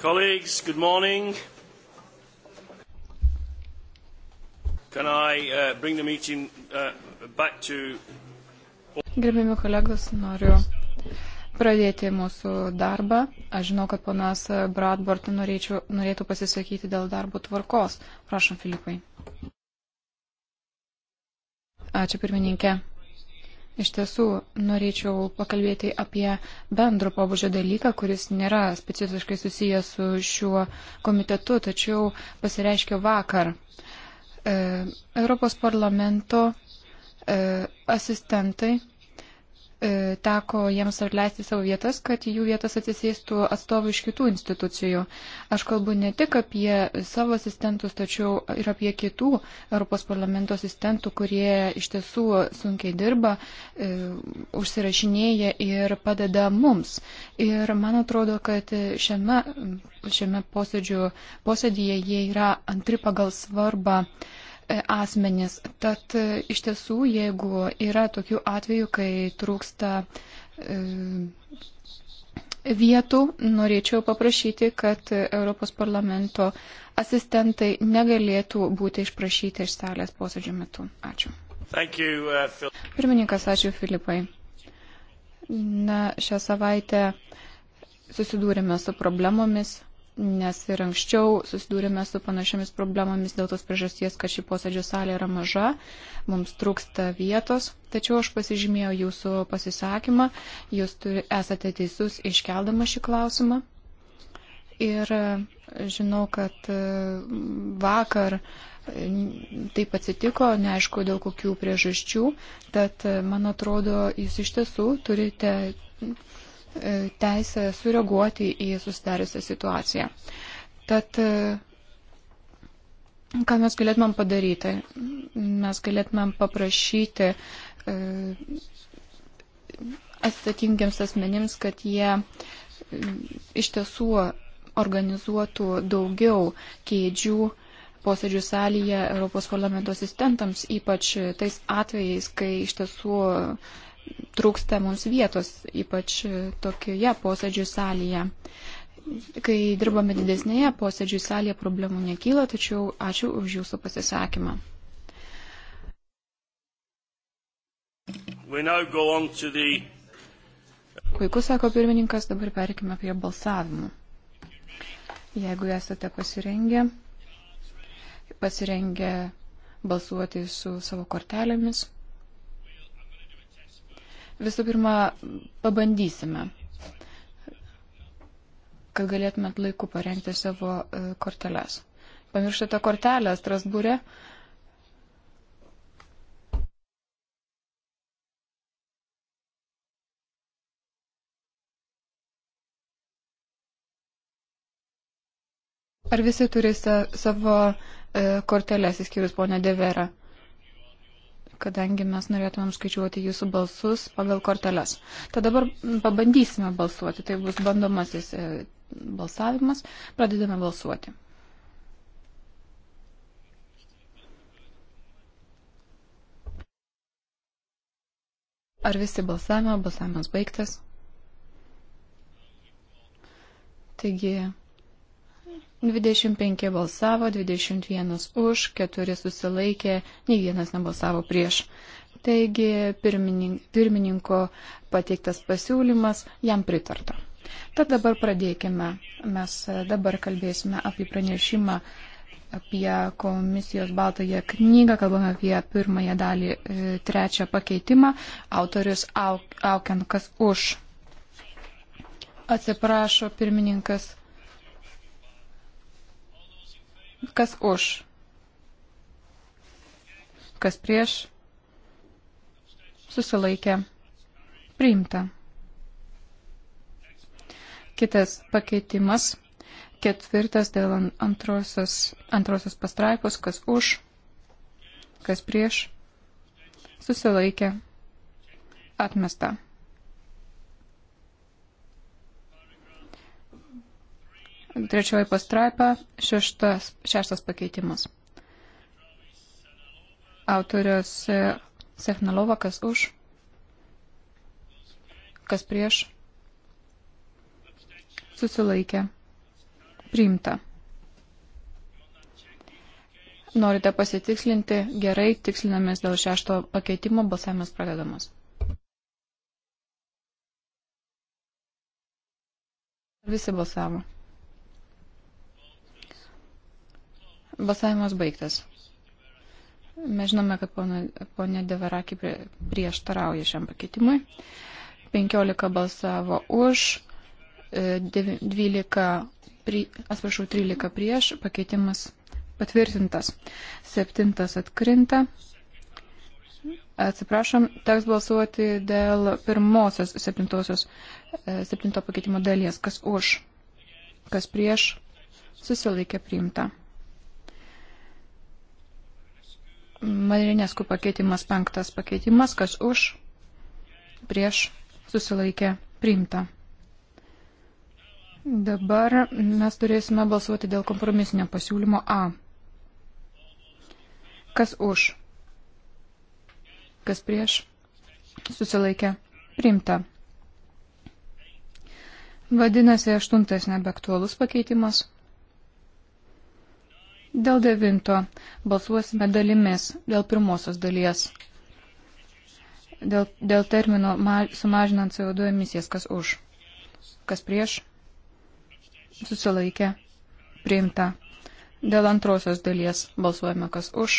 Colleagues, good morning. Can I uh, bring the meeting uh, back to... Gerbimi kolegos, noriu pradėti mūsų darbą. Aš žinau, kad ponas Bradbort norėčiau, norėtų pasisakyti dėl darbo tvarkos. Prašom, Filipai. Ačiū pirmininkė. Iš tiesų, norėčiau pakalbėti apie bendro pobūdžio dalyką, kuris nėra specifiškai susijęs su šiuo komitetu, tačiau pasireiškė vakar. E, Europos parlamento e, asistentai E, teko jiems atleisti savo vietas, kad jų vietas atsisėstų atstovų iš kitų institucijų. Aš kalbu ne tik apie savo asistentus, tačiau ir apie kitų Europos parlamento asistentų, kurie iš tiesų sunkiai dirba, e, užsirašinėja ir padeda mums. Ir man atrodo, kad šiame, šiame posėdžių, posėdėje jie yra antri pagal svarbą E, asmenis. Tad e, iš tiesų, jeigu yra tokių atvejų, kai trūksta e, vietų, norėčiau paprašyti, kad Europos parlamento asistentai negalėtų būti išprašyti iš salės posėdžio metu. Ačiū. You, uh, Pirmininkas, ačiū Filipai. Na, šią savaitę susidūrėme su problemomis nes ir anksčiau susidūrėme su panašiamis problemomis dėl tos priežasties, kad ši posėdžio salė yra maža, mums trūksta vietos, tačiau aš pasižymėjau jūsų pasisakymą, jūs turi, esate teisus iškeldama šį klausimą. Ir e, žinau, kad e, vakar e, taip atsitiko, neaišku dėl kokių priežasčių, tad man atrodo, jūs iš tiesų turite E, teisę sureaguoti į susidariusią situaciją. Tad e, ką mes galėtumėm padaryti? Mes galėtumėm paprašyti e, atsakingiams asmenims, kad jie iš tiesų organizuotų daugiau kėdžių posėdžių salėje Europos parlamento asistentams, ypač tais atvejais, kai iš tiesų uh, trūksta mums vietos, ypač tokioje posėdžių salėje. Kai dirbame didesnėje posėdžių salėje, problemų nekyla, tačiau ačiū už jūsų pasisakymą. The... Puiku, sako pirmininkas, dabar perkime prie balsavimų. Jeigu esate pasirengę, pasirengę balsuoti su savo kortelėmis. Visų pirma, pabandysime, kad galėtumėt laiku parengti savo e, korteles. Pamirštate kortelę Strasbūrė? Ar visi turi sa savo e, korteles, įskyrus ponę Deverą? kadangi mes norėtumėm skaičiuoti jūsų balsus pagal korteles. Tad dabar pabandysime balsuoti, tai bus bandomasis e, balsavimas, pradedame balsuoti. Ar visi balsavimo, balsavimas baigtas? Taigi 25 balsavo, 21 už, 4 susilaikė, nei vienas nebalsavo prieš. Taigi pirmininko pateiktas pasiūlymas jam pritarta. Tad dabar pradėkime. Mes dabar kalbėsime apie pranešimą apie komisijos baltąją knygą, kalbame apie pirmąją dalį, e, trečią pakeitimą. Autorius Aukenkas už. Atsiprašo pirmininkas Kas už? Kas prieš? Susilaikė. Priimta. Kitas pakeitimas. Ketvirtas dėl antrosios, antrosios pastraipos. Kas už? Kas prieš? Susilaikė. Atmesta. trečioji pastraipa, šeštas, šeštas pakeitimas. Autorius e, Sechnalova, kas už, kas prieš, susilaikė, priimta. Norite pasitikslinti, gerai, tikslinamės dėl šešto pakeitimo, balsavimas pradedamas. Visi balsavo. Balsavimas baigtas. Mes žinome, kad ponė Deveraki prie, prieštarauja šiam pakeitimui. 15 balsavo už, 12, e, pri, atsiprašau, 13 prieš, pakeitimas patvirtintas. Septintas atkrinta. Atsiprašom, teks balsuoti dėl pirmosios septintosios, e, septinto pakeitimo dalies. Kas už, kas prieš, susilaikė priimta. Marinėskų pakeitimas penktas pakeitimas, kas už, prieš, susilaikė, priimta. Dabar mes turėsime balsuoti dėl kompromisinio pasiūlymo A. Kas už, kas prieš, susilaikė, priimta. Vadinasi, aštuntas nebeaktualus pakeitimas. Dėl devinto balsuosime dalimis, dėl pirmosios dalies. Dėl, dėl termino ma, sumažinant CO2 emisijas, kas už, kas prieš, susilaikė, priimta. Dėl antrosios dalies balsuojame, kas už,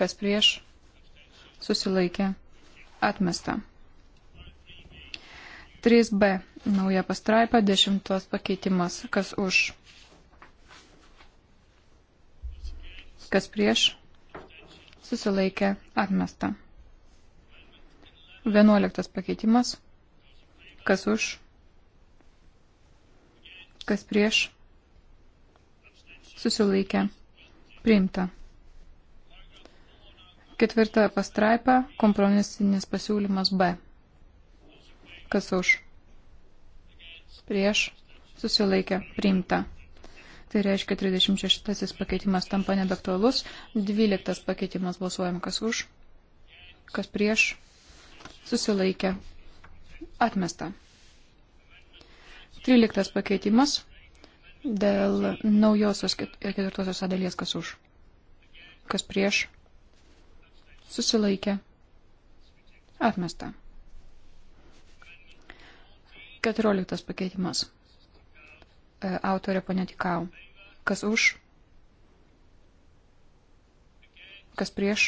kas prieš, susilaikė, atmesta. 3b. Nauja pastraipa, dešimtos pakeitimas, kas už kas prieš, susilaikė, atmesta. Vienuoliktas pakeitimas, kas už, kas prieš, susilaikė, priimta. Ketvirta pastraipa, kompromisinis pasiūlymas B. Kas už? Prieš, susilaikė, priimta. Tai reiškia 36 pakeitimas tampa nebektualus. 12 pakeitimas balsuojam kas už, kas prieš, susilaikė, atmesta. 13 pakeitimas dėl naujosios ketvirtosios dalies kas už, kas prieš, susilaikė, atmesta. 14 pakeitimas E, autorė ponė Tikau. Kas už? Kas prieš?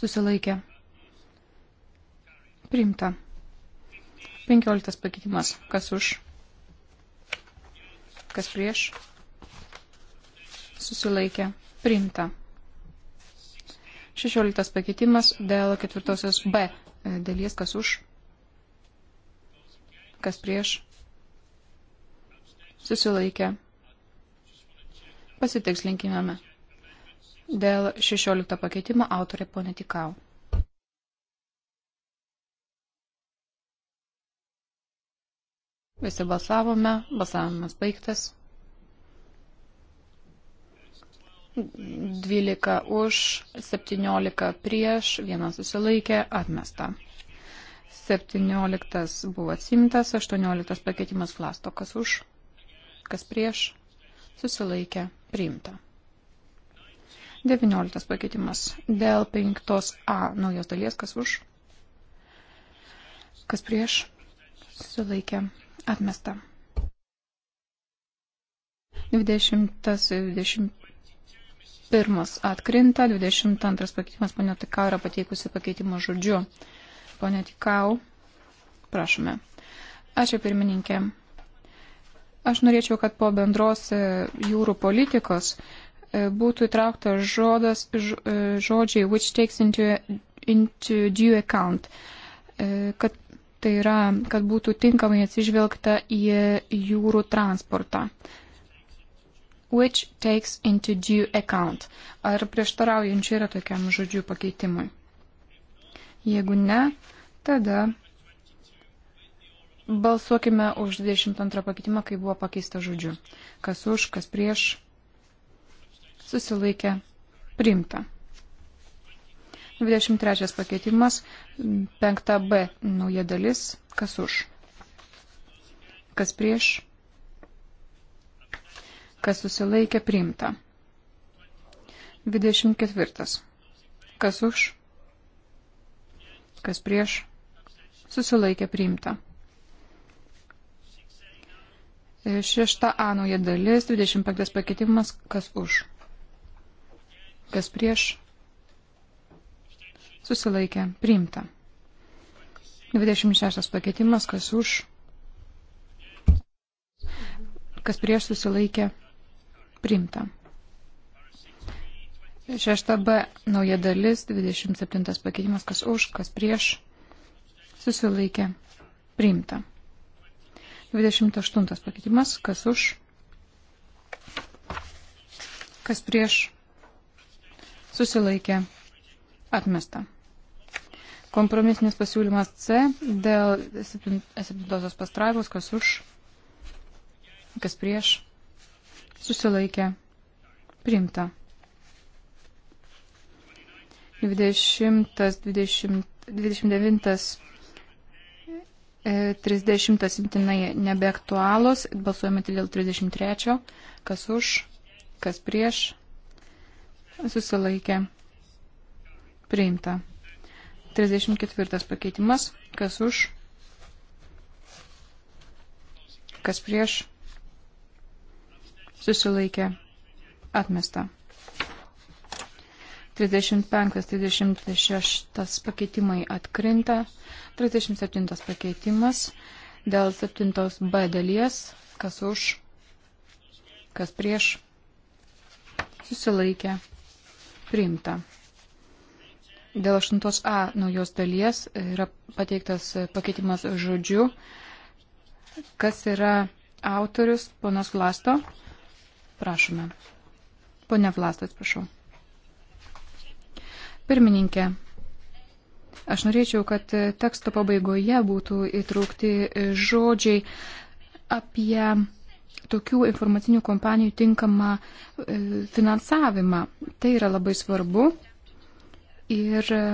Susilaikė. Primta. 15 pakeitimas. Kas už? Kas prieš? Susilaikė. Primta. 16 pakeitimas dėl ketvirtosios B e, dalies. Kas už? Kas prieš? susilaikė. Pasitikslinkime. Dėl 16 pakeitimo autorė ponė Tikau. Visi balsavome, balsavimas baigtas. 12 už, 17 prieš, vienas susilaikė, atmesta. 17 buvo atsimtas, 18 pakeitimas klastokas už, kas prieš, susilaikė, priimta. 19 pakeitimas dėl 5a naujos dalies, kas už, kas prieš, susilaikė, atmesta. 20, 21 atkrinta, 22 pakeitimas, ponia Tikau yra pateikusi pakeitimo žodžiu. Ponia Tikau, prašome. Ačiū pirmininkė. Aš norėčiau, kad po bendros e, jūrų politikos e, būtų įtrauktas žodas, e, žodžiai which takes into, into due account, kad tai yra, kad būtų tinkamai atsižvelgta į jūrų transportą. Which takes into due account. Ar prieštaraujančiai yra tokiam žodžių pakeitimui? Jeigu ne, tada Balsuokime už 22 pakeitimą, kai buvo pakeista žodžiu. Kas už, kas prieš. Susilaikė. Primta. 23 pakeitimas. 5b nauja dalis. Kas už. Kas prieš. Kas susilaikė. Primta. 24. Kas už. Kas prieš. Susilaikė. Primta. Šešta A nauja dalis, 25 pakeitimas, kas už. Kas prieš. Susilaikė, priimta. 26 pakeitimas, kas už. Kas prieš susilaikė, priimta. Šešta B nauja dalis, 27 pakeitimas, kas už, kas prieš. Susilaikė, priimta. 28 pakeitimas, kas už, kas prieš, susilaikė, atmesta. Kompromisinis pasiūlymas C dėl 7 pastraipos, kas už, kas prieš, susilaikė, priimta. 20, 20, 29 30 e, imtinai nebeaktualos, balsuojame dėl 33, kas už, kas prieš, susilaikė, priimta. 34 pakeitimas, kas už, kas prieš, susilaikė, atmesta. 35-36 pakeitimai atkrinta. 37 pakeitimas dėl 7 B dalies, kas už, kas prieš, susilaikė, priimta. Dėl 8 A naujos dalies yra pateiktas pakeitimas žodžiu, kas yra autorius, ponas Vlasto. Prašome. Pone Vlastas, prašau. Pirmininkė, aš norėčiau, kad teksto pabaigoje būtų įtraukti žodžiai apie tokių informacinių kompanijų tinkamą e, finansavimą. Tai yra labai svarbu ir e,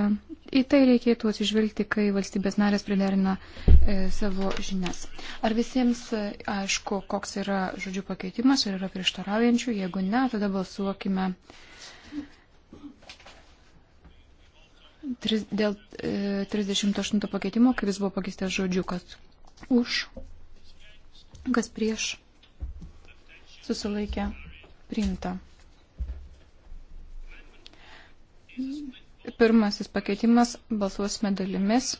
į tai reikėtų atsižvelgti, kai valstybės narės priderina e, savo žinias. Ar visiems aišku, koks yra žodžių pakeitimas, ar yra prieštaraujančių, jeigu ne, tada balsuokime. Tris, dėl e, 38 pakeitimo, kaip jis buvo pakeistas žodžiu, kas už, kas prieš, susilaikė, priimta. Pirmasis pakeitimas balsuosime dalimis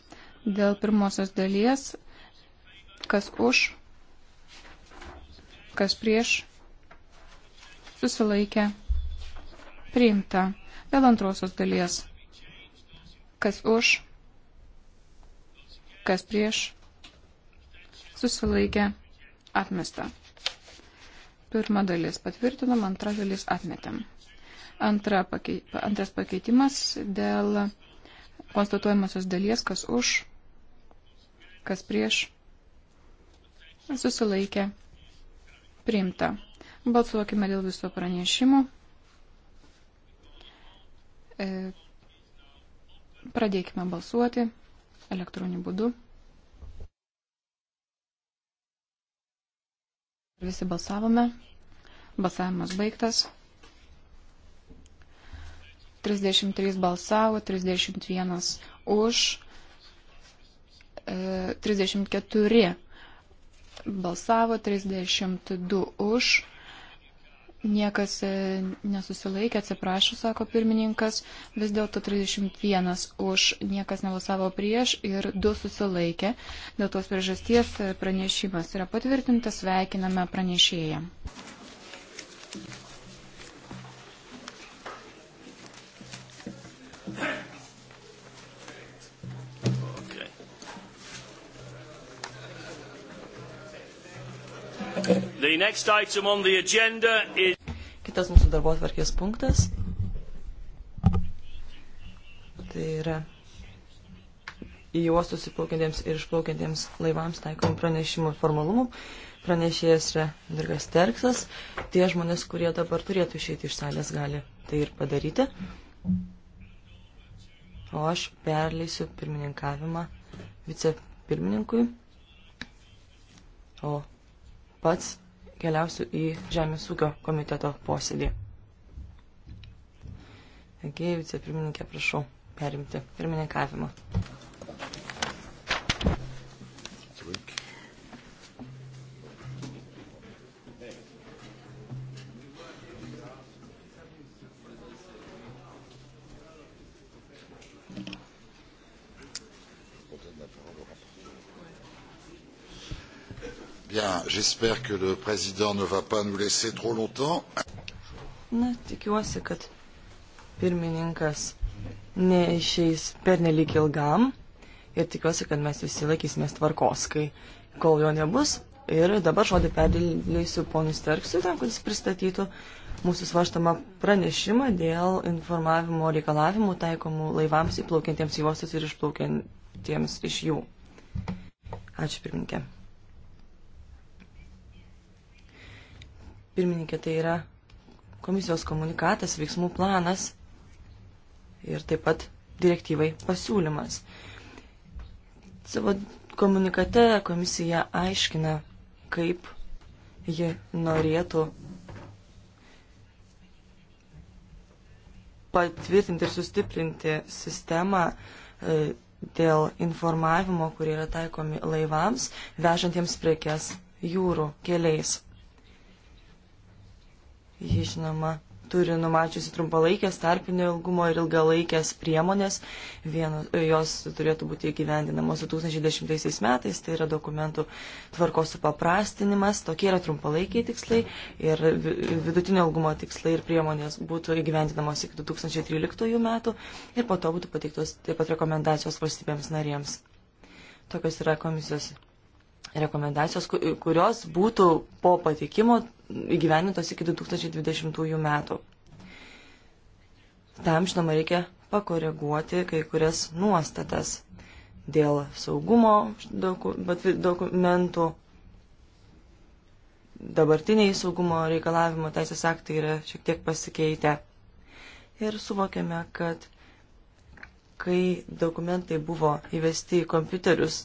dėl pirmosios dalies, kas už, kas prieš, susilaikė, priimta. Dėl antrosios dalies Kas už? Kas prieš? Susilaikė. Atmesta. Pirma dalis patvirtinam, antra dalis atmetam. Antra pakei, antras pakeitimas dėl konstatuojamosios dalies, kas už, kas prieš, susilaikė, priimta. Balsuokime dėl viso pranešimo. E, Pradėkime balsuoti elektroniniu būdu. Visi balsavome. Balsavimas baigtas. 33 balsavo, 31 už, 34 e, balsavo, 32 už, Niekas e, nesusilaikė, atsiprašau, sako pirmininkas, vis dėlto 31 už, niekas nebalsavo prieš ir 2 susilaikė. Dėl tos priežasties e, pranešimas yra patvirtintas, sveikiname pranešėją. is... Kitas mūsų darbo atvarkės punktas. Tai yra į uostus įplaukiantiems ir išplaukiantiems laivams taikomų pranešimų formalumų. Pranešėjas yra Dirgas Terksas. Tie žmonės, kurie dabar turėtų išeiti iš salės, gali tai ir padaryti. O aš perleisiu pirmininkavimą vicepirmininkui. O pats keliausiu į Žemės ūkio komiteto posėdį. Taigi, vicepirmininkė, prašau perimti pirmininkavimą. J'espère que le président ne va pas nous laisser trop longtemps. Na, tikiuosi, kad pirmininkas neišeis pernelik ilgam ir tikiuosi, kad mes visi laikysimės tvarkos, kai kol jo nebus. Ir dabar žodį perdėlėsiu ponui Sterksui, tam, kuris pristatytų mūsų svarstamą pranešimą dėl informavimo reikalavimų taikomų laivams įplaukiantiems į uostus ir išplaukiantiems iš jų. Ačiū pirmininkė. Pirmininkė, tai yra komisijos komunikatas, veiksmų planas ir taip pat direktyvai pasiūlymas. Savo komunikate komisija aiškina, kaip ji norėtų patvirtinti ir sustiprinti sistemą e, dėl informavimo, kurie yra taikomi laivams, vežantiems prekes jūrų keliais. Ji, žinoma, turi numačiusi trumpalaikės, tarpinio ilgumo ir ilgalaikės priemonės. Vieno, jos turėtų būti įgyvendinamos 2010 metais, tai yra dokumentų tvarkos supaprastinimas, tokie yra trumpalaikiai tikslai ir vidutinio ilgumo tikslai ir priemonės būtų įgyvendinamos iki 2013 metų ir po to būtų pateiktos taip pat rekomendacijos valstybėms narėms. Tokios yra komisijos rekomendacijos, kurios būtų po patikimo įgyvenintos iki 2020 metų. Tam, žinoma, reikia pakoreguoti kai kurias nuostatas dėl saugumo doku, dokumentų. Dabartiniai saugumo reikalavimo teisės aktai yra šiek tiek pasikeitę. Ir suvokiame, kad kai dokumentai buvo įvesti į kompiuterius,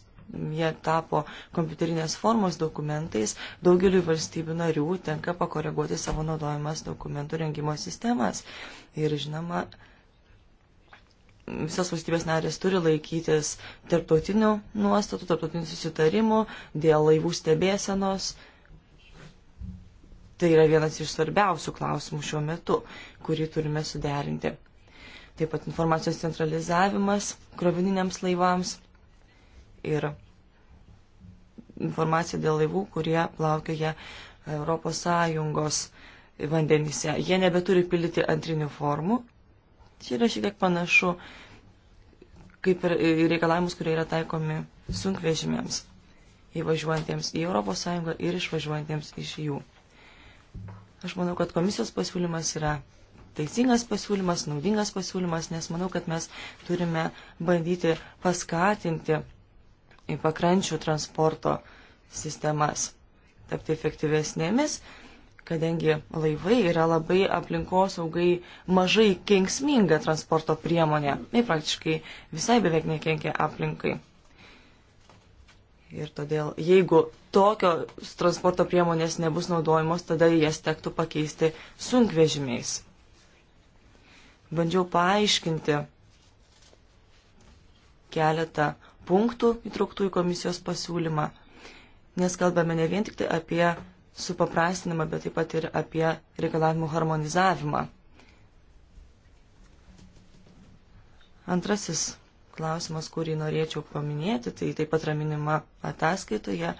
jie tapo kompiuterinės formos dokumentais, daugeliu valstybių narių tenka pakoreguoti savo naudojimas dokumentų rengimo sistemas. Ir žinoma, visas valstybės narės turi laikytis tarptautinių nuostatų, tarptautinių susitarimų dėl laivų stebėsenos. Tai yra vienas iš svarbiausių klausimų šiuo metu, kurį turime suderinti. Taip pat informacijos centralizavimas krovininiams laivams ir informacija dėl laivų, kurie plaukioja ES vandenyse. Jie nebeturi pildyti antrinių formų. Čia yra šiek tiek panašu kaip ir reikalavimus, kurie yra taikomi sunkvežimėms įvažiuojantiems į ES ir išvažiuojantiems iš jų. Aš manau, kad komisijos pasiūlymas yra teisingas pasiūlymas, naudingas pasiūlymas, nes manau, kad mes turime bandyti paskatinti į pakrančių transporto sistemas tapti efektyvesnėmis, kadangi laivai yra labai aplinkosaugai mažai kenksminga transporto priemonė, tai praktiškai visai beveik nekenkia aplinkai. Ir todėl, jeigu tokios transporto priemonės nebus naudojamos, tada jas tektų pakeisti sunkvežimiais. Bandžiau paaiškinti keletą punktų įtrauktų į komisijos pasiūlymą, nes kalbame ne vien tik tai apie supaprastinimą, bet taip pat ir apie reikalavimų harmonizavimą. Antrasis klausimas, kurį norėčiau paminėti, tai taip pat raminima ataskaitoje,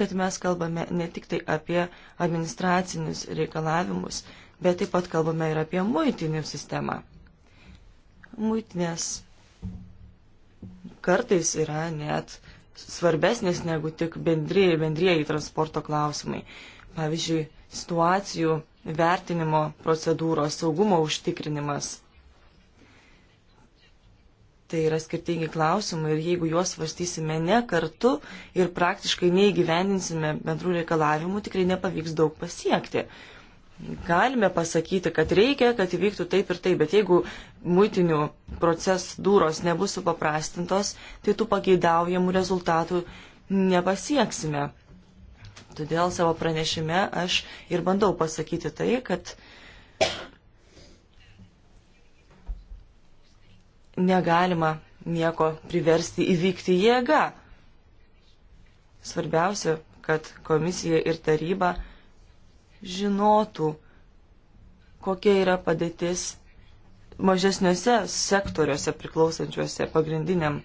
kad mes kalbame ne tik tai apie administracinius reikalavimus, bet taip pat kalbame ir apie muitinių sistemą. Muitinės kartais yra net svarbesnės negu tik bendrieji, bendrieji transporto klausimai. Pavyzdžiui, situacijų vertinimo procedūros, saugumo užtikrinimas. Tai yra skirtingi klausimai ir jeigu juos svarstysime ne kartu ir praktiškai neįgyvendinsime bendrų reikalavimų, tikrai nepavyks daug pasiekti galime pasakyti, kad reikia, kad įvyktų taip ir taip, bet jeigu muitinių procesūros nebus supaprastintos, tai tų pageidaujamų rezultatų nepasieksime. Todėl savo pranešime aš ir bandau pasakyti tai, kad negalima nieko priversti įvykti jėga. Svarbiausia, kad komisija ir taryba žinotų, kokia yra padėtis mažesniuose sektoriuose priklausančiuose pagrindiniam e,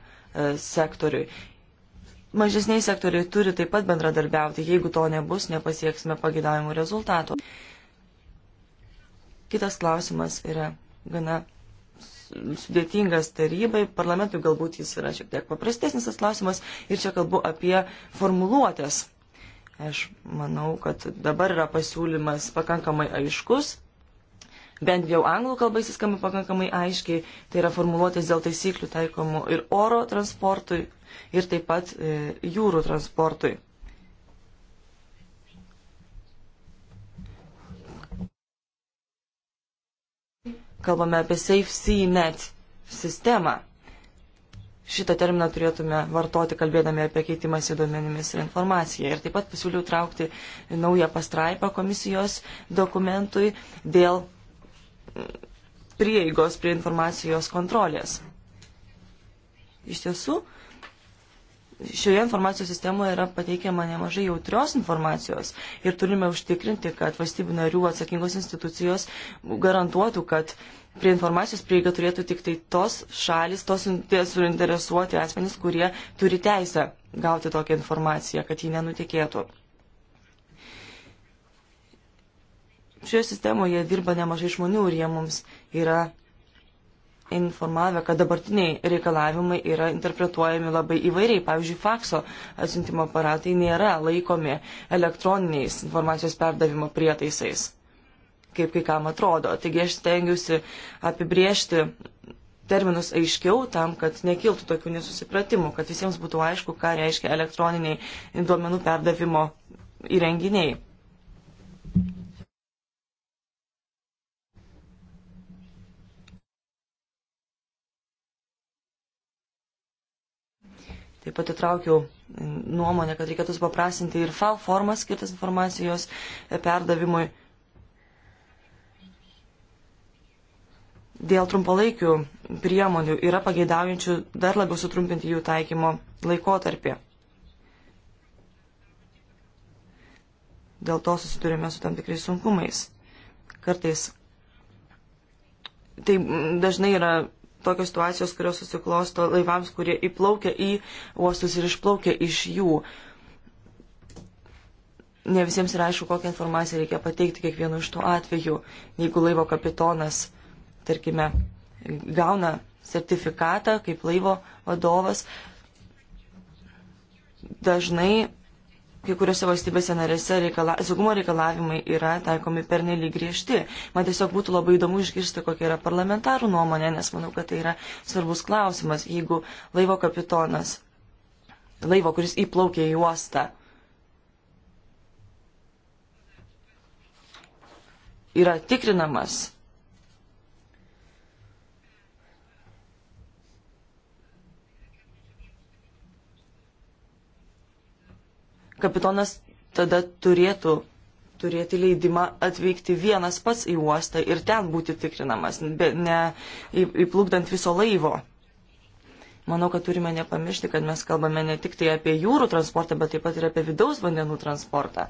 sektoriui. Mažesniai sektoriai turi taip pat bendradarbiauti, jeigu to nebus, nepasieksime pagidavimų rezultatų. Kitas klausimas yra gana sudėtingas tarybai, parlamentui galbūt jis yra šiek tiek paprastesnis tas klausimas ir čia kalbu apie formuluotės Aš manau, kad dabar yra pasiūlymas pakankamai aiškus, bent jau anglų kalbai jis skamba pakankamai aiškiai, tai yra formuluotės dėl taisyklių taikomų ir oro transportui, ir taip pat e, jūrų transportui. Kalbame apie Safe Sea Net sistemą. Šitą terminą turėtume vartoti, kalbėdami apie keitimąsi duomenimis ir informaciją. Ir taip pat pasiūliau traukti naują pastraipą komisijos dokumentui dėl prieigos prie informacijos kontrolės. Iš tiesų, šioje informacijos sistemoje yra pateikiama nemažai jautrios informacijos ir turime užtikrinti, kad valstybių narių atsakingos institucijos garantuotų, kad prie informacijos prieiga turėtų tik tai tos šalis, tos suinteresuoti asmenys, kurie turi teisę gauti tokią informaciją, kad ji nenutikėtų. Šioje sistemoje dirba nemažai žmonių ir jie mums yra informavę, kad dabartiniai reikalavimai yra interpretuojami labai įvairiai. Pavyzdžiui, fakso atsiuntimo aparatai nėra laikomi elektroniniais informacijos perdavimo prietaisais kaip kai kam atrodo. Taigi aš stengiuosi apibriežti terminus aiškiau tam, kad nekiltų tokių nesusipratimų, kad visiems būtų aišku, ką reiškia elektroniniai duomenų perdavimo įrenginiai. Taip pat įtraukiau nuomonę, kad reikėtų supaprasinti ir FAL formas skirtas informacijos perdavimui dėl trumpalaikių priemonių yra pageidaujančių dar labiau sutrumpinti jų taikymo laikotarpį. Dėl to susidurime su tam tikrais sunkumais. Kartais tai dažnai yra tokios situacijos, kurios susiklosto laivams, kurie įplaukia į uostus ir išplaukia iš jų. Ne visiems yra aišku, kokią informaciją reikia pateikti kiekvienu iš tų atvejų. Jeigu laivo kapitonas tarkime, gauna sertifikatą kaip laivo vadovas, dažnai kai kuriuose valstybėse narėse reikala, saugumo reikalavimai yra taikomi pernelyg griežti. Man tiesiog būtų labai įdomu išgirsti, kokia yra parlamentarų nuomonė, nes manau, kad tai yra svarbus klausimas, jeigu laivo kapitonas, laivo, kuris įplaukė į uostą, yra tikrinamas kapitonas tada turėtų turėti leidimą atvykti vienas pats į uostą ir ten būti tikrinamas, ne įplukdant viso laivo. Manau, kad turime nepamiršti, kad mes kalbame ne tik tai apie jūrų transportą, bet taip pat ir apie vidaus vandenų transportą.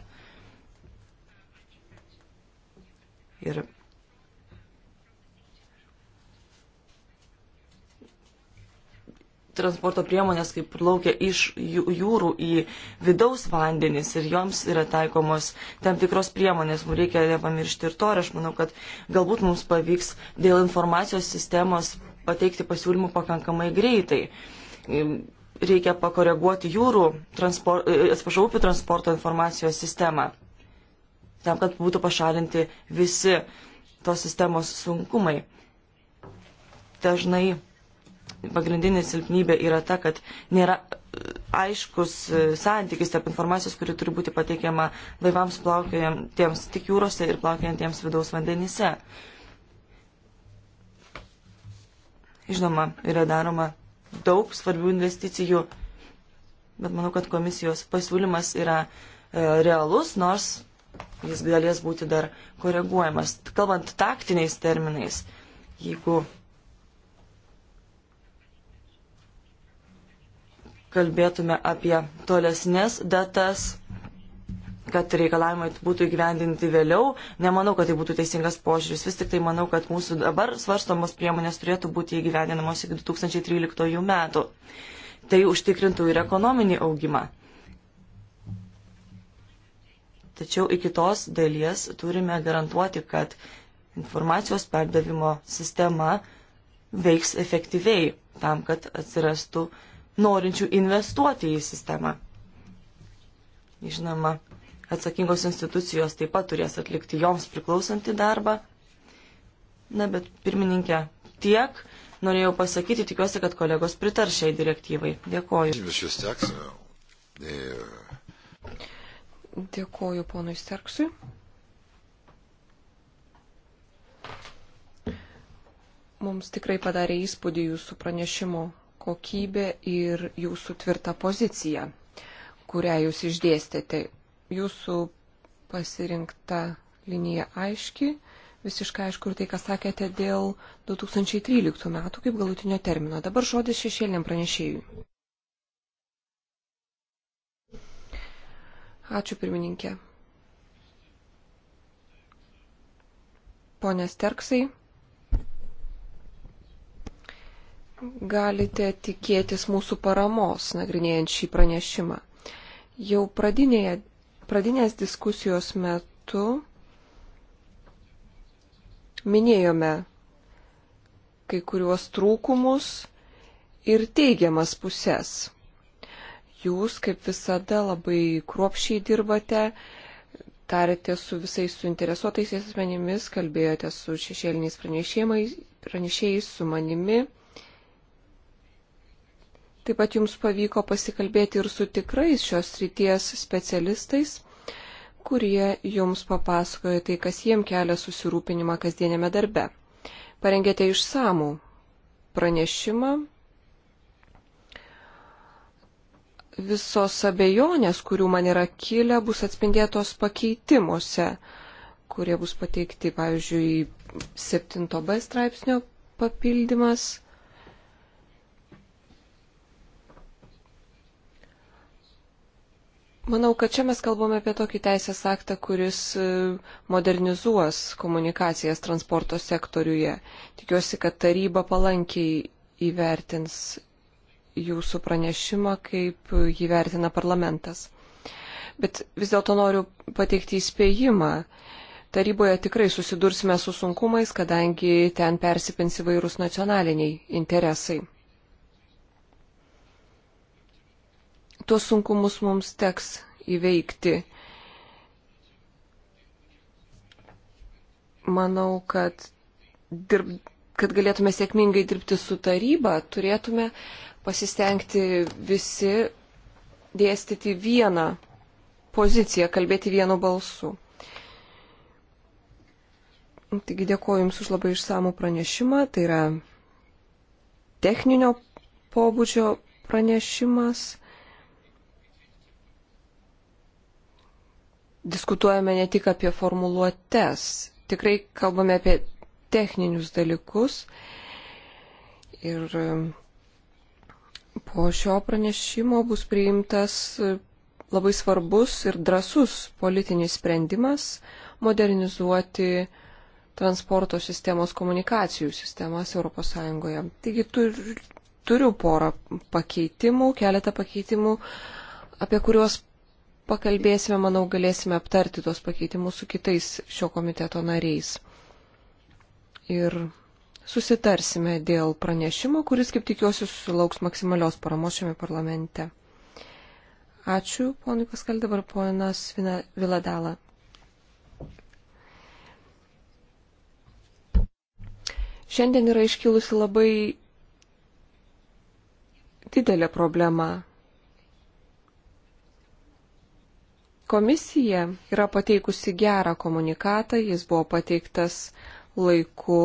Ir transporto priemonės, kaip plaukia iš jūrų į vidaus vandenis ir joms yra taikomos tam tikros priemonės. Mums reikia nepamiršti ir to ir aš manau, kad galbūt mums pavyks dėl informacijos sistemos pateikti pasiūlymų pakankamai greitai. Reikia pakoreguoti jūrų, transpor, e, atsiprašau, upių transporto informacijos sistemą, tam, kad būtų pašalinti visi tos sistemos sunkumai. Dažnai pagrindinė silpnybė yra ta, kad nėra e, aiškus e, santykis tarp informacijos, kuri turi būti pateikiama laivams plaukiantiems tik jūrose ir plaukiantiems vidaus vandenyse. Žinoma, yra daroma daug svarbių investicijų, bet manau, kad komisijos pasiūlymas yra e, realus, nors jis galės būti dar koreguojamas. Kalbant taktiniais terminais, jeigu kalbėtume apie tolesnės datas, kad reikalavimai būtų įgyvendinti vėliau. Nemanau, kad tai būtų teisingas požiūris. Vis tik tai manau, kad mūsų dabar svarstomos priemonės turėtų būti įgyvendinamos iki 2013 metų. Tai užtikrintų ir ekonominį augimą. Tačiau iki tos dalies turime garantuoti, kad informacijos perdavimo sistema veiks efektyviai tam, kad atsirastų uh, norinčių investuoti į sistemą. Žinoma, atsakingos institucijos taip pat turės atlikti joms priklausantį darbą. Na, bet pirmininkė, tiek norėjau pasakyti, tikiuosi, kad kolegos pritar šiai direktyvai. Dėkoju. Dėkoju ponui Sterksui. Mums tikrai padarė įspūdį jūsų pranešimo kokybę ir jūsų tvirtą poziciją, kurią jūs išdėstėte. Jūsų pasirinkta linija aiški, visiškai aišku ir tai, ką sakėte dėl 2013 metų kaip galutinio termino. Dabar žodis šešėliniam pranešėjui. Ačiū pirmininkė. Pone Sterksai, galite tikėtis mūsų paramos, nagrinėjant šį pranešimą. Jau pradinėje, pradinės diskusijos metu minėjome kai kuriuos trūkumus ir teigiamas pusės. Jūs, kaip visada, labai kruopšiai dirbate, tarėte su visais suinteresuotais asmenimis, kalbėjote su šešėliniais pranešėjais, su manimi. Taip pat jums pavyko pasikalbėti ir su tikrais šios ryties specialistais, kurie jums papasakoja tai, kas jiem kelia susirūpinimą kasdienėme darbe. Parengėte išsamų pranešimą. Visos abejonės, kurių man yra kilę, bus atspindėtos pakeitimuose, kurie bus pateikti, pavyzdžiui, 7b straipsnio papildymas Manau, kad čia mes kalbame apie tokį teisės aktą, kuris e, modernizuos komunikacijas transporto sektoriuje. Tikiuosi, kad taryba palankiai įvertins jūsų pranešimą, kaip jį vertina parlamentas. Bet vis dėlto noriu pateikti įspėjimą. Taryboje tikrai susidursime su sunkumais, kadangi ten persipins įvairūs nacionaliniai interesai. tuos sunkumus mums teks įveikti. Manau, kad, dirb, kad galėtume sėkmingai dirbti su taryba, turėtume pasistengti visi dėstyti vieną poziciją, kalbėti vienu balsu. Taigi dėkoju Jums už labai išsamų pranešimą. Tai yra techninio pobūdžio pranešimas. diskutuojame ne tik apie formuluotes, tikrai kalbame apie techninius dalykus. Ir um, po šio pranešimo bus priimtas uh, labai svarbus ir drasus politinis sprendimas modernizuoti transporto sistemos komunikacijų sistemas ES. Taigi turiu porą pakeitimų, keletą pakeitimų, apie kuriuos pakalbėsime, manau, galėsime aptarti tos pakeitimus su kitais šio komiteto nariais. Ir susitarsime dėl pranešimo, kuris, kaip tikiuosi, susilauks maksimalios paramos šiame parlamente. Ačiū, ponui Paskal, dabar ponas Viladala. Šiandien yra iškilusi labai didelė problema Komisija yra pateikusi gerą komunikatą, jis buvo pateiktas laiku.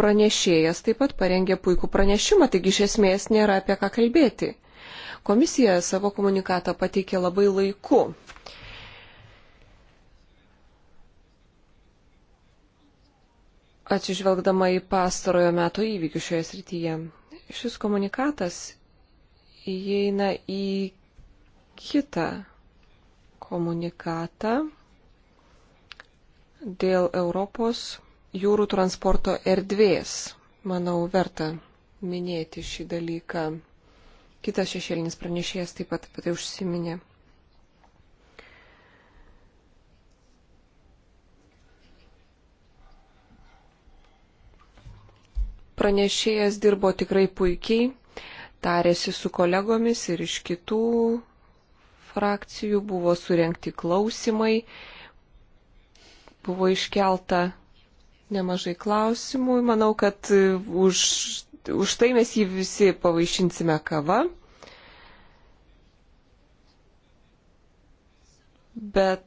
Pranešėjas taip pat parengė puikų pranešimą, taigi iš esmės nėra apie ką kalbėti. Komisija savo komunikatą pateikė labai laiku. Atsižvelgdama į pastarojo meto įvykių šioje srityje, šis komunikatas įeina į kitą komunikatą dėl Europos jūrų transporto erdvės. Manau, verta minėti šį dalyką. Kitas šešėlinis pranešėjas taip pat apie tai užsiminė. pranešėjas dirbo tikrai puikiai, tarėsi su kolegomis ir iš kitų frakcijų, buvo surenkti klausimai, buvo iškelta nemažai klausimų. Manau, kad e, už, už tai mes jį visi pavaišinsime kava. Bet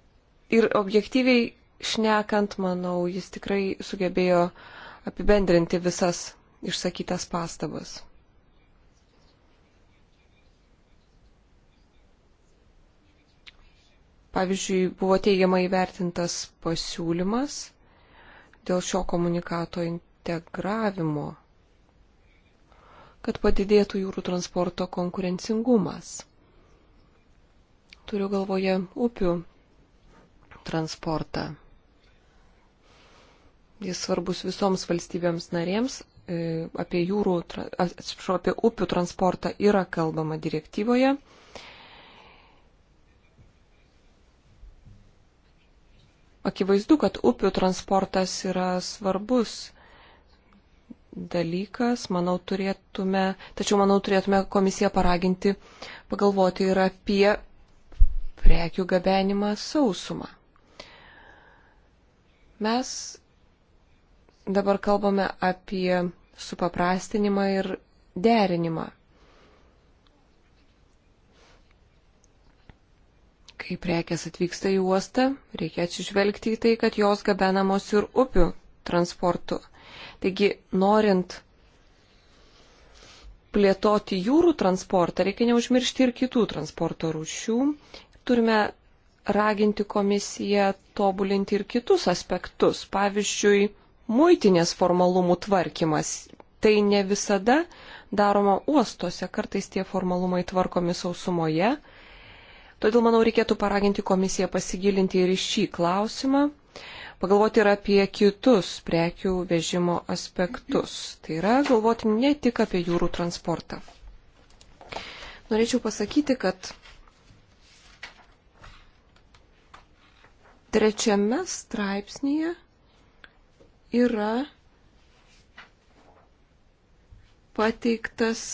ir objektyviai šnekant, manau, jis tikrai sugebėjo apibendrinti visas išsakytas pastabas. Pavyzdžiui, buvo teigiamai įvertintas pasiūlymas dėl šio komunikato integravimo, kad padidėtų jūrų transporto konkurencingumas. Turiu galvoje upių transportą. Jis svarbus visoms valstybėms narėms. E, apie, jūrų, atsiprašau, apie upių transportą yra kalbama direktyvoje. Akivaizdu, kad upių transportas yra svarbus dalykas, manau, turėtume, tačiau manau, turėtume komisiją paraginti pagalvoti ir apie prekių gabenimą sausumą. Mes dabar kalbame apie supaprastinimą ir derinimą. Kai prekes atvyksta į uostą, reikia atsižvelgti į tai, kad jos gabenamos ir upių transportu. Taigi, norint plėtoti jūrų transportą, reikia neužmiršti ir kitų transporto rūšių. Turime raginti komisiją tobulinti ir kitus aspektus. Pavyzdžiui, muitinės formalumų tvarkymas. Tai ne visada daroma uostuose, kartais tie formalumai tvarkomi sausumoje Todėl, manau, reikėtų paraginti komisiją pasigilinti ir į šį klausimą, pagalvoti ir apie kitus prekių vežimo aspektus. Tai yra, galvoti ne tik apie jūrų transportą. Norėčiau pasakyti, kad trečiame straipsnėje yra pateiktas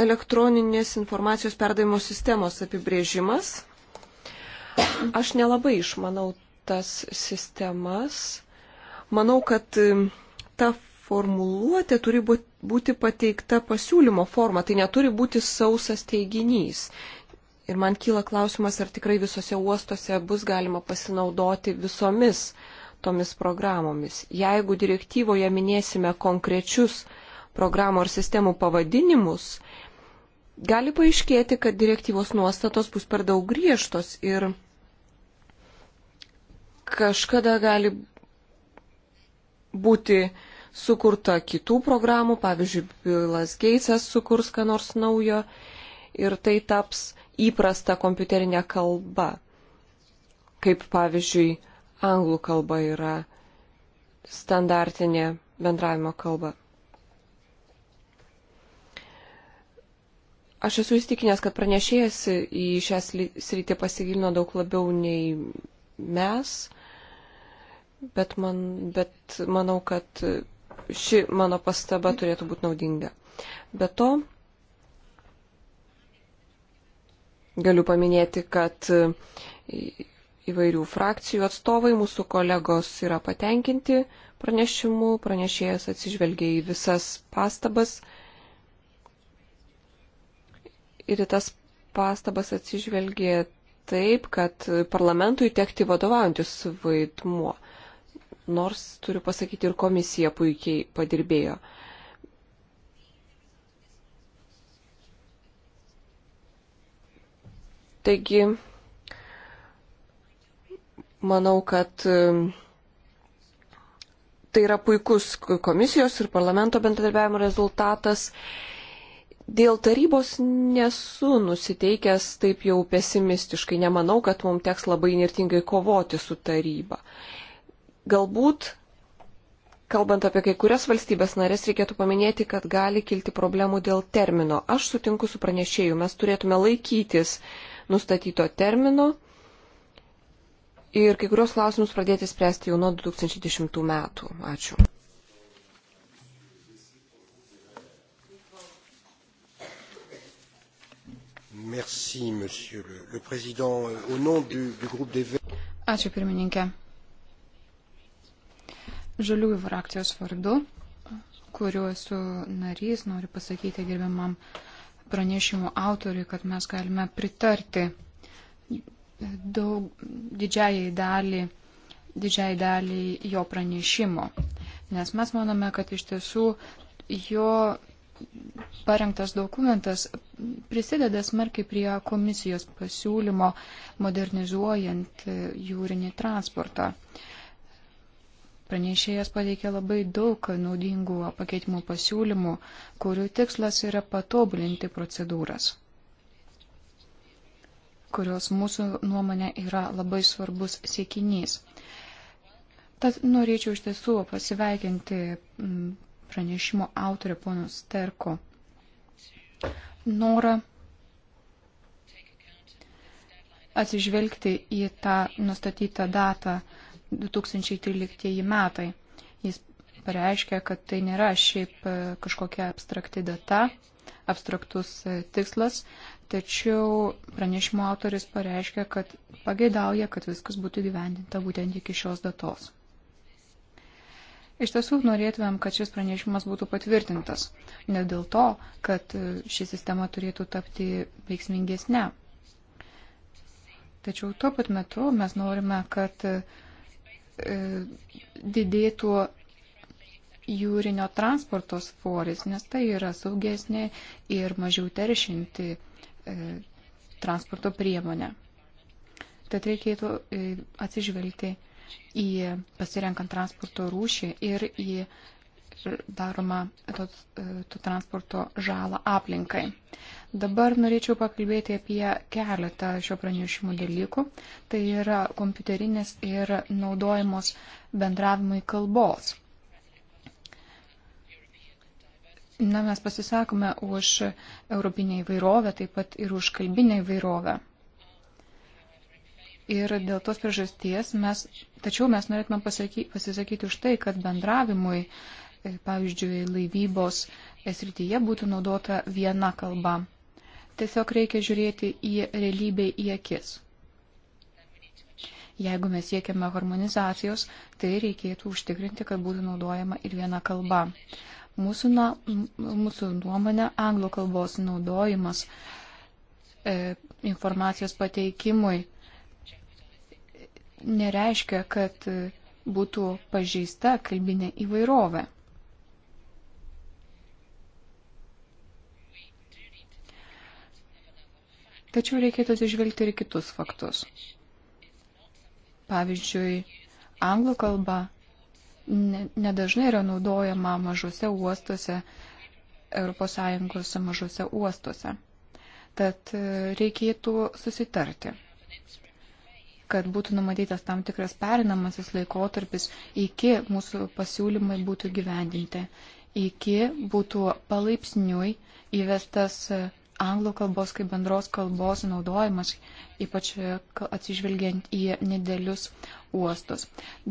elektroninės informacijos perdavimo sistemos apibrėžimas. Aš nelabai išmanau tas sistemas. Manau, kad um, ta formuluotė turi būti pateikta pasiūlymo forma, tai neturi būti sausas teiginys. Ir man kyla klausimas, ar tikrai visose uostuose bus galima pasinaudoti visomis tomis programomis. Jeigu direktyvoje minėsime konkrečius programų ar sistemų pavadinimus, gali paaiškėti, kad direktyvos nuostatos bus per daug griežtos ir kažkada gali būti sukurta kitų programų, pavyzdžiui, Bilas Geitsas sukurs ką nors naujo ir tai taps įprasta kompiuterinė kalba, kaip pavyzdžiui, anglų kalba yra standartinė bendravimo kalba. Aš esu įstikinęs, kad pranešėjas į šią sritį pasigilino daug labiau nei mes, bet, man, bet manau, kad ši mano pastaba turėtų būti naudinga. Be to, galiu paminėti, kad įvairių frakcijų atstovai, mūsų kolegos yra patenkinti pranešimu, pranešėjas atsižvelgia į visas pastabas ir į tas pastabas atsižvelgė taip, kad parlamentui tekti vadovaujantis vaidmuo. Nors, turiu pasakyti, ir komisija puikiai padirbėjo. Taigi, manau, kad e, tai yra puikus komisijos ir parlamento bendradarbiavimo rezultatas Dėl tarybos nesu nusiteikęs taip jau pesimistiškai, nemanau, kad mums teks labai nirtingai kovoti su taryba. Galbūt, kalbant apie kai kurias valstybės narės, reikėtų paminėti, kad gali kilti problemų dėl termino. Aš sutinku su pranešėju, mes turėtume laikytis nustatyto termino ir kai kurios klausimus pradėti spręsti jau nuo 2010 metų. Ačiū. Merci, monsieur le, le président. Euh, au nom du, du groupe des Verts. Ačiū pirmininkė. Žaliųjų frakcijos vardu, kuriuo esu narys, noriu pasakyti gerbiamam pranešimų autoriui, kad mes galime pritarti daug, didžiai dalį, didžiai dalį jo pranešimo. Nes mes manome, kad iš tiesų jo parengtas dokumentas prisideda smarkiai prie komisijos pasiūlymo modernizuojant jūrinį transportą. Pranešėjas pateikė labai daug naudingų pakeitimų pasiūlymų, kurių tikslas yra patobulinti procedūras, kurios mūsų nuomonė yra labai svarbus siekinys. Tad norėčiau iš tiesų pasiveikinti pranešimo autorė pono Sterko norą atsižvelgti į tą nustatytą datą 2013 metai. Jis pareiškia, kad tai nėra šiaip e, kažkokia abstrakti data, abstraktus e, tikslas, tačiau pranešimo autoris pareiškia, kad pageidauja, kad viskas būtų gyvendinta būtent iki šios datos. Iš tiesų norėtumėm, kad šis pranešimas būtų patvirtintas. Ne dėl to, kad e, ši sistema turėtų tapti veiksmingesnė. Tačiau tuo pat metu mes norime, kad e, e, didėtų jūrinio transporto svoris, nes tai yra saugesnė ir mažiau teršinti transporto priemonė. Tad reikėtų atsižvelgti į pasirenkant transporto rūšį ir į daromą to, e, to transporto žalą aplinkai. Dabar norėčiau pakalbėti apie keletą šio pranešimų dalykų. Tai yra kompiuterinės ir naudojamos bendravimui kalbos. Na, mes pasisakome už europinę įvairovę, taip pat ir už kalbinę įvairovę. Ir dėl tos priežasties mes, tačiau mes norėtume pasaky, pasisakyti už tai, kad bendravimui, e, pavyzdžiui, laivybos e, srityje būtų naudota viena kalba. Tiesiog reikia žiūrėti į realybę į akis. Jeigu mes siekiame harmonizacijos, tai reikėtų užtikrinti, kad būtų naudojama ir viena kalba. Mūsų, na, mūsų nuomonė, anglų kalbos naudojimas e, informacijos pateikimui nereiškia, kad būtų pažeista kalbinė įvairovė. Tačiau reikėtų atsižvelgti ir kitus faktus. Pavyzdžiui, anglų kalba nedažnai yra naudojama mažose uostuose, ES mažose uostuose. Tad e, reikėtų susitarti kad būtų numatytas tam tikras perinamasis laikotarpis iki mūsų pasiūlymai būtų gyvendinti, iki būtų palaipsniui įvestas anglų kalbos kaip bendros kalbos naudojimas, ypač e, atsižvelgiant į nedėlius uostus.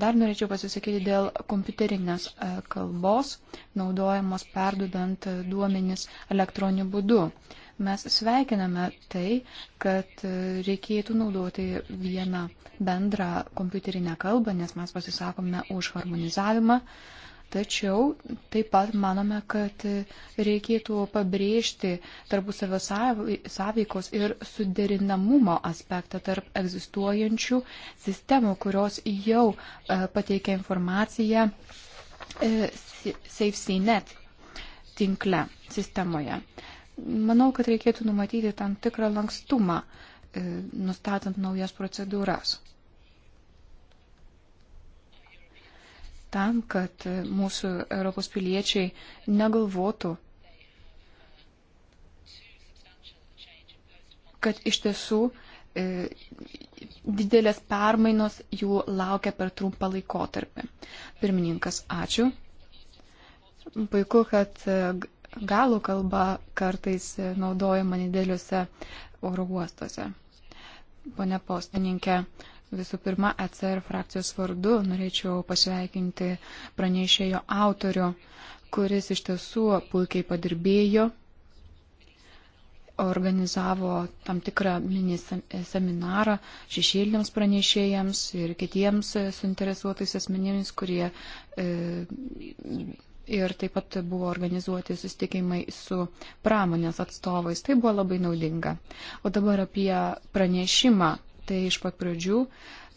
Dar norėčiau pasisakyti dėl kompiuterinės e, kalbos naudojamos perdudant duomenis elektroniniu būdu. Mes sveikiname tai, kad reikėtų naudoti vieną bendrą kompiuterinę kalbą, nes mes pasisakome už harmonizavimą. Tačiau taip pat manome, kad reikėtų pabrėžti tarpusavio sąveikos ir suderinamumo aspektą tarp egzistuojančių sistemų, kurios jau e, pateikia informaciją e, SafeCNet tinkle sistemoje. Manau, kad reikėtų numatyti tam tikrą lankstumą, e, nustatant naujas procedūras. Tam, kad e, mūsų Europos piliečiai negalvotų, kad iš tiesų e, didelės permainos jų laukia per trumpą laikotarpį. Pirmininkas, ačiū. Puiku, kad galų kalba kartais naudojama nedėliuose oro uostuose. Pone postininkė, visų pirma, ECR frakcijos vardu norėčiau pasveikinti pranešėjo autorių, kuris iš tiesų puikiai padirbėjo, organizavo tam tikrą mini seminarą šešėliniams pranešėjams ir kitiems suinteresuotais asmenėmis, kurie e, ir taip pat buvo organizuoti susitikimai su pramonės atstovais. Tai buvo labai naudinga. O dabar apie pranešimą. Tai iš pat pradžių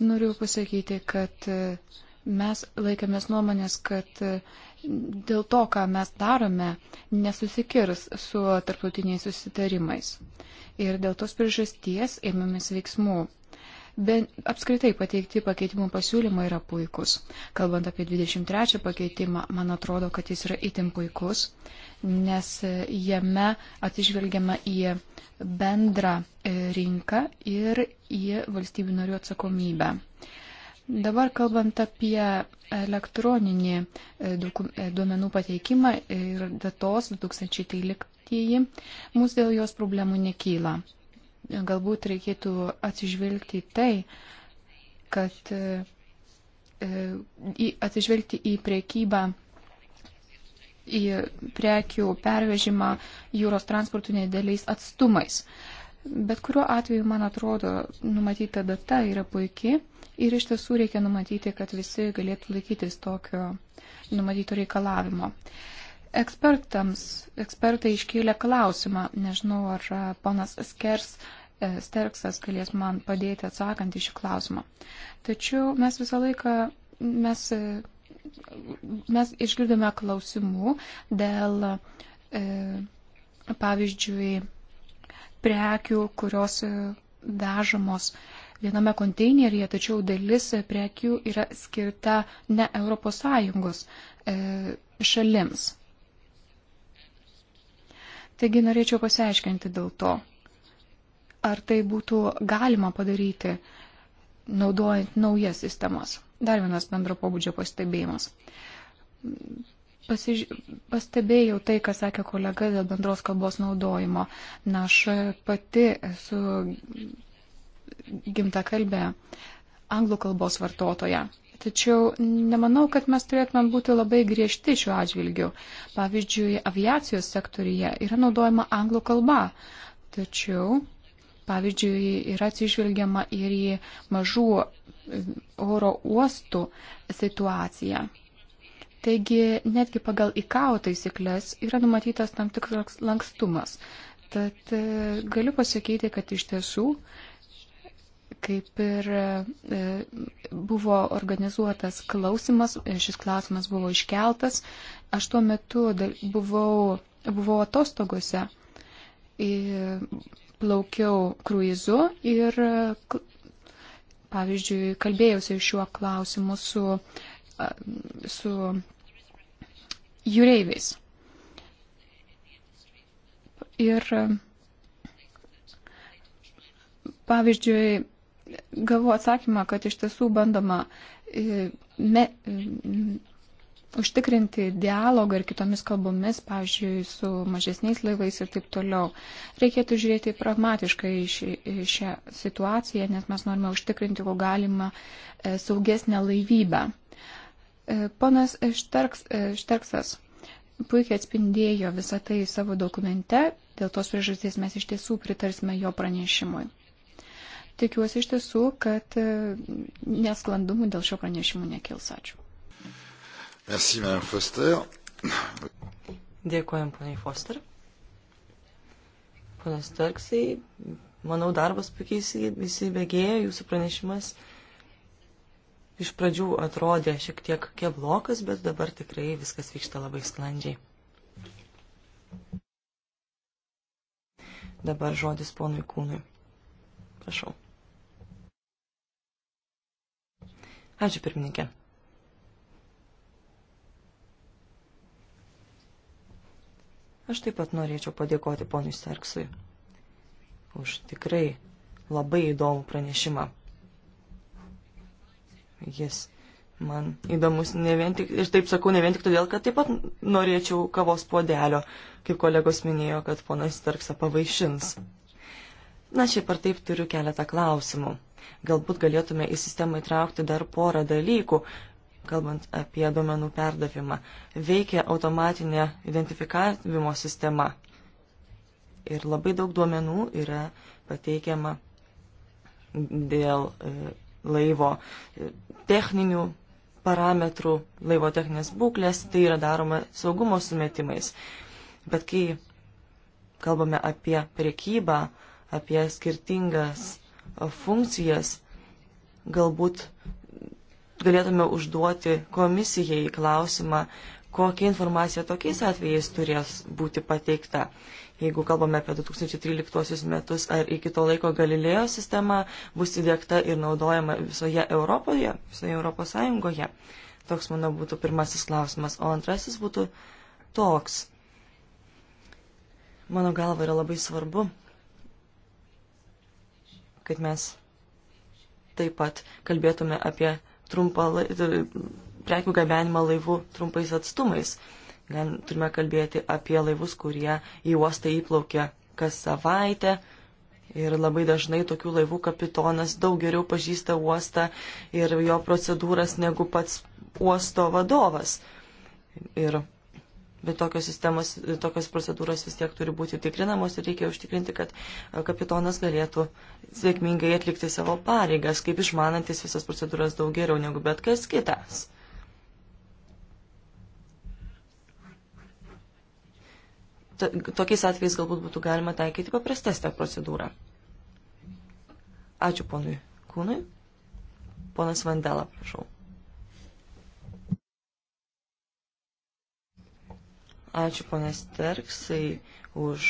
noriu pasakyti, kad e, mes laikėmės nuomonės, kad e, dėl to, ką mes darome, nesusikirs su tarptautiniais susitarimais. Ir dėl tos priežasties ėmėmės veiksmų bet apskritai pateikti pakeitimų pasiūlymai yra puikus. Kalbant apie 23 pakeitimą, man atrodo, kad jis yra itin puikus, nes jame atsižvelgiama į bendrą e, rinką ir į valstybių narių atsakomybę. Dabar kalbant apie elektroninį e, e, duomenų pateikimą ir datos 2013, mūsų dėl jos problemų nekyla galbūt reikėtų atsižvelgti tai, kad e, e, atsižvelgti į priekybą, į prekių pervežimą jūros transportų nedėliais atstumais. Bet kuriuo atveju, man atrodo, numatyta data yra puikiai ir iš tiesų reikia numatyti, kad visi galėtų laikytis tokio numatyto reikalavimo. Uh, Ekspertams, ekspertai iškėlė klausimą, nežinau, ar ponas Skers e, Sterksas galės man padėti atsakant į šį klausimą. Tačiau mes visą laiką, mes, e, mes išgirdome klausimų dėl, e, pavyzdžiui, prekių, kurios dažomos e, viename konteineryje, tačiau dalis prekių yra skirta ne ES šalims. Taigi norėčiau pasiaiškinti dėl to, ar tai būtų galima padaryti naudojant naujas sistemas. Dar vienas bendro pobūdžio pastebėjimas. Pasiž... Pastebėjau tai, ką sakė kolega dėl bendros kalbos naudojimo. Na, aš pati esu gimta kalbė anglų kalbos vartotoja. Tačiau nemanau, kad mes turėtume būti labai griežti šiuo atžvilgiu. Pavyzdžiui, aviacijos sektorija yra naudojama anglų kalba. Tačiau, pavyzdžiui, yra atsižvelgiama ir į mažų e, oro uostų situaciją. Taigi, netgi pagal IKAO taisyklės yra numatytas tam tikras lankstumas. Tad e, galiu pasakyti, kad iš tiesų kaip ir e, buvo organizuotas klausimas, e, šis klausimas buvo iškeltas, aš tuo metu buvau, buvau atostogose, plaukiau kruizu ir, pavyzdžiui, kalbėjausi šiuo klausimu su, su jūreiviais. Ir Pavyzdžiui, gavau atsakymą, kad iš tiesų bandoma e, me, e, užtikrinti dialogą ir kitomis kalbomis, pavyzdžiui, su mažesniais laivais ir taip toliau. Reikėtų žiūrėti pragmatiškai į šią situaciją, nes mes norime užtikrinti, kuo galima e, saugesnę laivybę. Ponas Šterks, Šterksas puikiai atspindėjo visą tai savo dokumente, dėl tos priežasties mes iš tiesų pritarsime jo pranešimui. Tikiuosi iš tiesų, kad e, nesklandumų dėl šio pranešimo nekils. Ačiū. Merci, Madame Foster. Dėkojom, poniai Foster. Ponas Tarksai, manau, darbas puikiai įsibėgėjo, jūsų pranešimas iš pradžių atrodė šiek tiek keblokas, bet dabar tikrai viskas vyksta labai sklandžiai. Dabar žodis ponui Kūnui. Prašau. Ačiū pirmininkė. Aš taip pat norėčiau padėkoti ponui Serksui už tikrai labai įdomų pranešimą. Jis man įdomus ne vien tik, ir taip sakau, ne vien tik todėl, kad taip pat norėčiau kavos puodelio, kaip kolegos minėjo, kad ponas Tarksa pavaišins. Na, šiaip ar taip turiu keletą klausimų. Galbūt galėtume į sistemą įtraukti dar porą dalykų, kalbant apie duomenų perdavimą. Veikia automatinė identifikavimo sistema. Ir labai daug duomenų yra pateikiama dėl e, laivo e, techninių parametrų, laivo techninės būklės, tai yra daroma saugumo sumetimais. Bet kai kalbame apie priekybą, apie skirtingas funkcijas, galbūt galėtume užduoti komisijai klausimą, kokia informacija tokiais atvejais turės būti pateikta. Jeigu kalbame apie 2013 metus, ar iki to laiko Galilėjo sistema bus įdėkta ir naudojama visoje Europoje, visoje Europos Sąjungoje. Toks, manau, būtų pirmasis klausimas. O antrasis būtų toks. Mano galva yra labai svarbu kad mes taip pat kalbėtume apie trumpą e, prekių gabenimą laivų trumpais atstumais. Gan turime kalbėti apie laivus, kurie į uostą įplaukia kas savaitę. Ir labai dažnai tokių laivų kapitonas daug geriau pažįsta uostą ir jo procedūras negu pats uosto vadovas. Ir Bet tokios sistemos, tokios procedūros vis tiek turi būti tikrinamos ir reikia užtikrinti, kad e, kapitonas galėtų sėkmingai atlikti savo pareigas, kaip išmanantis visas procedūras daug geriau negu bet kas kitas. Tokiais atvejais galbūt būtų galima taikyti paprastesnę procedūrą. Ačiū ponui Kūnui. Ponas Vandela, prašau. Ačiū ponas Terksai už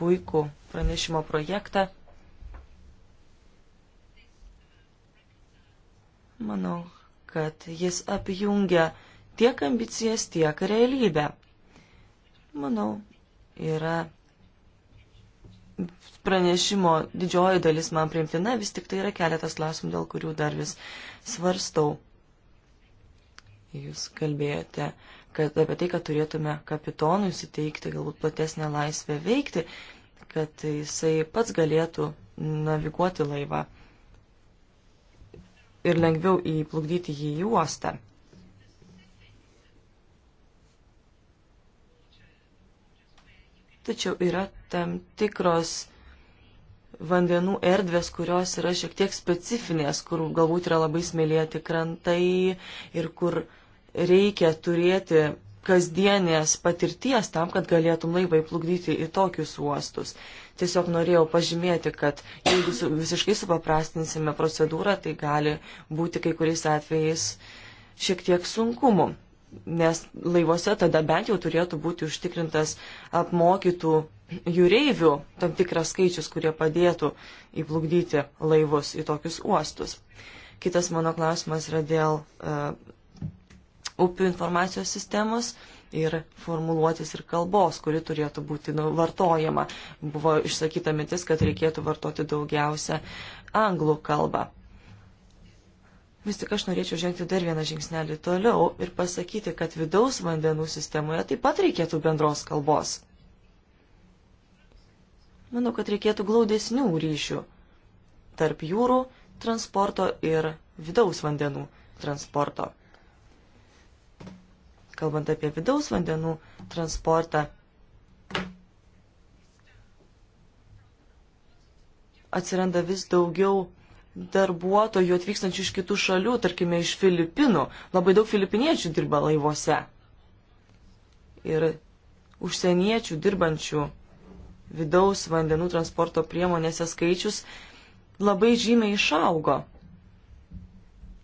puikų pranešimo projektą. Manau, kad jis apjungia tiek ambicijas, tiek realybę. Manau, yra pranešimo didžioji dalis man priimtina, vis tik tai yra keletas klausimų, dėl kurių dar vis svarstau. Jūs kalbėjote kad apie tai, kad turėtume kapitonui suteikti galbūt platesnę laisvę veikti, kad jisai pats galėtų naviguoti laivą ir lengviau įplukdyti jį į uostą. Tačiau yra tam tikros vandenų erdvės, kurios yra šiek tiek specifinės, kur galbūt yra labai smėlėti krantai ir kur uh, reikia turėti kasdienės patirties tam, kad galėtum laivai plukdyti į tokius uostus. Tiesiog norėjau pažymėti, kad jeigu su, visiškai supaprastinsime procedūrą, tai gali būti kai kuriais atvejais šiek tiek sunkumų, nes laivuose tada bent jau turėtų būti užtikrintas apmokytų jūreivių tam tikras skaičius, kurie padėtų įplukdyti laivus į tokius uostus. Kitas mano klausimas yra dėl uh, upių informacijos sistemos ir formuluotės ir kalbos, kuri turėtų būti nu, vartojama. Buvo išsakyta mintis, kad reikėtų vartoti daugiausia anglų kalbą. Vis tik aš norėčiau žengti dar vieną žingsnelį toliau ir pasakyti, kad vidaus vandenų sistemoje taip pat reikėtų bendros kalbos. Manau, kad reikėtų glaudesnių ryšių tarp jūrų transporto ir vidaus vandenų transporto kalbant apie vidaus vandenų transportą. Atsiranda vis daugiau darbuotojų atvykstančių iš kitų šalių, tarkime iš Filipinų. Labai daug filipiniečių dirba laivuose. Ir užsieniečių dirbančių vidaus vandenų transporto priemonėse skaičius labai žymiai išaugo.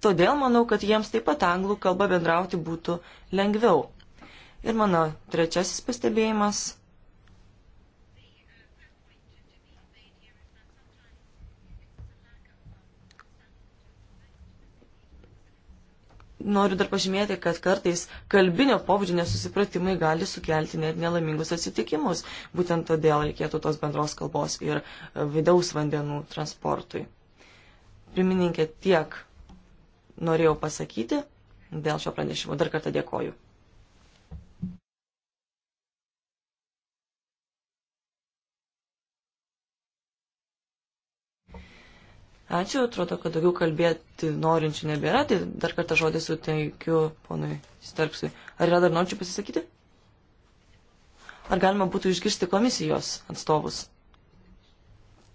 Todėl manau, kad jiems taip pat anglų kalba bendrauti būtų lengviau. Ir mano trečiasis pastebėjimas. Noriu dar pažymėti, kad kartais kalbinio pobūdžio nesusipratimai gali sukelti net nelaimingus atsitikimus. Būtent todėl reikėtų tos bendros kalbos ir vidaus vandenų transportui. Primininkė tiek norėjau pasakyti dėl šio pranešimo. Dar kartą dėkoju. Ačiū, atrodo, kad daugiau kalbėti norinčių nebėra, tai dar kartą žodį suteikiu ponui Starksui. Ar yra dar norinčių pasisakyti? Ar galima būtų išgirsti komisijos atstovus?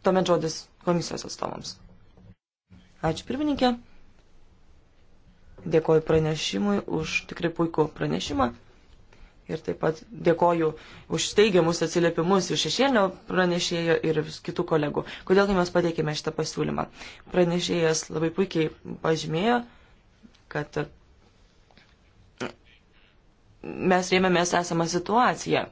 Tuomet žodis komisijos atstovams. Ačiū pirmininkė. Dėkoju pranešimui už tikrai puikų pranešimą. Ir taip pat dėkoju už steigiamus atsiliepimus iš šešėlio pranešėjo ir kitų kolegų. Kodėl mes pateikėme šitą pasiūlymą? Pranešėjas labai puikiai pažymėjo, kad mes rėmėmės esamą situaciją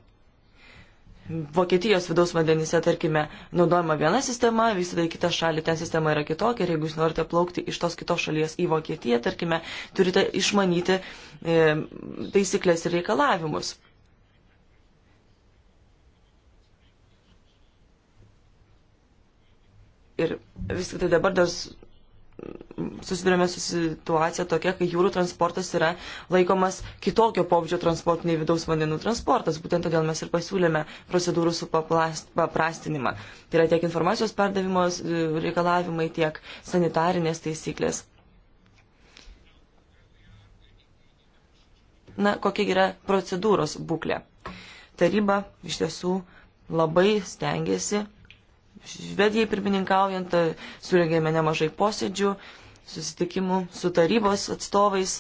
Vokietijos vidaus vandenyse, tarkime, naudojama viena sistema, vykstate į kitą šalį, ten sistema yra kitokia ir jeigu jūs norite plaukti iš tos kitos šalies į Vokietiją, tarkime, turite išmanyti e, taisyklės ir reikalavimus. Ir vis tik tai dabar dar susidurime su situacija tokia, kai jūrų transportas yra laikomas kitokio pobūdžio transportu nei vidaus vandenų transportas. Būtent todėl mes ir pasiūlėme procedūrų su paprastinimą. Tai yra tiek informacijos perdavimos e, reikalavimai, tiek sanitarinės taisyklės. Na, kokia yra procedūros būklė? Taryba iš tiesų labai stengiasi Švedijai pirmininkaujant e, surengėme nemažai posėdžių, susitikimų su tarybos atstovais.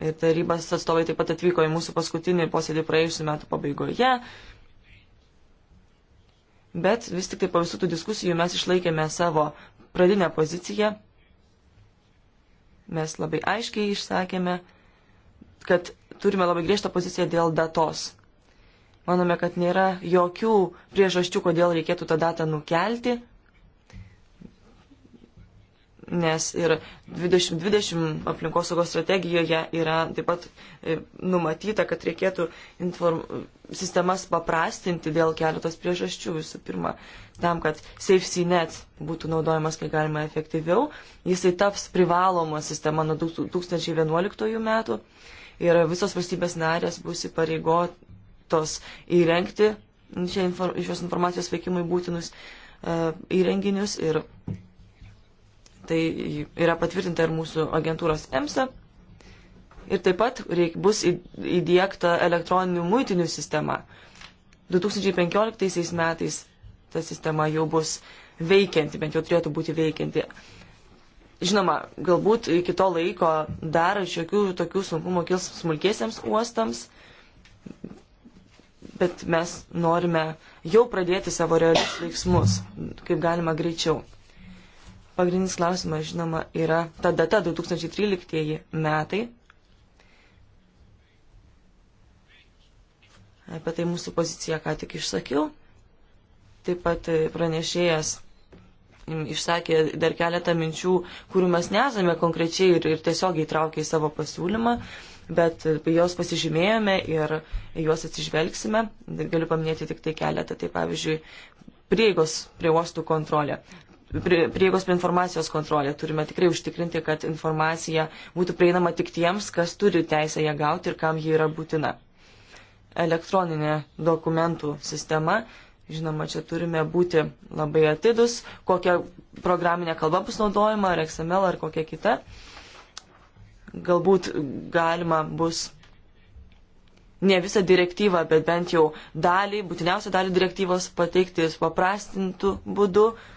Ir tarybos atstovai taip pat atvyko į mūsų paskutinį posėdį praėjusiu metu pabaigoje. Bet vis tik tai po visų tų diskusijų mes išlaikėme savo pradinę poziciją. Mes labai aiškiai išsakėme, kad turime labai griežtą poziciją dėl datos. Manome, kad nėra jokių priežasčių, kodėl reikėtų tą datą nukelti nes ir 2020 aplinkosaugos strategijoje yra taip pat e, numatyta, kad reikėtų inform... sistemas paprastinti dėl keletos priežasčių. Visų pirma, tam, kad SafeCNet būtų naudojamas, kai galima efektyviau, jisai taps privaloma sistema nuo 2011 metų ir visos valstybės narės bus įpareigotos įrengti šios informacijos veikimui būtinus e, įrenginius ir tai yra patvirtinta ir mūsų agentūros EMSA. Ir taip pat reik, bus įdėkta elektroninių muitinių sistema. 2015 metais ta sistema jau bus veikianti, bent jau turėtų būti veikianti. Žinoma, galbūt iki to laiko dar šiokių tokių sunkumų kils smulkiesiems uostams, bet mes norime jau pradėti savo realius veiksmus, kaip galima greičiau. Pagrindinis klausimas, žinoma, yra ta data 2013 metai. Apie tai mūsų poziciją ką tik išsakiau. Taip pat pranešėjas išsakė dar keletą minčių, kurių mes nesame konkrečiai ir, ir tiesiog įtraukė į savo pasiūlymą, bet jos pasižymėjome ir juos atsižvelgsime. Galiu paminėti tik tai keletą. Tai pavyzdžiui, prieigos prie uostų kontrolė prieigos prie informacijos kontrolė. Turime tikrai užtikrinti, kad informacija būtų prieinama tik tiems, kas turi teisę ją gauti ir kam ji yra būtina. Elektroninė dokumentų sistema. Žinoma, čia turime būti labai atidus, kokia programinė kalba bus naudojama, ar XML, ar kokia kita. Galbūt galima bus ne visą direktyvą, bet bent jau dalį, būtiniausią dalį direktyvos pateikti supaprastintų būdų. Uh,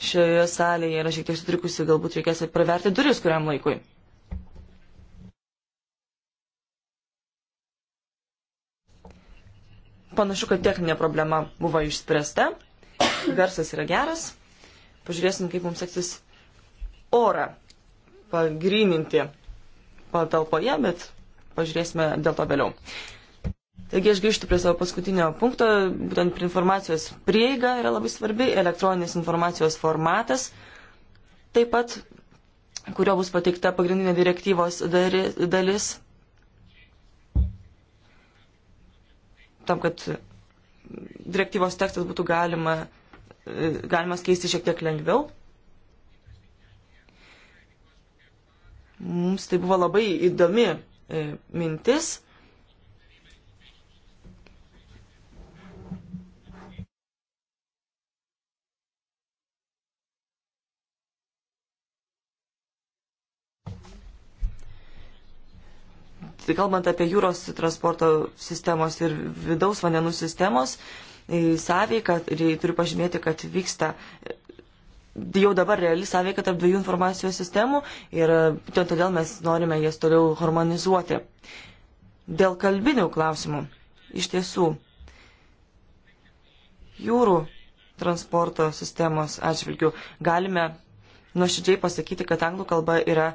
šioje salėje yra šiek tiek sutrikusi, galbūt reikės praverti duris kuriam laikui. Panašu, kad techninė problema buvo išspręsta, garsas yra geras, pažiūrėsim, kaip mums seksis orą pagryninti patalpoje, bet pažiūrėsime dėl to vėliau. Taigi aš grįžtu prie savo paskutinio punkto, būtent prie informacijos prieiga yra labai svarbi, elektroninės informacijos formatas, taip pat, kurio bus pateikta pagrindinė direktyvos dalis, tam, kad direktyvos tekstas būtų galima, galimas keisti šiek tiek lengviau. Mums tai buvo labai įdomi e, mintis Tai kalbant apie jūros transporto sistemos ir vidaus vandenų sistemos, sąveika, turiu pažymėti, kad vyksta jau dabar reali sąveika tarp dviejų informacijos sistemų ir būtent todėl mes norime jas toliau harmonizuoti. Dėl kalbinių klausimų. Iš tiesų, jūrų transporto sistemos atžvilgių galime nuoširdžiai pasakyti, kad anglų kalba yra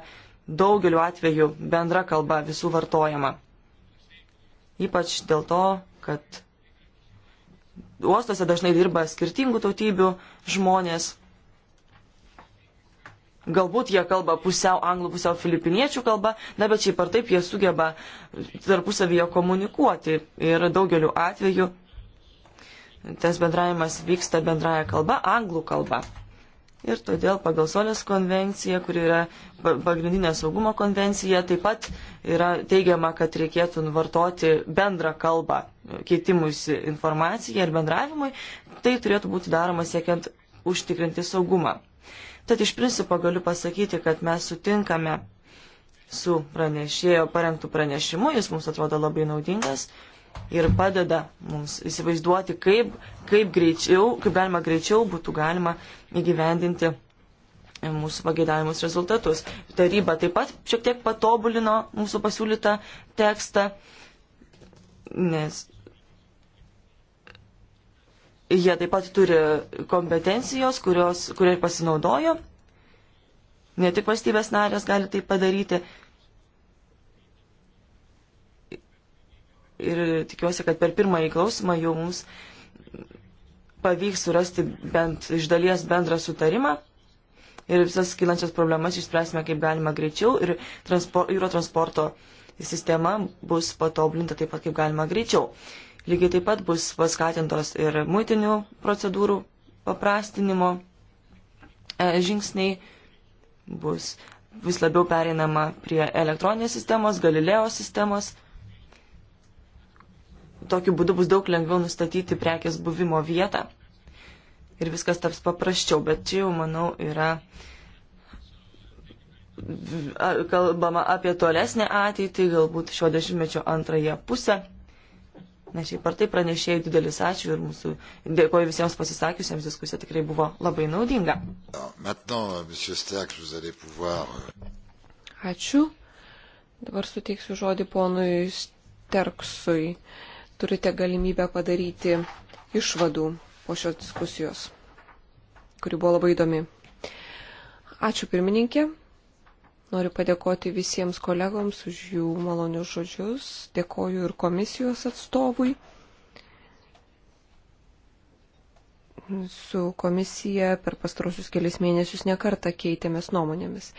daugeliu atveju bendra kalba visų vartojama. Ypač dėl to, kad uostose dažnai dirba skirtingų tautybių žmonės. Galbūt jie kalba pusiau anglų, pusiau filipiniečių kalba, na bet šiaip ar taip jie sugeba tarpusavyje komunikuoti ir daugeliu atveju tas bendravimas vyksta bendraja kalba, anglų kalba. Ir todėl pagal Solės konvenciją, kuri yra pagrindinė saugumo konvencija, taip pat yra teigiama, kad reikėtų vartoti bendrą kalbą keitimuisi informaciją ir bendravimui. Tai turėtų būti daroma siekiant užtikrinti saugumą. Tad iš principo galiu pasakyti, kad mes sutinkame su pranešėjo parengtų pranešimu, jis mums atrodo labai naudingas ir padeda mums įsivaizduoti, kaip, kaip, greičiau, kaip galima greičiau būtų galima įgyvendinti mūsų pageidavimus rezultatus. Taryba taip pat šiek tiek patobulino mūsų pasiūlytą tekstą, nes jie taip pat turi kompetencijos, kurios, kurie pasinaudojo. Ne tik valstybės narės gali tai padaryti, ir tikiuosi, kad per pirmąjį klausimą jau mums pavyks surasti bent iš dalies bendrą sutarimą ir visas kilančias problemas išspręsime kaip galima greičiau ir transpor, jūro transporto sistema bus patoblinta taip pat kaip galima greičiau. Lygiai taip pat bus paskatintos ir muitinių procedūrų paprastinimo e, žingsniai, bus vis labiau pereinama prie elektroninės sistemos, Galileo sistemos tokiu būdu bus daug lengviau nustatyti prekės buvimo vietą ir viskas taps paprasčiau, bet čia jau, manau, yra kalbama apie tolesnę ateitį, galbūt šio dešimtmečio antrąją pusę. Na šiaip ar tai pranešėjai didelis ačiū ir mūsų dėkoju visiems pasisakiusiems, diskusija tikrai buvo labai naudinga. Euh, euh, ačiū. Dabar suteiksiu žodį ponui Sterksui turite galimybę padaryti išvadų po šios diskusijos, kuri buvo labai įdomi. Ačiū pirmininkė. Noriu padėkoti visiems kolegoms už jų malonius žodžius. Dėkoju ir komisijos atstovui. Su komisija per pastarosius kelias mėnesius nekartą keitėmės nuomonėmis.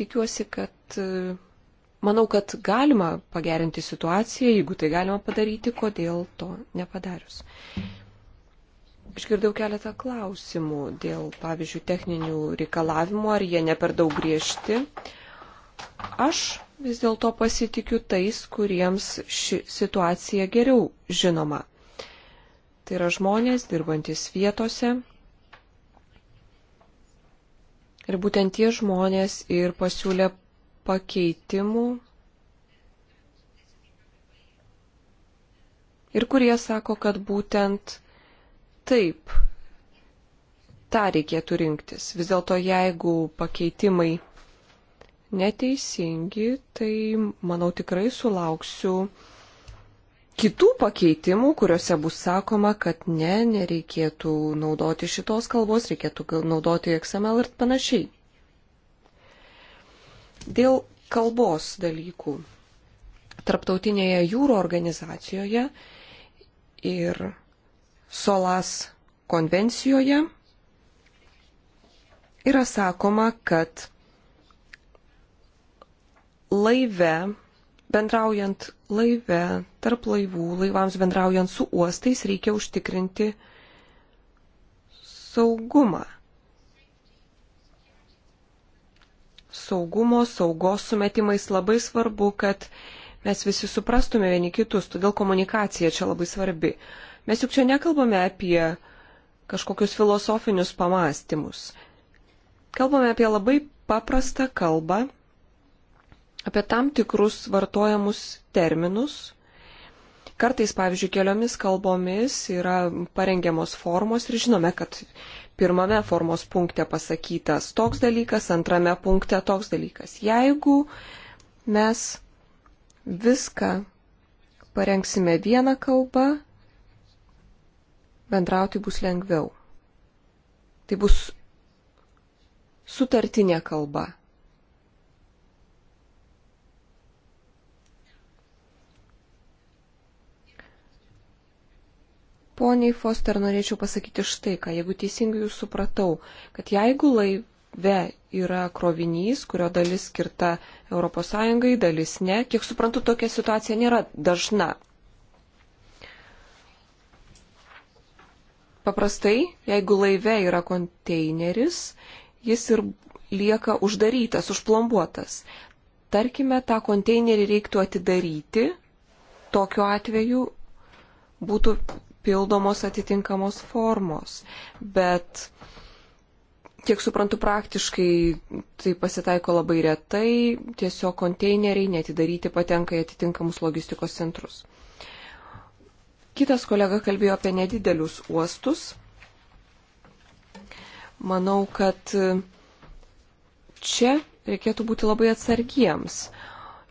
Tikiuosi, kad manau, kad galima pagerinti situaciją, jeigu tai galima padaryti, kodėl to nepadarius. Išgirdau keletą klausimų dėl, pavyzdžiui, techninių reikalavimų, ar jie ne per daug griežti. Aš vis dėlto pasitikiu tais, kuriems ši situacija geriau žinoma. Tai yra žmonės dirbantis vietose, Ir būtent tie žmonės ir pasiūlė pakeitimų ir kurie sako, kad būtent taip tą reikėtų rinktis. Vis dėlto jeigu pakeitimai neteisingi, tai manau tikrai sulauksiu kitų pakeitimų, kuriuose bus sakoma, kad ne, nereikėtų naudoti šitos kalbos, reikėtų naudoti XML ir panašiai. Dėl kalbos dalykų. Tarptautinėje jūro organizacijoje ir SOLAS konvencijoje yra sakoma, kad laive, bendraujant laive, tarp laivų, laivams bendraujant su uostais, reikia užtikrinti saugumą. saugumo, saugos sumetimais labai svarbu, kad mes visi suprastume vieni kitus, todėl komunikacija čia labai svarbi. Mes juk čia nekalbame apie kažkokius filosofinius pamastymus. Kalbame apie labai paprastą kalbą, apie tam tikrus vartojamus terminus. Kartais, pavyzdžiui, keliomis kalbomis yra parengiamos formos ir žinome, kad pirmame formos punkte pasakytas toks dalykas, antrame punkte toks dalykas. Jeigu mes viską parengsime vieną kalbą, bendrauti bus lengviau. Tai bus sutartinė kalba. Poniai Foster norėčiau pasakyti štai ką, jeigu teisingai jūs supratau, kad jeigu laive yra krovinys, kurio dalis skirta ES, dalis ne, kiek suprantu, tokia situacija nėra dažna. Paprastai, jeigu laive yra konteineris, jis ir lieka uždarytas, užplombuotas. Tarkime, tą konteinerį reiktų atidaryti, tokiu atveju būtų papildomos atitinkamos formos. Bet, kiek suprantu, praktiškai tai pasitaiko labai retai, tiesiog konteineriai netidaryti patenka į atitinkamus logistikos centrus. Kitas kolega kalbėjo apie nedidelius uostus. Manau, kad čia reikėtų būti labai atsargiems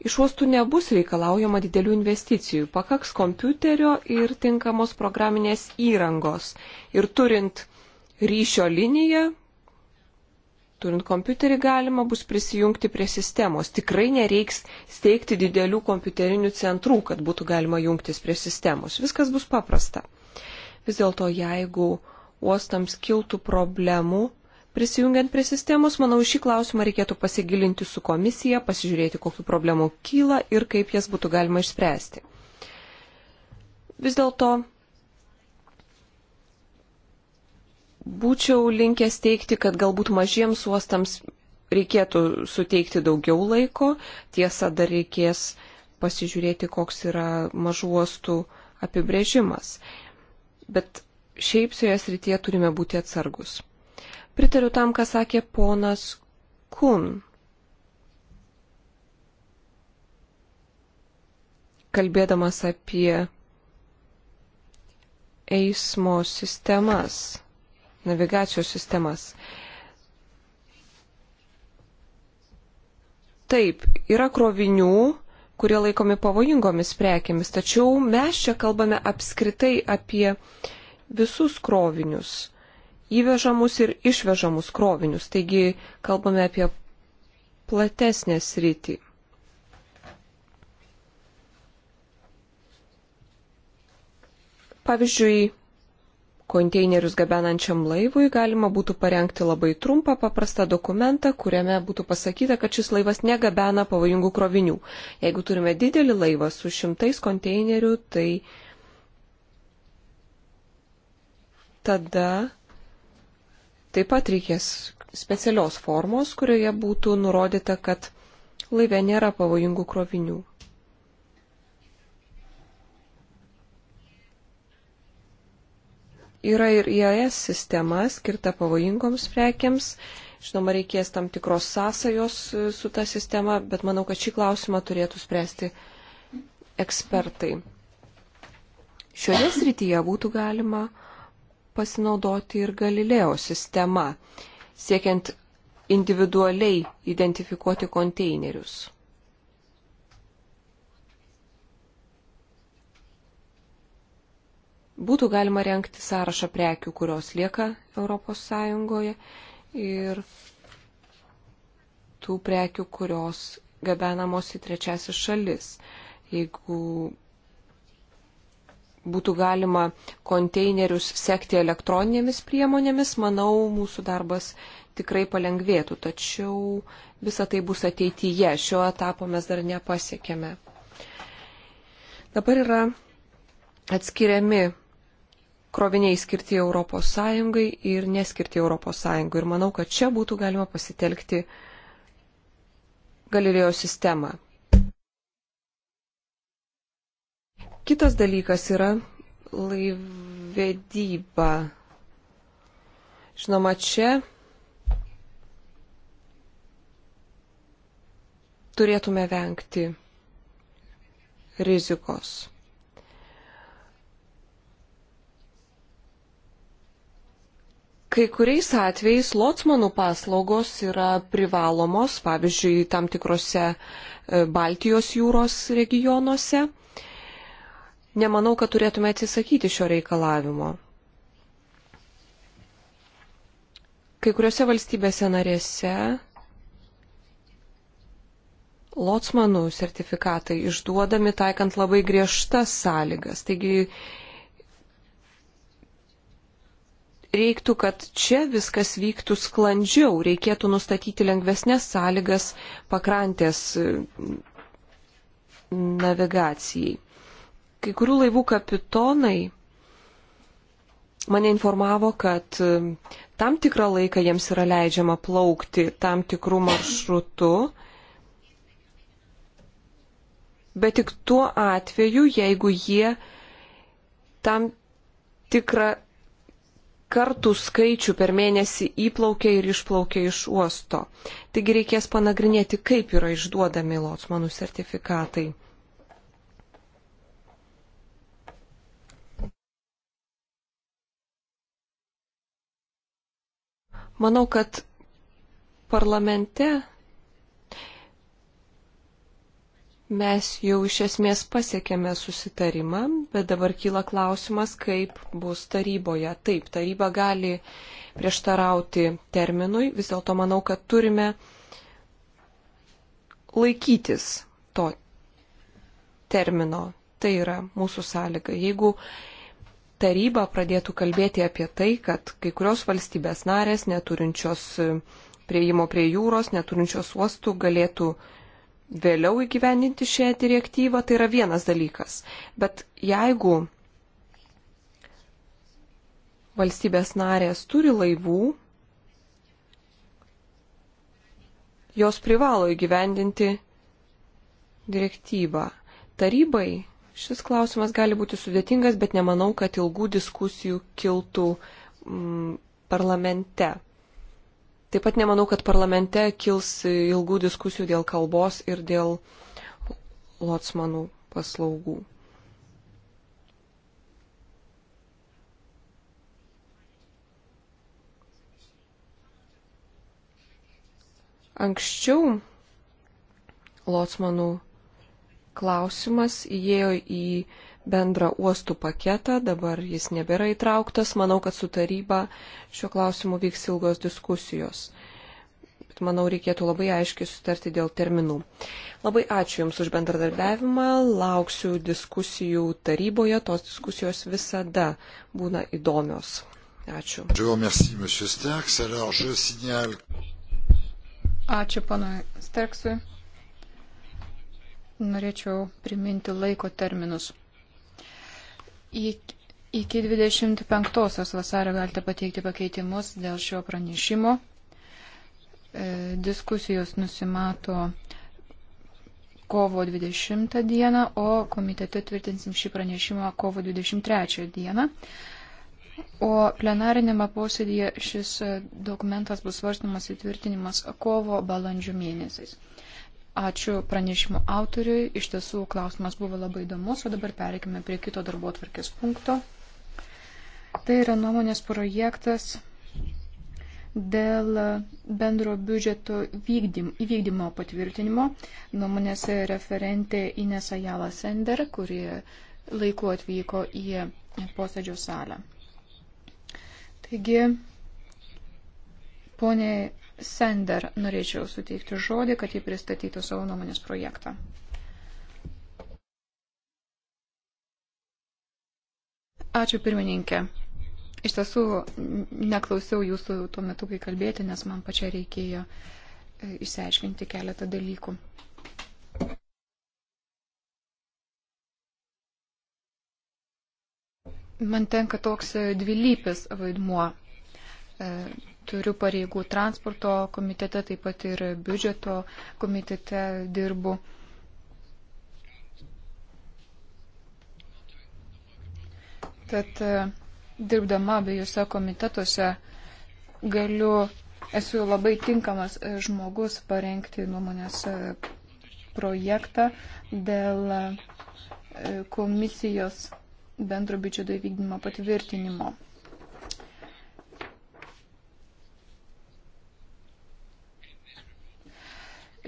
iš uostų nebus reikalaujama didelių investicijų, pakaks kompiuterio ir tinkamos programinės įrangos. Ir turint ryšio liniją, turint kompiuterį galima bus prisijungti prie sistemos. Tikrai nereiks steigti didelių kompiuterinių centrų, kad būtų galima jungtis prie sistemos. Viskas bus paprasta. Vis dėlto, jeigu uostams kiltų problemų, prisijungiant prie sistemos. Manau, šį klausimą reikėtų pasigilinti su komisija, pasižiūrėti, kokiu problemu kyla ir kaip jas būtų galima išspręsti. Vis dėlto būčiau linkęs teikti, kad galbūt mažiems uostams reikėtų suteikti daugiau laiko. Tiesa, dar reikės pasižiūrėti, koks yra mažų uostų apibrėžimas. Bet šiaip šioje srityje turime būti atsargus. Pritariu tam, ką sakė ponas Kun. Kalbėdamas apie eismo sistemas, navigacijos sistemas. Taip, yra krovinių, kurie laikomi pavojingomis prekėmis, tačiau mes čia kalbame apskritai apie visus krovinius įvežamus ir išvežamus krovinius. Taigi kalbame apie platesnę sritį. Pavyzdžiui, konteinerius gabenančiam laivui galima būtų parengti labai trumpą, paprastą dokumentą, kuriame būtų pasakyta, kad šis laivas negabena pavojingų krovinių. Jeigu turime didelį laivą su šimtais konteinerių, tai tada Taip pat reikės specialios formos, kurioje būtų nurodyta, kad laive nėra pavojingų krovinių. Yra ir IAS sistema skirta pavojingoms prekiams. Žinoma, reikės tam tikros sąsajos e, su ta sistema, bet manau, kad šį klausimą turėtų spręsti ekspertai. Šioje srityje būtų galima uh, pasinaudoti ir Galileo sistema, siekiant individualiai identifikuoti konteinerius. Būtų galima renkti sąrašą prekių, kurios lieka ES ir tų prekių, kurios gabenamos į trečiasis šalis. Jeigu būtų galima konteinerius sekti elektroninėmis priemonėmis, manau, mūsų darbas tikrai palengvėtų, tačiau visa tai bus ateityje, šio etapo mes dar nepasiekėme. Dabar yra atskiriami kroviniai skirti ES ir neskirti ES ir manau, kad čia būtų galima pasitelkti Galilėjo sistemą. Kitas dalykas yra laivedyba. Žinoma, čia turėtume vengti rizikos. Kai kuriais atvejais lotsmanų paslaugos yra privalomos, pavyzdžiui, tam tikrose e, Baltijos jūros regionuose nemanau, kad turėtume atsisakyti šio reikalavimo. Kai kuriuose valstybėse narėse lotsmanų sertifikatai išduodami taikant labai griežtas sąlygas. Taigi reiktų, kad čia viskas vyktų sklandžiau, reikėtų nustatyti lengvesnės sąlygas pakrantės navigacijai. Kai kurių laivų kapitonai mane informavo, kad um, tam tikrą laiką jiems yra leidžiama plaukti tam tikrų maršrutų, bet tik tuo atveju, jeigu jie tam tikrą kartų skaičių per mėnesį įplaukia ir išplaukia iš uosto. Taigi reikės panagrinėti, kaip yra išduodami lotsmanų sertifikatai. Manau, kad parlamente mes jau iš esmės pasiekėme susitarimą, bet dabar kyla klausimas, kaip bus taryboje. Taip, taryba gali prieštarauti terminui, vis dėlto manau, kad turime laikytis to termino. Tai yra mūsų sąlyga. Jeigu taryba pradėtų kalbėti apie tai, kad kai kurios valstybės narės, neturinčios e, prieimo prie jūros, neturinčios uostų, galėtų vėliau įgyvendinti šią direktyvą, tai yra vienas dalykas. Bet jeigu valstybės narės turi laivų, jos privalo įgyvendinti direktyvą. Tarybai Šis klausimas gali būti sudėtingas, bet nemanau, kad ilgų diskusijų kiltų mm, parlamente. Taip pat nemanau, kad parlamente kils ilgų diskusijų dėl kalbos ir dėl lotsmanų paslaugų. Anksčiau lotsmanų klausimas įėjo į bendrą uostų paketą, dabar jis nebėra įtrauktas. Manau, kad su taryba šiuo klausimu vyks ilgos diskusijos. Bet manau, reikėtų labai aiškiai sutarti dėl terminų. Labai ačiū Jums už bendradarbiavimą, lauksiu diskusijų taryboje, tos diskusijos visada būna įdomios. Ačiū. Ačiū, ponui Sterksui norėčiau priminti laiko terminus. Iki 25 vasario galite pateikti pakeitimus dėl šio pranešimo. E, diskusijos nusimato kovo 20 dieną, o komitete tvirtinsim šį pranešimą kovo 23 dieną. O plenarinėme posėdėje šis dokumentas bus svarstamas įtvirtinimas kovo balandžio mėnesiais. Ačiū pranešimo autoriui. Iš tiesų, klausimas buvo labai įdomus, o dabar pereikime prie kito darbo atvarkės punkto. Tai yra nuomonės projektas dėl bendro biudžeto vykdym, įvykdymo patvirtinimo. Nuomonės referentė Inesa Jala Sender, kuri laiku atvyko į posėdžio salę. Taigi, ponė Sender norėčiau suteikti žodį, kad jį pristatytų savo nuomonės projektą. Ačiū pirmininkė. Iš tiesų, neklausiau jūsų tuo metu, kai kalbėti, nes man pačia reikėjo e, išsiaiškinti keletą dalykų. Man tenka toks e, dvilypis vaidmuo e, turiu pareigų transporto komitete, taip pat ir biudžeto komitete dirbu. Tad e, dirbdama abiejose komitetuose galiu, esu labai tinkamas e, žmogus parengti nuomonės e, projektą dėl komisijos bendro biudžeto įvykdymo patvirtinimo.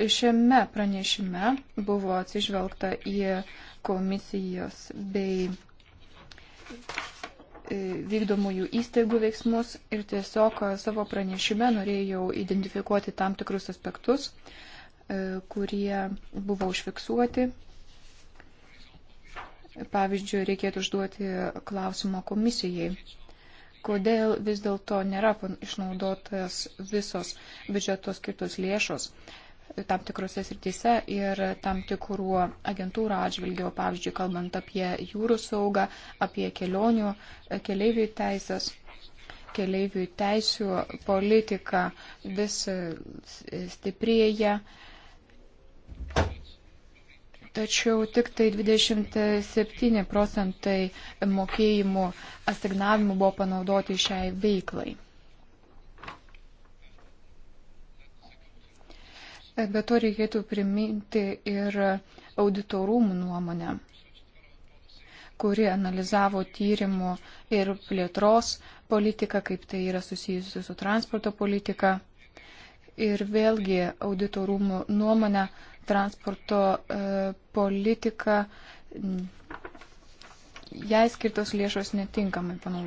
Šiame pranešime buvo atsižvelgta į komisijos bei e, vykdomųjų įstaigų veiksmus ir tiesiog savo pranešime norėjau identifikuoti tam tikrus aspektus, e, kurie buvo užfiksuoti. Pavyzdžiui, reikėtų užduoti klausimą komisijai, kodėl vis dėlto nėra išnaudotas visos biudžeto skirtos lėšos tam tikrose srityse ir tam tikrų agentūrų atžvilgių, pavyzdžiui, kalbant apie jūrų saugą, apie kelionių, keleivių teisės, keleivių teisų politiką vis stiprėja. Tačiau tik tai 27 procentai mokėjimų asignavimų buvo panaudoti šiai veiklai. Bet to reikėtų priminti ir auditorumų nuomonę, kuri analizavo tyrimų ir plėtros politiką, kaip tai yra susijusi su transporto politika. Ir vėlgi auditorumų nuomonę transporto e, politika, jai skirtos lėšos netinkamai, panau,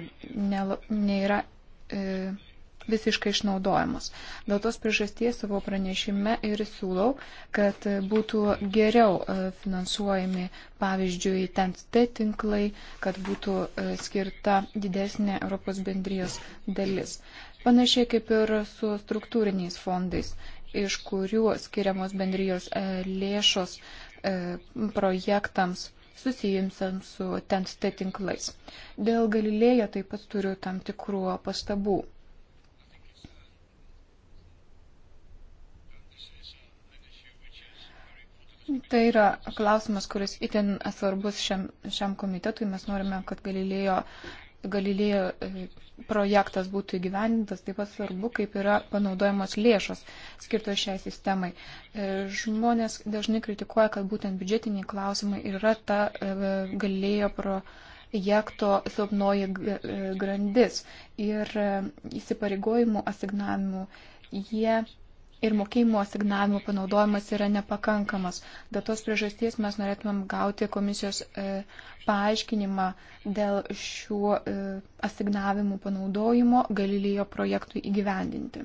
ne, nėra. Ne e, visiškai išnaudojamos. Dėl tos priežasties savo pranešime ir siūlau, kad būtų geriau e, finansuojami, pavyzdžiui, TNT tinklai, kad būtų e, skirta didesnė Europos bendrijos dalis. Panašiai kaip ir su struktūriniais fondais, iš kurių skiriamos bendrijos e, lėšos projektams susijimsiams su TNT tinklais. Dėl Galilėjo taip pat turiu tam tikrų pastabų. Tai yra klausimas, kuris itin svarbus šiam, šiam komitetui. Mes norime, kad Galilėjo, Galilėjo e, projektas būtų įgyvendintas. Taip pat svarbu, kaip yra panaudojamos lėšos skirtos šiai sistemai. E, žmonės dažnai kritikuoja, kad būtent biudžetiniai klausimai yra ta e, Galilėjo projekto silpnoji grandis ir įsipareigojimų asignavimų. Jie ir mokėjimo asignavimų panaudojimas yra nepakankamas. Dėl tos priežasties mes norėtumėm gauti komisijos e, paaiškinimą dėl šių e, asignavimų panaudojimo Galilėjo projektui įgyvendinti.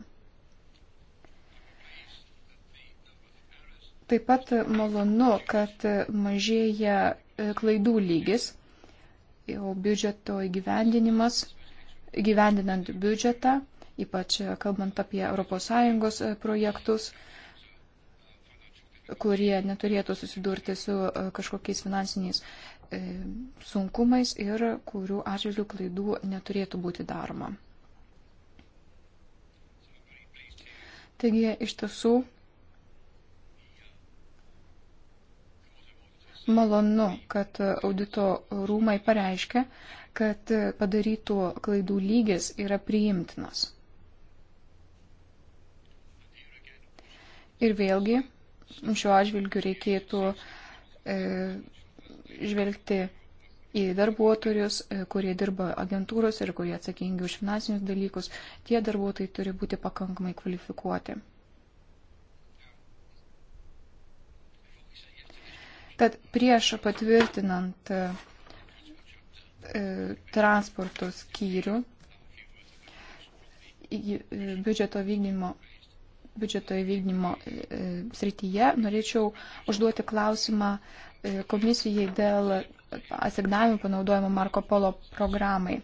Taip pat malonu, kad mažėja e, klaidų lygis, o biudžeto įgyvendinimas, įgyvendinant biudžetą ypač e, kalbant apie ES e, projektus, kurie neturėtų susidurti su e, kažkokiais finansiniais sunkumais ir kurių atžvilgių klaidų neturėtų būti daroma. Taigi iš tiesų malonu, kad audito rūmai pareiškia, kad padarytų klaidų lygis yra priimtinas. Ir vėlgi, šiuo atžvilgiu reikėtų e, žvelgti į darbuotojus, e, kurie dirba agentūros ir kurie atsakingi už finansinius dalykus, tie darbuotojai turi būti pakankamai kvalifikuoti. Tad prieš patvirtinant e, transporto skyrių e, biudžeto vykdymo biudžeto įvykdymo e, e, srityje, norėčiau užduoti klausimą e, komisijai dėl asignavimų panaudojimo Marko Polo programai.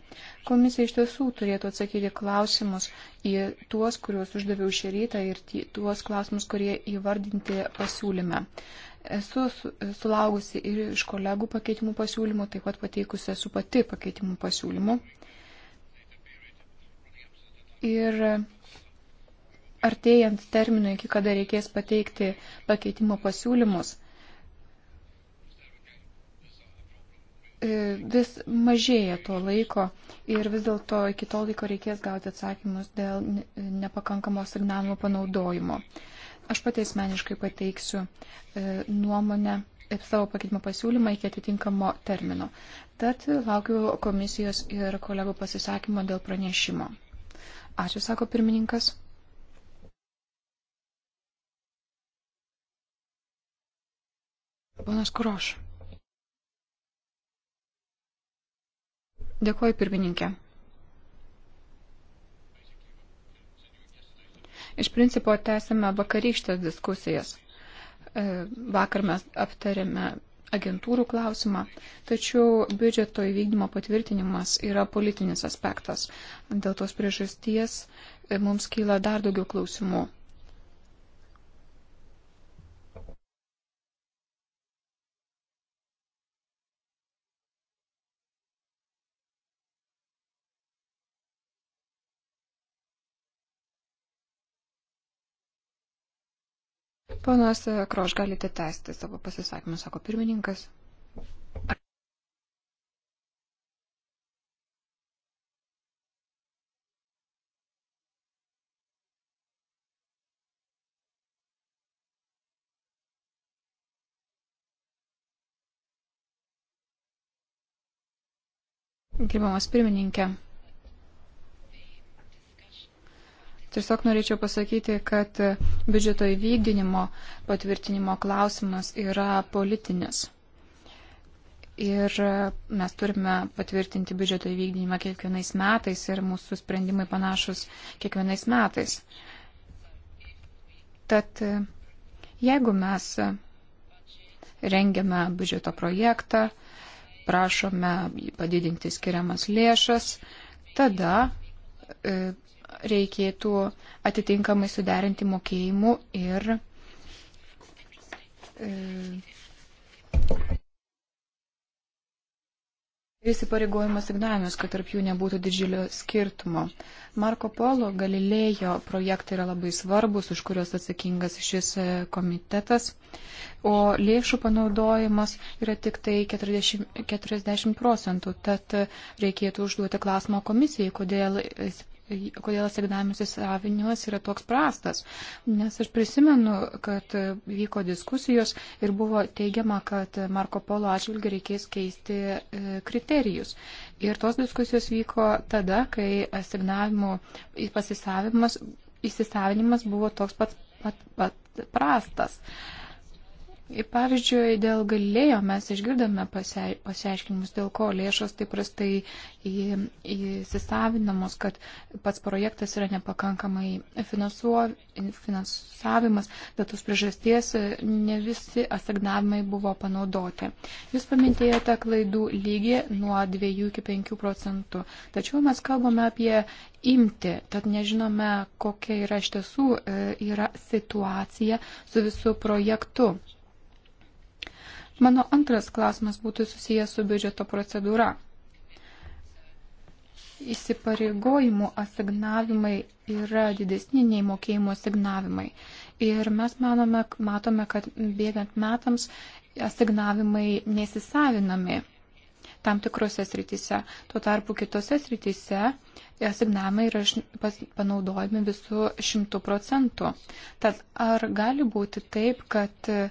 Komisija iš tiesų turėtų atsakyti klausimus į tuos, kuriuos uždaviau šį rytą ir tuos klausimus, kurie įvardinti pasiūlyme. Esu sulaukusi ir iš kolegų pakeitimų pasiūlymų, taip pat pateikusi esu pati pakeitimų pasiūlymų. Ir artėjant terminui, iki kada reikės pateikti pakeitimo pasiūlymus, e, vis mažėja to laiko ir vis dėlto iki to laiko reikės gauti atsakymus dėl nepakankamo signalų panaudojimo. Aš pati asmeniškai pateiksiu e, nuomonę savo pakeitimo pasiūlymą iki atitinkamo termino. Tad laukiu komisijos ir kolegų pasisakymo dėl pranešimo. Ačiū, sako pirmininkas. Ponas Kuroš. Dėkuoju, pirmininkė. Iš principo tęsime vakarykštės diskusijas. E, vakar mes aptarėme agentūrų klausimą, tačiau biudžeto įvykdymo patvirtinimas yra politinis aspektas. Dėl tos priežasties e, mums kyla dar daugiau klausimų. Panas Kroš, galite tęsti savo pasisakymą, sako pirmininkas. Gerbiamas pirmininkė, Tiesiog norėčiau pasakyti, kad biudžeto įvykdinimo patvirtinimo klausimas yra politinis. Ir mes turime patvirtinti biudžeto įvykdinimą kiekvienais metais ir mūsų sprendimai panašus kiekvienais metais. Tad jeigu mes rengiame biudžeto projektą, prašome padidinti skiriamas lėšas, tada e, reikėtų atitinkamai suderinti mokėjimų ir e, įsipareigojimo signavimus, kad tarp jų nebūtų didžiulio skirtumo. Marko Polo Galilėjo projektai yra labai svarbus, už kuriuos atsakingas šis e, komitetas, o lėšų panaudojimas yra tik tai 40, 40 procentų, tad reikėtų užduoti klausimą komisijai, kodėl kodėl asignavimas įsavinimas yra toks prastas. Nes aš prisimenu, kad vyko diskusijos ir buvo teigiama, kad Marko Polo atžvilgiu reikės keisti e, kriterijus. Ir tos diskusijos vyko tada, kai asignavimų pasisavinimas įsisavinimas buvo toks pat, pat, pat prastas. Uh, Pavyzdžiui, dėl galėjo mes išgirdome pasiaiškinimus, dėl ko lėšos taip prastai įsisavinamos, kad pats projektas yra nepakankamai finansavimas, dėl tos priežasties ne visi asignavimai buvo panaudoti. Jūs paminėjote klaidų lygį nuo 2 iki 5 procentų, tačiau mes kalbame apie imti, tad nežinome, kokia yra iš tiesų e, yra situacija su visu projektu. Mano antras klausimas būtų susijęs su biudžeto procedūra. Įsipareigojimų asignavimai yra didesni nei mokėjimų asignavimai. Ir mes manome, matome, kad bėgant metams asignavimai nesisavinami tam tikrose srityse. Tuo tarpu kitose srityse asignavimai yra panaudojami visų šimtų procentų. Tad ar gali būti taip, kad e,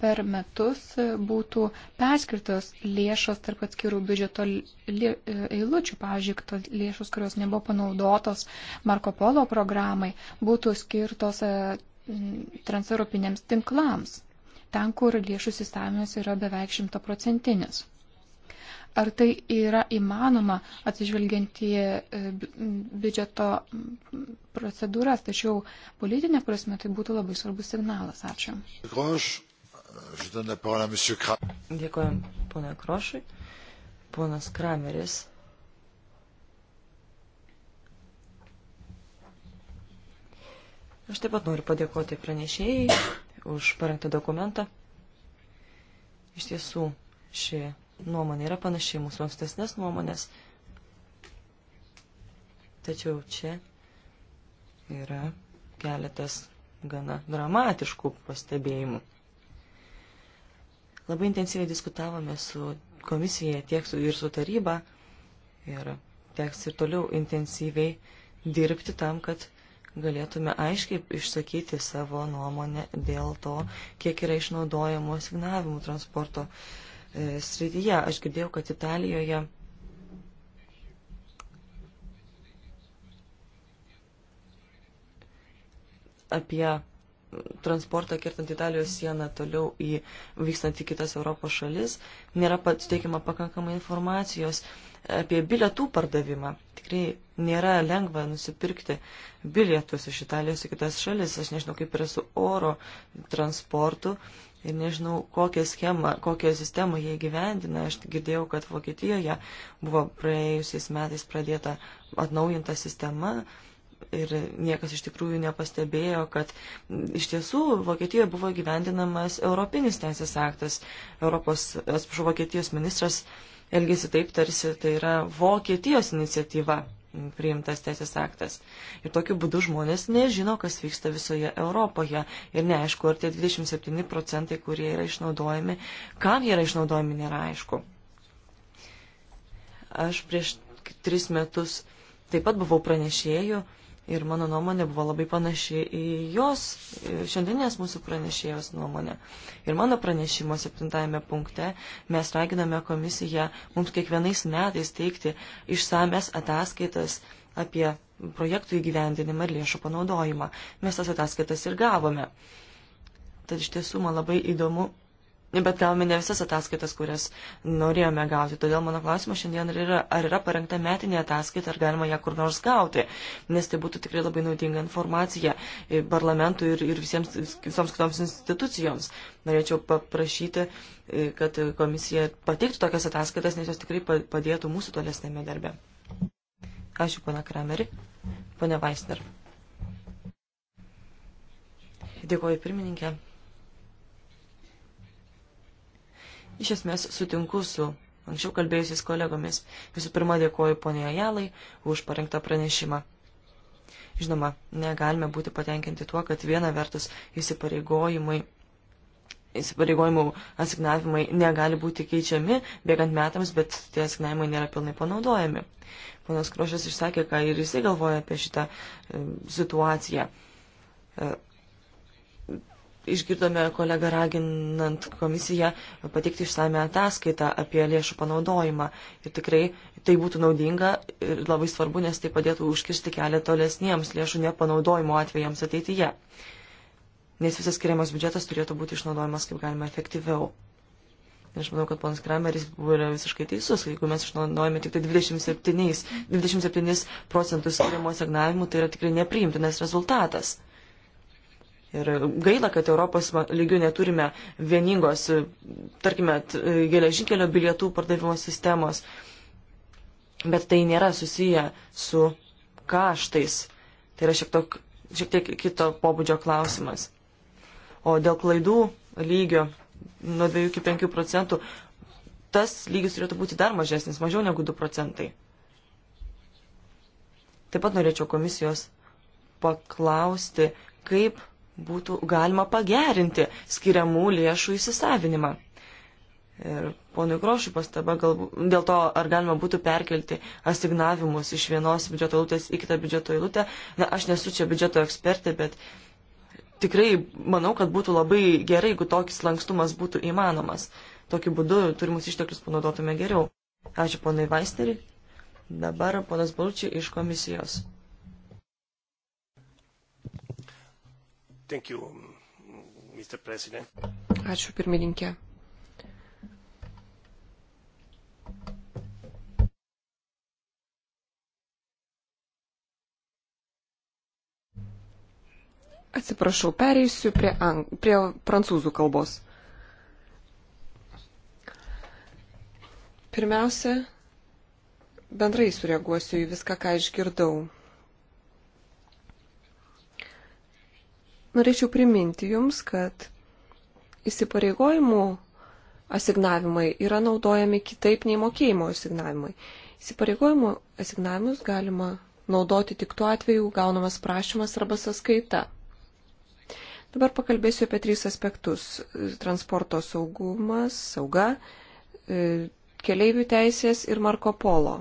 per metus būtų perskirtos lėšos tarp atskirų biudžeto e, eilučių. Pavyzdžiui, tos lėšos, kurios nebuvo panaudotos Marko Polo programai, būtų skirtos e, transeuropiniams tinklams, ten, kur lėšų sistavimas yra beveik šimtaprocentinis. Ar tai yra įmanoma atsižvelgiant į e, biudžeto procedūras, tačiau politinė prasme tai būtų labai svarbus signalas. Ačiū. Groš. Dėkojom ponui Krošui. Ponas Krameris. Aš taip pat noriu padėkoti pranešėjai už parengtą dokumentą. Iš tiesų, ši nuomonė yra panašiai mūsų ankstesnės nuomonės. Tačiau čia yra keletas gana dramatiškų pastebėjimų. Labai intensyviai diskutavome su komisija, tiek su, ir su taryba. Ir teks ir toliau intensyviai dirbti tam, kad galėtume aiškiai išsakyti savo nuomonę dėl to, kiek yra išnaudojamo signavimų transporto e, srityje. Aš girdėjau, kad Italijoje apie transportą kirtant Italijos sieną toliau į vykstant į kitas Europos šalis, nėra suteikiama pakankamai informacijos apie bilietų pardavimą. Tikrai nėra lengva nusipirkti bilietus iš Italijos į kitas šalis. Aš nežinau, kaip yra su oro transportu ir nežinau, kokią schemą, kokią sistemą jie gyvendina. Aš girdėjau, kad Vokietijoje buvo praėjusiais metais pradėta atnaujinta sistema ir niekas iš tikrųjų nepastebėjo, kad iš tiesų Vokietijoje buvo gyvendinamas europinis teisės aktas. Europos, atsiprašau, Vokietijos ministras elgėsi taip, tarsi tai yra Vokietijos iniciatyva priimtas teisės aktas. Ir tokiu būdu žmonės nežino, kas vyksta visoje Europoje. Ir neaišku, ar tie 27 procentai, kurie yra išnaudojami, kam jie yra išnaudojami, nėra aišku. Aš prieš tris metus taip pat buvau pranešėjų ir mano nuomonė buvo labai panaši į jos, šiandienės mūsų pranešėjos nuomonę. Ir mano pranešimo septintajame punkte mes raginame komisiją mums kiekvienais metais teikti išsames ataskaitas apie projektų įgyvendinimą ir lėšų panaudojimą. Mes tas ataskaitas ir gavome. Tad iš tiesų man labai įdomu Bet gavome ne visas ataskaitas, kurias norėjome gauti. Todėl mano klausimas šiandien yra, ar yra parengta metinė ataskaita, ar galima ją kur nors gauti. Nes tai būtų tikrai labai naudinga informacija parlamentui ir, ir visiems, visoms kitoms institucijoms. Norėčiau paprašyti, kad komisija pateiktų tokias ataskaitas, nes jos tikrai padėtų mūsų tolesnėme darbe. Ačiū, pana Krameri. Pane Vaisner. Dėkuoju pirmininkė. Iš esmės sutinku su anksčiau kalbėjusiais kolegomis. Visų pirma, dėkoju ponėje Jalai už parengtą pranešimą. Žinoma, negalime būti patenkinti tuo, kad viena vertus įsipareigojimai įsipareigojimų asignavimai negali būti keičiami bėgant metams, bet tie asignavimai nėra pilnai panaudojami. Ponas Krošas išsakė, ką ir jisai galvoja apie šitą e, situaciją. E, išgirdome kolegą raginant komisiją pateikti išsame ataskaitą apie lėšų panaudojimą. Ir tikrai tai būtų naudinga ir labai svarbu, nes tai padėtų užkirsti kelią tolesniems lėšų nepanaudojimo atvejams ateityje. Nes visas skiriamas biudžetas turėtų būti išnaudojamas kaip galima efektyviau. Aš manau, kad ponas Krameris buvo visiškai teisus, jeigu mes išnaudojame tik tai 27, 27 procentus skiriamo asignavimų, tai yra tikrai nepriimtinas rezultatas. Ir gaila, kad Europos lygių neturime vieningos, tarkime, geležinkelio bilietų pardavimo sistemos, bet tai nėra susiję su kaštais. Tai yra šiek tiek, šiek tiek kito pobūdžio klausimas. O dėl klaidų lygio nuo 2 iki 5 procentų, tas lygis turėtų būti dar mažesnis, mažiau negu 2 procentai. Taip pat norėčiau komisijos paklausti, kaip būtų galima pagerinti skiriamų lėšų įsisavinimą. Ir ponui Grošui pastaba galbūt dėl to, ar galima būtų perkelti asignavimus iš vienos biudžeto eilutės į kitą biudžeto eilutę. Na, aš nesu čia biudžeto ekspertė, bet tikrai manau, kad būtų labai gerai, jeigu toks lankstumas būtų įmanomas. Tokiu būdu turimus išteklius panaudotume geriau. Ačiū ponai Vaisteriui. Dabar ponas Balčiai iš komisijos. Thank you, Mr. Um, President. Ačiū pirmininkė. Atsiprašau, pereisiu prie, ang... prie prancūzų kalbos. Pirmiausia, bendrai sureaguosiu į viską, ką išgirdau. Norėčiau priminti Jums, kad įsipareigojimų asignavimai yra naudojami kitaip nei mokėjimo asignavimai. Įsipareigojimų asignavimus galima naudoti tik tuo atveju gaunamas prašymas arba sąskaita. Dabar pakalbėsiu apie tris aspektus - transporto saugumas, sauga, e, keleivių teisės ir Marko Polo.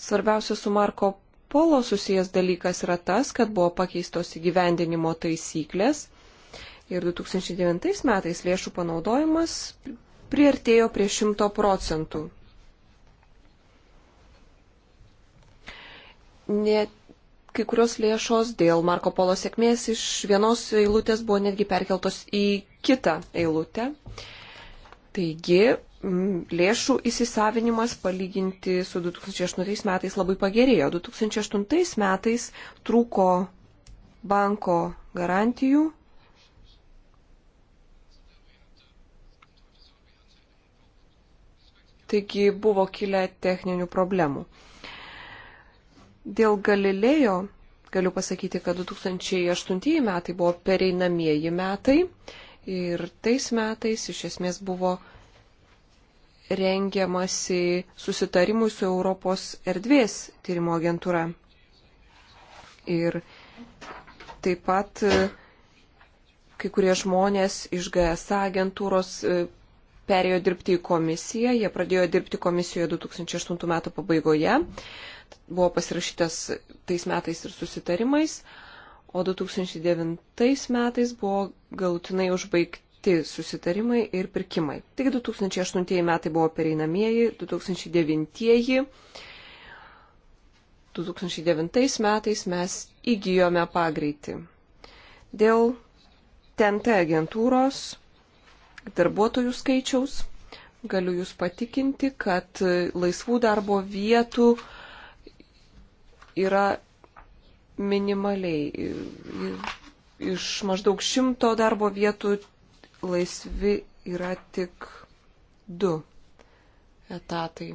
Svarbiausias su Marko Polo susijęs dalykas yra tas, kad buvo pakeistos įgyvendinimo taisyklės ir 2009 metais lėšų panaudojimas priartėjo prie 100 procentų. Net kai kurios lėšos dėl Marko Polo sėkmės iš vienos eilutės buvo netgi perkeltos į kitą eilutę. Taigi, lėšų įsisavinimas palyginti su 2008 metais labai pagerėjo. 2008 metais trūko banko garantijų. Taigi buvo kilę techninių problemų. Dėl Galilėjo galiu pasakyti, kad 2008 metai buvo pereinamieji metai ir tais metais iš esmės buvo rengiamasi susitarimui su Europos erdvės tyrimo agentūra. Ir taip pat e, kai kurie žmonės iš GSA agentūros e, perėjo dirbti į komisiją. Jie pradėjo dirbti komisijoje 2008 metų pabaigoje. Buvo pasirašytas tais metais ir susitarimais. O 2009 metais buvo galutinai užbaigti slapti susitarimai ir pirkimai. Tik 2008 metai buvo pereinamieji, 2009. 2009 metais mes įgyjome pagreitį. Dėl TNT agentūros darbuotojų skaičiaus galiu Jūs patikinti, kad laisvų darbo vietų yra minimaliai. Iš maždaug šimto darbo vietų laisvi yra tik du etatai.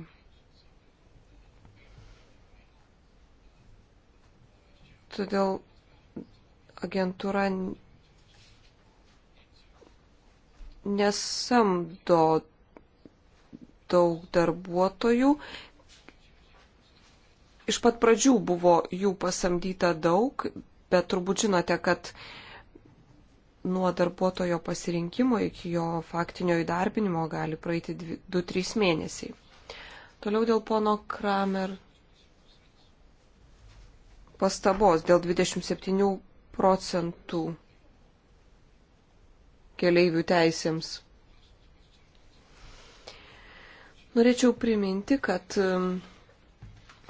Todėl agentūra nesamdo daug darbuotojų. Iš pat pradžių buvo jų pasamdyta daug, bet turbūt žinote, kad nuo darbuotojo pasirinkimo iki jo faktinio įdarbinimo gali praeiti 2-3 mėnesiai. Toliau dėl pono Kramer pastabos dėl 27 procentų keleivių teisėms. Norėčiau priminti, kad um,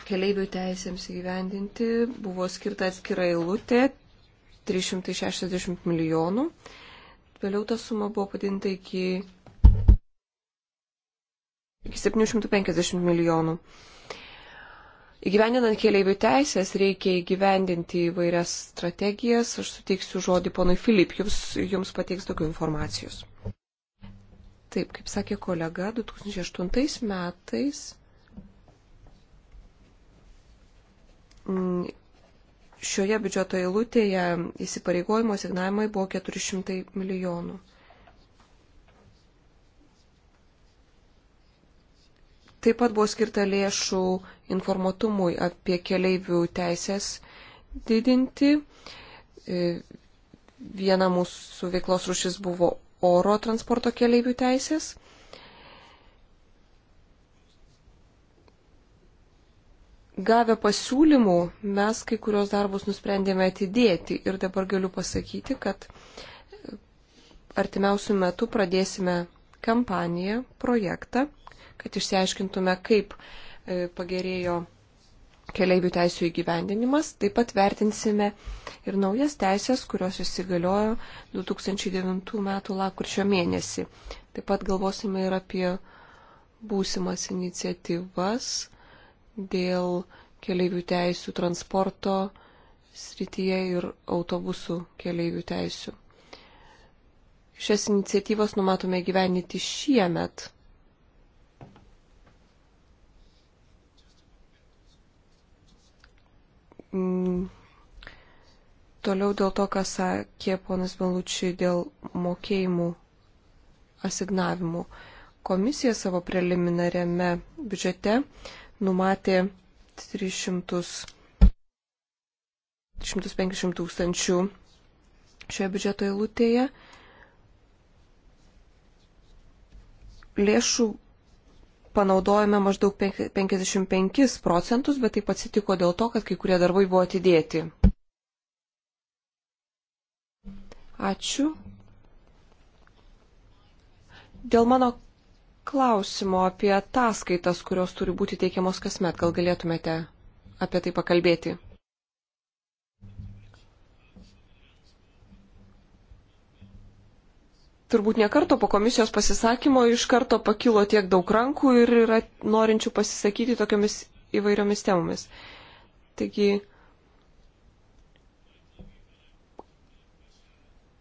keleivių teisėms įgyvendinti buvo skirta atskira eilutė 360 milijonų. Vėliau ta suma buvo padinta iki, iki 750 milijonų. Įgyvendinant keliaivių teisės reikia įgyvendinti įvairias strategijas. Aš suteiksiu žodį ponui Filip, jums, jums pateiks daugiau informacijos. Taip, kaip sakė kolega, 2008 metais mm, šioje biudžeto eilutėje įsipareigojimo signavimai buvo 400 milijonų. Taip pat buvo skirta lėšų informatumui apie keleivių teisės didinti. E, viena mūsų veiklos rušis buvo oro transporto keleivių teisės. gavę pasiūlymų mes kai kurios darbus nusprendėme atidėti ir dabar galiu pasakyti, kad e, artimiausių metų pradėsime kampaniją, projektą, kad išsiaiškintume, kaip e, pagerėjo keliaivių teisų įgyvendinimas. Taip pat vertinsime ir naujas teisės, kurios įsigaliojo 2009 m. lakurčio mėnesį. Taip pat galvosime ir apie būsimas iniciatyvas, dėl keliaivių teisų transporto srityje ir autobusų keliaivių teisų. Šias iniciatyvas numatome gyveninti šiemet. Mm. Toliau dėl to, ką sakė ponas Melučiai dėl mokėjimų asignavimų. Komisija savo preliminariame biudžete numatė 300, 350 tūkstančių šioje biudžeto eilutėje. Lėšų panaudojame maždaug 55 procentus, bet taip atsitiko dėl to, kad kai kurie darbai buvo atidėti. Ačiū. Dėl mano klausimo apie ataskaitas, kurios turi būti teikiamos kasmet. Gal galėtumėte apie tai pakalbėti? turbūt ne karto po komisijos pasisakymo iš karto pakilo tiek daug rankų ir yra norinčių pasisakyti tokiamis įvairiomis temomis. Taigi,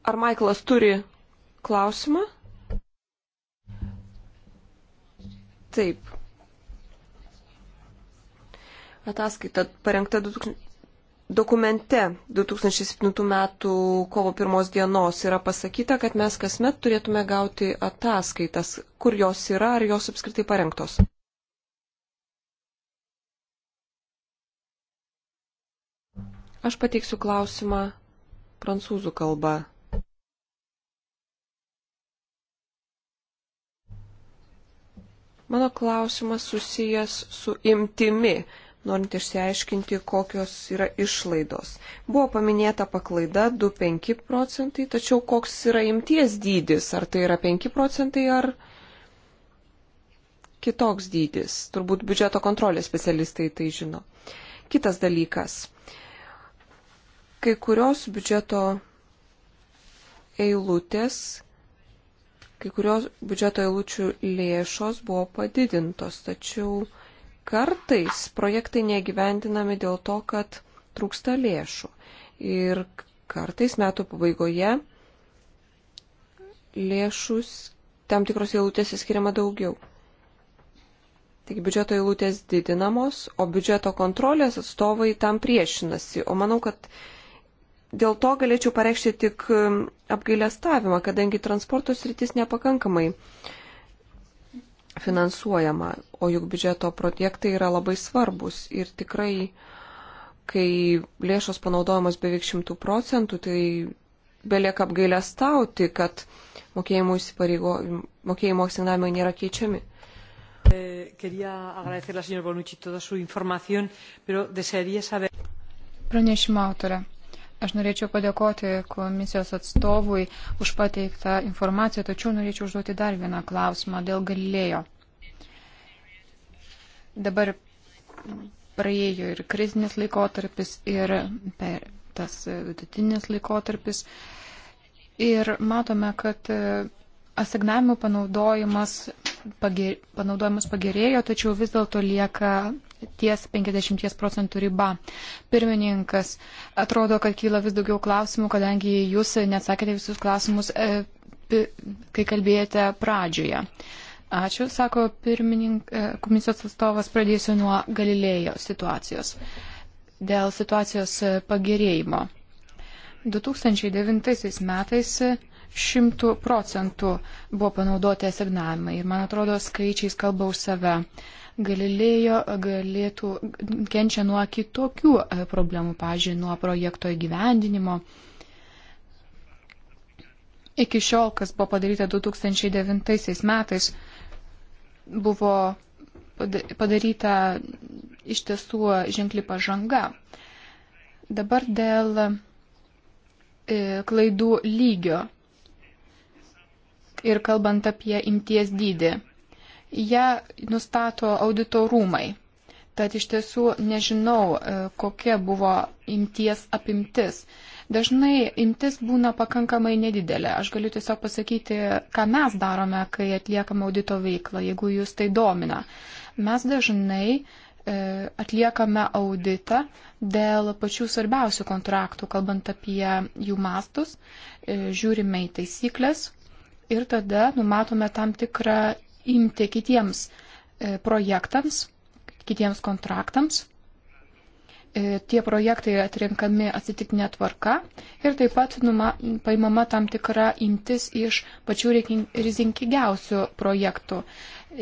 ar Maiklas turi klausimą? Taip. Ataskaita parengta 2000, dokumente 2007 metų kovo pirmos dienos yra pasakyta, kad mes kasmet turėtume gauti ataskaitas, kur jos yra, ar jos apskritai parengtos. Aš pateiksiu klausimą prancūzų kalba. Mano klausimas susijęs su imtimi, norint išsiaiškinti, kokios yra išlaidos. Buvo paminėta paklaida 2-5 procentai, tačiau koks yra imties dydis? Ar tai yra 5 procentai ar kitoks dydis? Turbūt biudžeto kontrolės specialistai tai žino. Kitas dalykas. Kai kurios biudžeto eilutės kai kurios biudžeto eilučių lėšos buvo padidintos, tačiau kartais projektai negyventinami dėl to, kad trūksta lėšų. Ir kartais metų pabaigoje lėšus tam tikros eilutės įskiriama daugiau. Taigi biudžeto eilutės didinamos, o biudžeto kontrolės atstovai tam priešinasi. O manau, kad Dėl to galėčiau pareikšti tik um, apgailestavimą, kadangi transporto sritis nepakankamai finansuojama, o juk biudžeto projektai yra labai svarbus ir tikrai, kai lėšos panaudojamos beveik šimtų procentų, tai belieka apgailestauti, kad mokėjimo, mokėjimo asignavimai nėra keičiami. Eh, Pranešimo autorė. Aš norėčiau padėkoti komisijos atstovui už pateiktą informaciją, tačiau norėčiau užduoti dar vieną klausimą dėl Galilėjo. Dabar praėjo ir krizinis laikotarpis, ir per tas vidutinis laikotarpis. Ir matome, kad asignavimų panaudojimas, pager, panaudojimas pagerėjo, tačiau vis dėlto lieka ties 50 procentų riba. Pirmininkas, atrodo, kad kyla vis daugiau klausimų, kadangi jūs neatsakėte visus klausimus, e, kai kalbėjote pradžioje. Ačiū, sako e, komisijos atstovas, pradėsiu nuo Galilėjo situacijos. Dėl situacijos e, pagerėjimo. 2009 metais šimtų procentų buvo panaudoti asignavimai. Ir man atrodo, skaičiais kalba už save. Galilėjo galėtų kenčia nuo kitokių e, problemų, pažiūrėjau, nuo projekto įgyvendinimo. Iki šiol, kas buvo padaryta 2009 metais, buvo padaryta iš tiesų ženkli pažanga. Dabar dėl e, klaidų lygio ir kalbant apie imties dydį. Ja nustato audito rūmai. Tad iš tiesų nežinau, e, kokia buvo imties apimtis. Dažnai imtis būna pakankamai nedidelė. Aš galiu tiesiog pasakyti, ką mes darome, kai atliekam audito veiklą, jeigu jūs tai domina. Mes dažnai e, atliekame auditą dėl pačių svarbiausių kontraktų, kalbant apie jų mastus, e, žiūrime į taisyklės, ir tada numatome tam tikrą imti kitiems e, projektams, kitiems kontraktams. E, tie projektai atrenkami atsitiktinė tvarka ir taip pat numa, paimama tam tikra imtis iš pačių rizikingiausių projektų,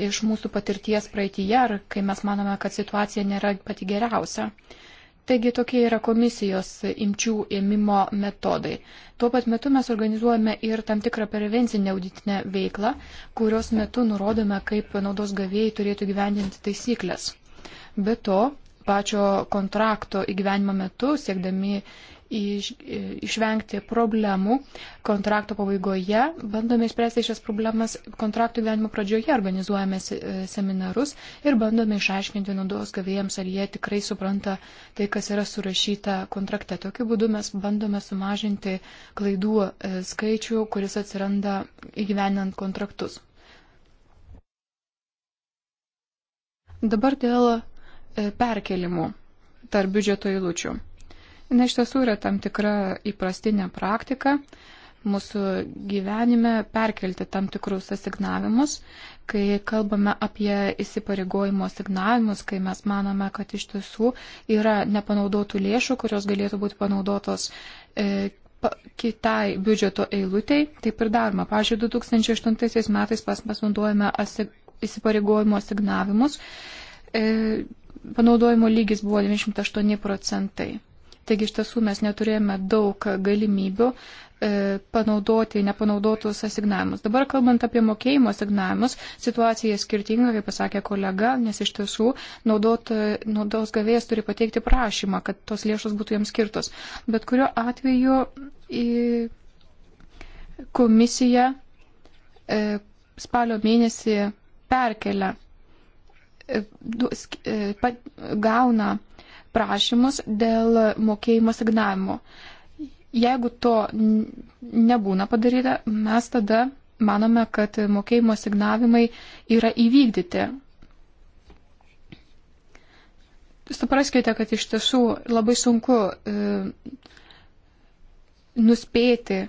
iš mūsų patirties praeitįje, kai mes manome, kad situacija nėra pati geriausia. Taigi tokie yra komisijos imčių ėmimo metodai. Tuo pat metu mes organizuojame ir tam tikrą prevencinę auditinę veiklą, kurios metu nurodome, kaip naudos gavėjai turėtų gyvendinti taisyklės. Be to, pačio kontrakto įgyvenimo metu, siekdami iš, išvengti problemų kontrakto pabaigoje, bandome išspręsti šias problemas kontraktų gyvenimo pradžioje, organizuojame e, seminarus ir bandome išaiškinti naudos gavėjams, ar jie tikrai supranta tai, kas yra surašyta kontrakte. Tokiu būdu mes bandome sumažinti klaidų e, skaičių, kuris atsiranda įgyvenant kontraktus. Dabar dėl e, perkelimų tarp biudžeto įlučių. Na, iš tiesų yra tam tikra įprastinė praktika mūsų gyvenime perkelti tam tikrus asignavimus, kai kalbame apie įsipareigojimo asignavimus, kai mes manome, kad iš tiesų yra nepanaudotų lėšų, kurios galėtų būti panaudotos e, kitai biudžeto eilutei, taip ir daroma. Pavyzdžiui, 2008 metais pas mes naudojame asig įsipareigojimo asignavimus, e, panaudojimo lygis buvo 98 procentai. Taigi iš tiesų mes neturėjome daug galimybių e, panaudoti nepanaudotus asignavimus. Dabar kalbant apie mokėjimo asignavimus, situacija skirtinga, kaip pasakė kolega, nes iš tiesų naudot, e, naudos gavėjas turi pateikti prašymą, kad tos lėšos būtų jiems skirtos. Bet kuriuo atveju komisija e, spalio mėnesį perkelia gauna prašymus dėl mokėjimo signavimo. Jeigu to nebūna padaryta, mes tada manome, kad mokėjimo signavimai yra įvykdyti. Supraskite, kad iš tiesų labai sunku e, nuspėti e,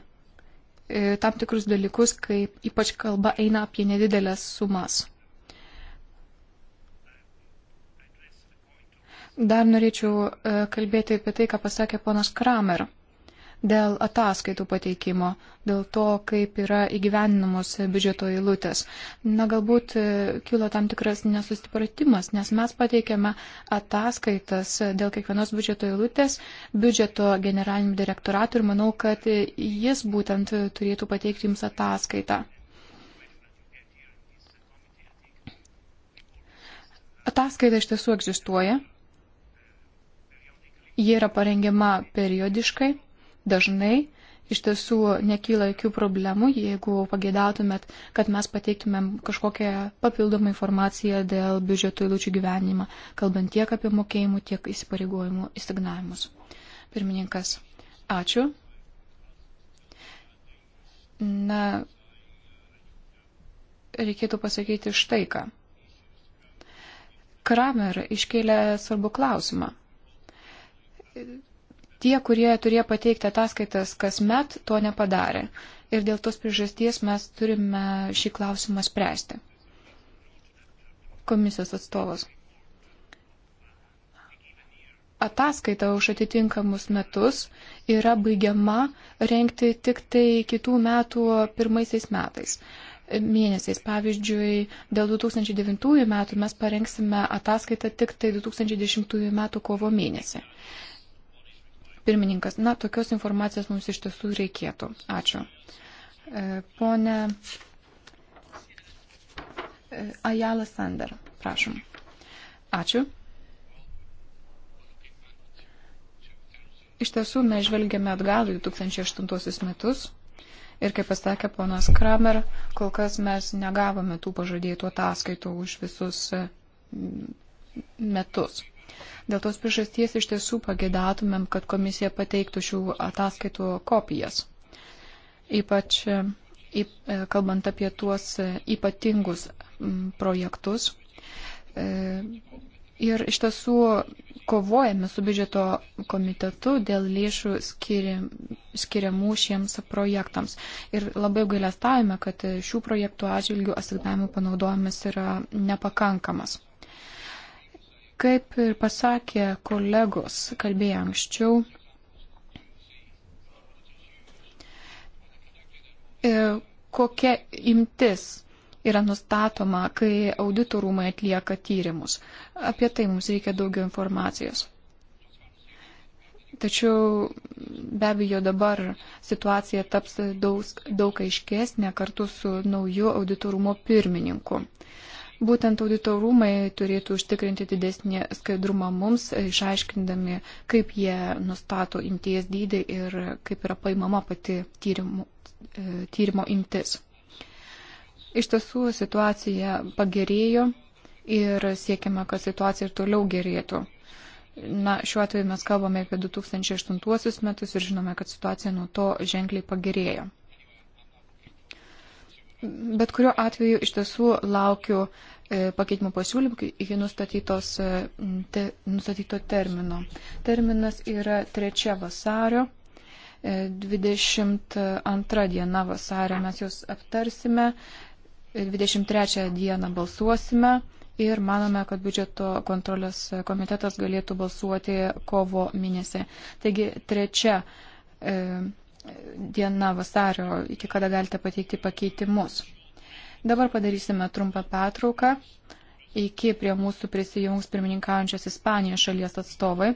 tam tikrus dalykus, kai ypač kalba eina apie nedidelės sumas. Dar norėčiau e, kalbėti apie tai, ką pasakė ponas Kramer dėl ataskaitų pateikimo, dėl to, kaip yra įgyveninamos biudžeto eilutės. Na, galbūt e, kilo tam tikras nesustipratimas, nes mes pateikėme ataskaitas e, dėl kiekvienos biudžeto eilutės biudžeto generaliniam direktoratui ir manau, kad jis būtent turėtų pateikti jums ataskaitą. Ataskaita iš tiesų egzistuoja, Ji yra parengiama periodiškai, dažnai. Iš tiesų nekyla jokių problemų, jeigu pagėdautumėt, kad mes pateiktumėm kažkokią papildomą informaciją dėl biudžeto įlučių gyvenimą, kalbant tiek apie mokėjimų, tiek įsipareigojimų įsignavimus. Pirmininkas, ačiū. Na, reikėtų pasakyti štai ką. Kramer iškėlė svarbu klausimą tie, kurie turėjo pateikti ataskaitas kasmet, to nepadarė. Ir dėl tos priežasties mes turime šį klausimą spręsti. Komisijos atstovas. Ataskaita už atitinkamus metus yra baigiama renkti tik tai kitų metų pirmaisiais metais mėnesiais. Pavyzdžiui, dėl 2009 metų mes parengsime ataskaitą tik tai 2010 metų kovo mėnesį. Pirmininkas, na, tokios informacijos mums iš tiesų reikėtų. Ačiū. E, pone e, Ajala Sander, prašom. Ačiū. Iš tiesų, mes žvelgiame atgal į 2008 metus ir, kaip pasakė ponas Kramer, kol kas mes negavome tų pažadėtų ataskaitų už visus metus. Dėl tos priežasties iš tiesų pagėdatumėm, kad komisija pateiktų šių ataskaitų kopijas. Ypač e, e, kalbant apie tuos e, ypatingus projektus. Ir iš tiesų kovojame su biudžeto komitetu dėl lėšų skiriam, skiriamų šiems projektams. Ir labai gailestavime, kad šių projektų atžvilgių asignavimų panaudojimas yra nepakankamas. Kaip ir pasakė kolegos, kalbėjo anksčiau, e, kokia imtis yra nustatoma, kai auditorumai atlieka tyrimus. Apie tai mums reikia daugiau informacijos. Tačiau be abejo dabar situacija taps daug, daug aiškesnė kartu su nauju auditorumo pirmininku. Uh, Būtent auditorumai turėtų užtikrinti didesnį skaidrumą mums, išaiškindami, kaip jie nustato imties dydį ir kaip yra paimama pati tyrimų, e, tyrimo imtis. Iš tiesų situacija pagerėjo ir siekiame, kad situacija ir toliau gerėtų. Na, šiuo atveju mes kalbame apie 2008 metus ir žinome, kad situacija nuo to ženkliai pagerėjo. Bet kuriuo atveju iš tiesų laukiu e, pakeitimų pasiūlymų iki nustatytos, e, te, nustatyto termino. Terminas yra 3 vasario, 22 e, diena vasario mes jūs aptarsime, 23 dieną balsuosime ir manome, kad biudžeto kontrolės komitetas galėtų balsuoti kovo mėnesį. Taigi trečia. E, diena vasario, iki kada galite pateikti pakeitimus. Dabar padarysime trumpą pertrauką, iki prie mūsų prisijungs pirmininkaujančios Ispanijos šalies atstovai,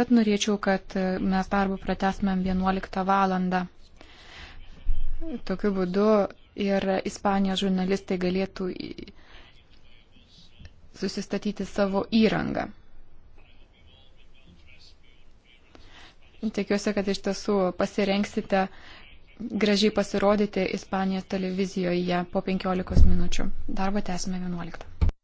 tad norėčiau, kad e, mes darbą pratesmėm 11 valandą. Tokiu būdu ir Ispanijos žurnalistai galėtų susistatyti savo įrangą. Tikiuosi, kad iš tiesų pasirengsite gražiai pasirodyti Ispanijos televizijoje po 15 minučių. Darbą tęsime 11.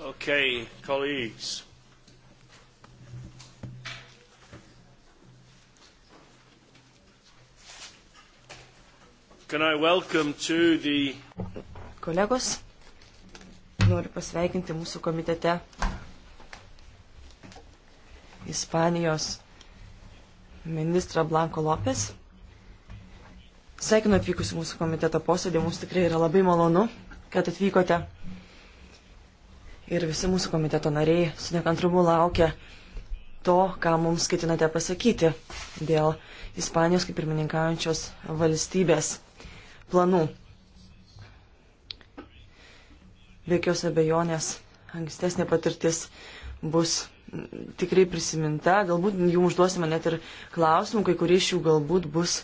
Okay, colleagues. Can I welcome to the... Kolegos, noriu pasveikinti mūsų komitete Ispanijos ministrą Blanko Lopes. Sveikinu atvykusi mūsų komiteto posėdį, mums tikrai yra labai malonu, kad atvykote ir visi mūsų komiteto nariai su nekantrumu laukia to, ką mums ketinate pasakyti dėl Ispanijos kaip pirmininkaujančios valstybės planų. Be jokios abejonės, ankstesnė patirtis bus tikrai prisiminta, galbūt jų užduosime net ir klausimų, kai kurie iš jų galbūt bus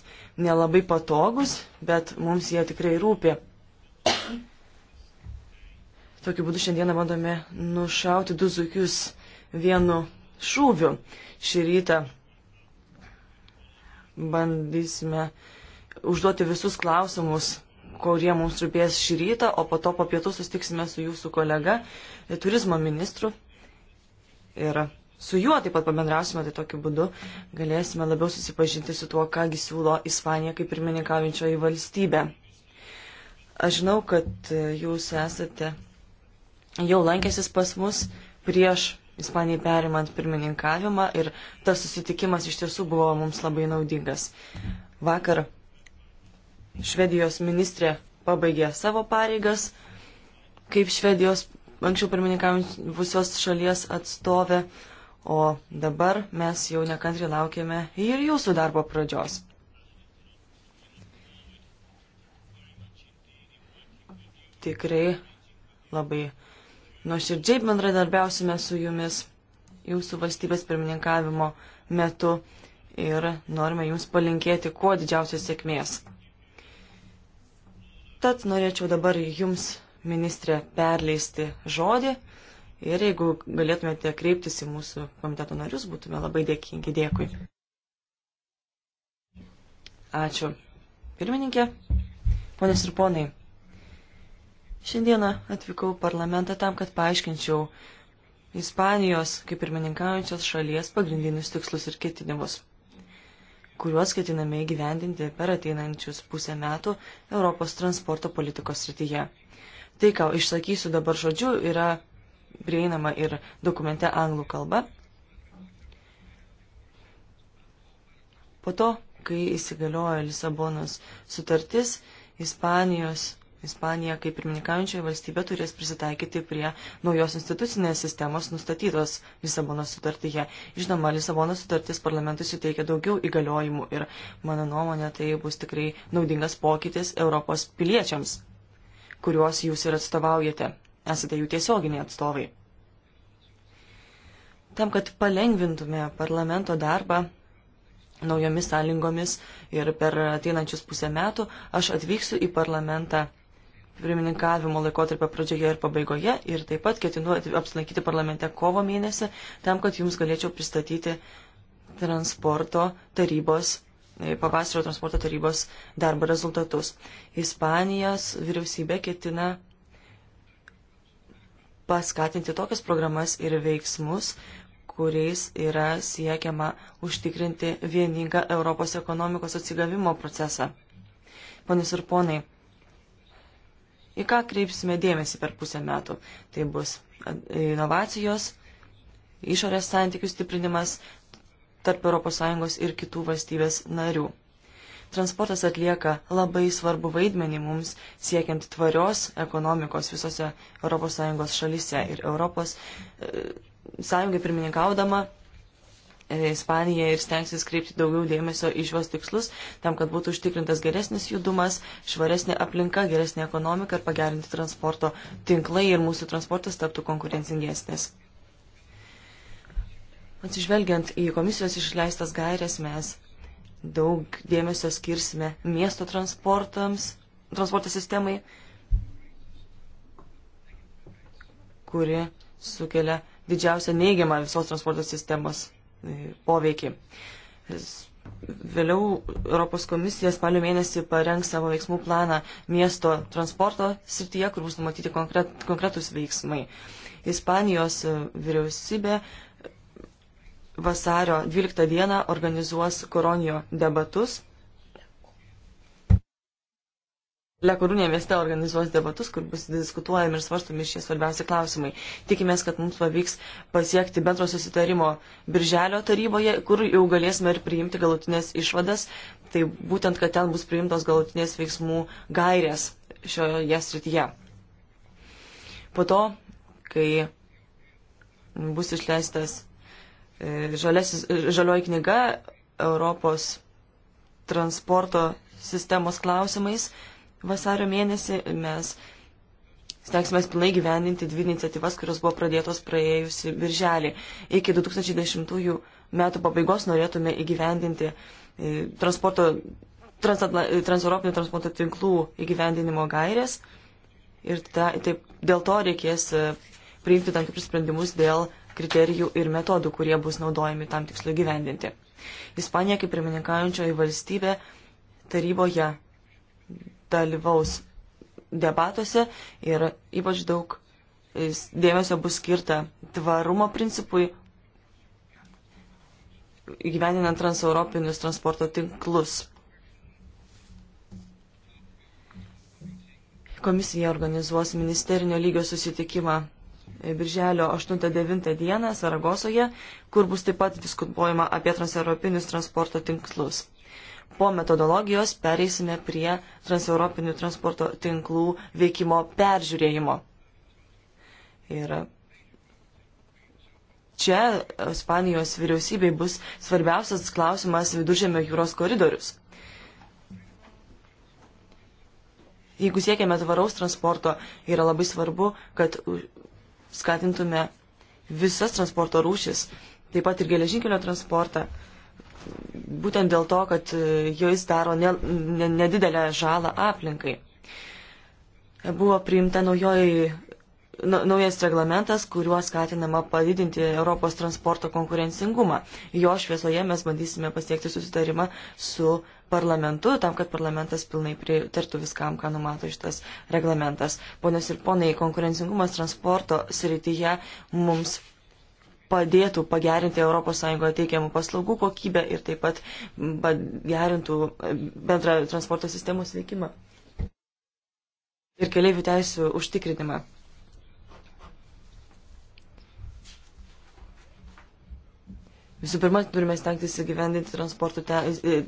nelabai patogus, bet mums jie tikrai rūpi. Tokiu būdu šiandieną bandome nušauti du zukius vienu šūviu. Šį rytą bandysime užduoti visus klausimus, kurie mums rūpės šį rytą, o po to po pietų sustiksime su jūsų kolega, turizmo ministru. Ir su juo taip pat pabendrausime, tai tokiu būdu galėsime labiau susipažinti su tuo, kągi siūlo Ispanija kaip pirmininkaujančioji valstybė. Aš žinau, kad jūs esate jau lankėsis pas mus prieš Ispanijai perimant pirmininkavimą ir tas susitikimas iš tiesų buvo mums labai naudingas. Vakar Švedijos ministrė pabaigė savo pareigas kaip Švedijos anksčiau pirmininkavusios šalies atstovė, o dabar mes jau nekantri laukiame ir jūsų darbo pradžios. Tikrai labai nuoširdžiai bendradarbiausime su jumis jūsų valstybės pirmininkavimo metu ir norime jums palinkėti kuo didžiausios sėkmės. Tad norėčiau dabar jums, ministrė, perleisti žodį ir jeigu galėtumėte kreiptis į mūsų komiteto narius, būtume labai dėkingi. Dėkui. Ačiū. Pirmininkė, ponės ir ponai. Šiandieną atvykau parlamentą tam, kad paaiškinčiau Ispanijos, kaip ir meninkaujančios šalies, pagrindinius tikslus ir ketinimus, kuriuos ketiname įgyvendinti per ateinančius pusę metų Europos transporto politikos srityje. Tai, ką išsakysiu dabar žodžiu, yra prieinama ir dokumente anglų kalba. Po to, kai įsigaliojo Lisabonos sutartis, Ispanijos Ispanija kaip pirmininkaujančioji valstybė turės prisitaikyti prie naujos institucinės sistemos nustatytos Lisabonos sutartyje. Žinoma, Lisabonos sutartis parlamentui suteikia daugiau įgaliojimų ir, mano nuomonė, tai bus tikrai naudingas pokytis Europos piliečiams, kuriuos jūs ir atstovaujate. Esate jų tiesioginiai atstovai. Tam, kad palengvintume parlamento darbą, naujomis sąlygomis ir per ateinančius pusę metų aš atvyksiu į parlamentą pirmininkavimo laikotarpio pradžioje ir pabaigoje ir taip pat ketinu apsilankyti parlamente kovo mėnesį tam, kad jums galėčiau pristatyti transporto tarybos, e, pavasario transporto tarybos darbo rezultatus. Ispanijos vyriausybė ketina paskatinti tokias programas ir veiksmus, kuriais yra siekiama užtikrinti vieningą Europos ekonomikos atsigavimo procesą. Ponis ir ponai, Į ką kreipsime dėmesį per pusę metų? Tai bus inovacijos, išorės santykių stiprinimas tarp ES ir kitų valstybės narių. Transportas atlieka labai svarbu vaidmenį mums siekiant tvarios ekonomikos visose ES šalyse ir Europos e, sąjungai pirmininkaudama E, Ispanija ir stengsis kreipti daugiau dėmesio į šiuos tikslus, tam, kad būtų užtikrintas geresnis judumas, švaresnė aplinka, geresnė ekonomika ir pagerinti transporto tinklai ir mūsų transportas taptų konkurencingesnis. Atsižvelgiant į komisijos išleistas gairias, mes daug dėmesio skirsime miesto transportams, transporto sistemai, kuri sukelia didžiausią neigiamą visos transporto sistemos E, poveikį. Vėliau Europos komisija spalio mėnesį parengs savo veiksmų planą miesto transporto srityje, kur bus numatyti konkret, konkretus veiksmai. Ispanijos e, vyriausybė vasario 12 dieną organizuos koronijo debatus Lekorūnė mieste organizuos debatus, kur bus diskutuojami ir svarstami šie svarbiausi klausimai. Tikimės, kad mums pavyks pasiekti bendro susitarimo birželio taryboje, kur jau galėsime ir priimti galutinės išvadas. Tai būtent, kad ten bus priimtos galutinės veiksmų gairės šioje srityje. Po to, kai bus išleistas e, žalesis, e, žalioji knyga Europos transporto sistemos klausimais, Vasario mėnesį mes stengsime pilnai gyveninti dvi iniciatyvas, kurios buvo pradėtos praėjusi birželį. Iki 2010 metų pabaigos norėtume įgyvendinti e, transporto, transatla, e, transeuropinių transporto tinklų įgyvendinimo gairės. Ir ta, taip, dėl to reikės e, priimti tam tikrus sprendimus dėl kriterijų ir metodų, kurie bus naudojami tam tikslui gyvendinti. Ispanija kaip pirmininkaujančioji valstybė taryboje dalyvaus debatuose ir ypač daug dėmesio bus skirta tvarumo principui įgyveninant transeuropinius transporto tinklus. Komisija organizuos ministerinio lygio susitikimą e, Birželio 8-9 dieną Saragosoje, kur bus taip pat diskutuojama apie transeuropinius transporto tinklus po metodologijos pereisime prie transeuropinių transporto tinklų veikimo peržiūrėjimo. Ir čia Ispanijos vyriausybei bus svarbiausias klausimas viduržėmio jūros koridorius. Jeigu siekiame tvaraus transporto, yra labai svarbu, kad skatintume visas transporto rūšis, taip pat ir geležinkelio transportą, būtent dėl to, kad e, jais daro ne, ne, nedidelę žalą aplinkai. Buvo priimta naujoji, na, naujas reglamentas, kuriuo skatinama padidinti Europos transporto konkurencingumą. Jo šviesoje mes bandysime pasiekti susitarimą su parlamentu, tam, kad parlamentas pilnai pritartų viskam, ką numato šitas reglamentas. Ponios ir ponai, konkurencingumas transporto srityje mums padėtų pagerinti ES teikiamų paslaugų kokybę ir taip pat pagerintų e, bendrą transporto sistemos veikimą ir keliaivių teisų užtikrinimą. Visų pirma, turime stengtis įgyvendinti transporto te, e,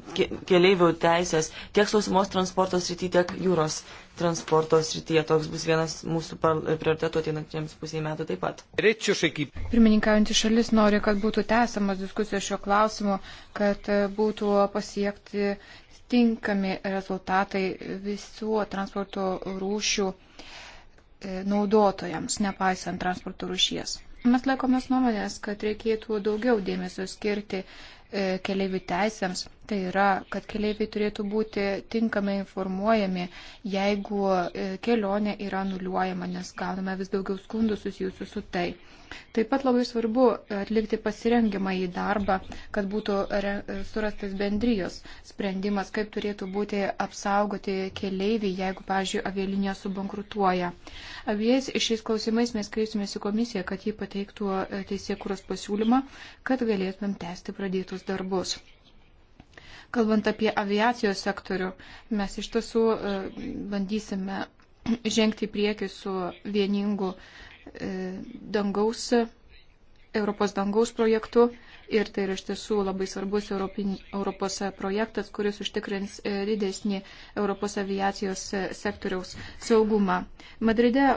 keleivių teisės tiek sausumos transporto srity, tiek jūros transporto srityje. Toks bus vienas mūsų prioritetų ateinantiems pusiai metų taip pat. Pirmininkaujantį šalis nori, kad būtų tęsiamas diskusijos šio klausimu, kad e, būtų pasiekti tinkami rezultatai visų transporto rūšių e, naudotojams, nepaisant transporto rūšies. Mes laikomės nuomonės, kad reikėtų daugiau dėmesio skirti e, keliaivių teisėms. Tai yra, kad keliaiviai turėtų būti tinkamai informuojami, jeigu e, kelionė yra nuliuojama, nes gauname vis daugiau skundų susijusių su tai. Taip pat labai svarbu atlikti pasirengimą į darbą, kad būtų surastas bendrijos sprendimas, kaip turėtų būti apsaugoti keliaiviai, jeigu, pavyzdžiui, avialinija subankrutuoja. Abies šiais klausimais mes kreipsimės į komisiją, kad jį pateiktų e, teisėkuros pasiūlymą, kad galėtumėm tęsti pradėtus darbus. Kalbant apie aviacijos sektorių, mes iš tiesų e, bandysime žengti į priekį su vieningu e, dangaus Europos dangaus projektu. Ir tai yra iš tiesų labai svarbus Europin, Europos projektas, kuris užtikrins e, didesnį Europos aviacijos e, sektoriaus saugumą. Madride e,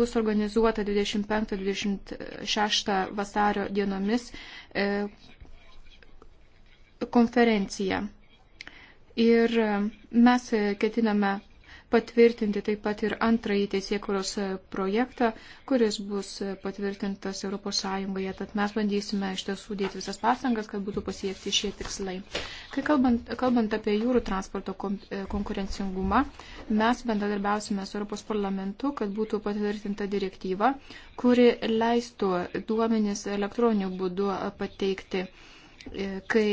bus organizuota 25-26 vasario dienomis konferencija. Ir mes ketiname patvirtinti taip pat ir antrąjį teisėkuros e, projektą, kuris bus e, patvirtintas ES. Tad mes bandysime iš tiesų dėti visas pastangas, kad būtų pasiekti šie tikslai. Kai kalbant, kalbant apie jūrų transporto e, konkurencingumą, mes bendradarbiausime su Europos parlamentu, kad būtų patvirtinta direktyva, kuri leistų duomenis elektroniniu būdu pateikti, kai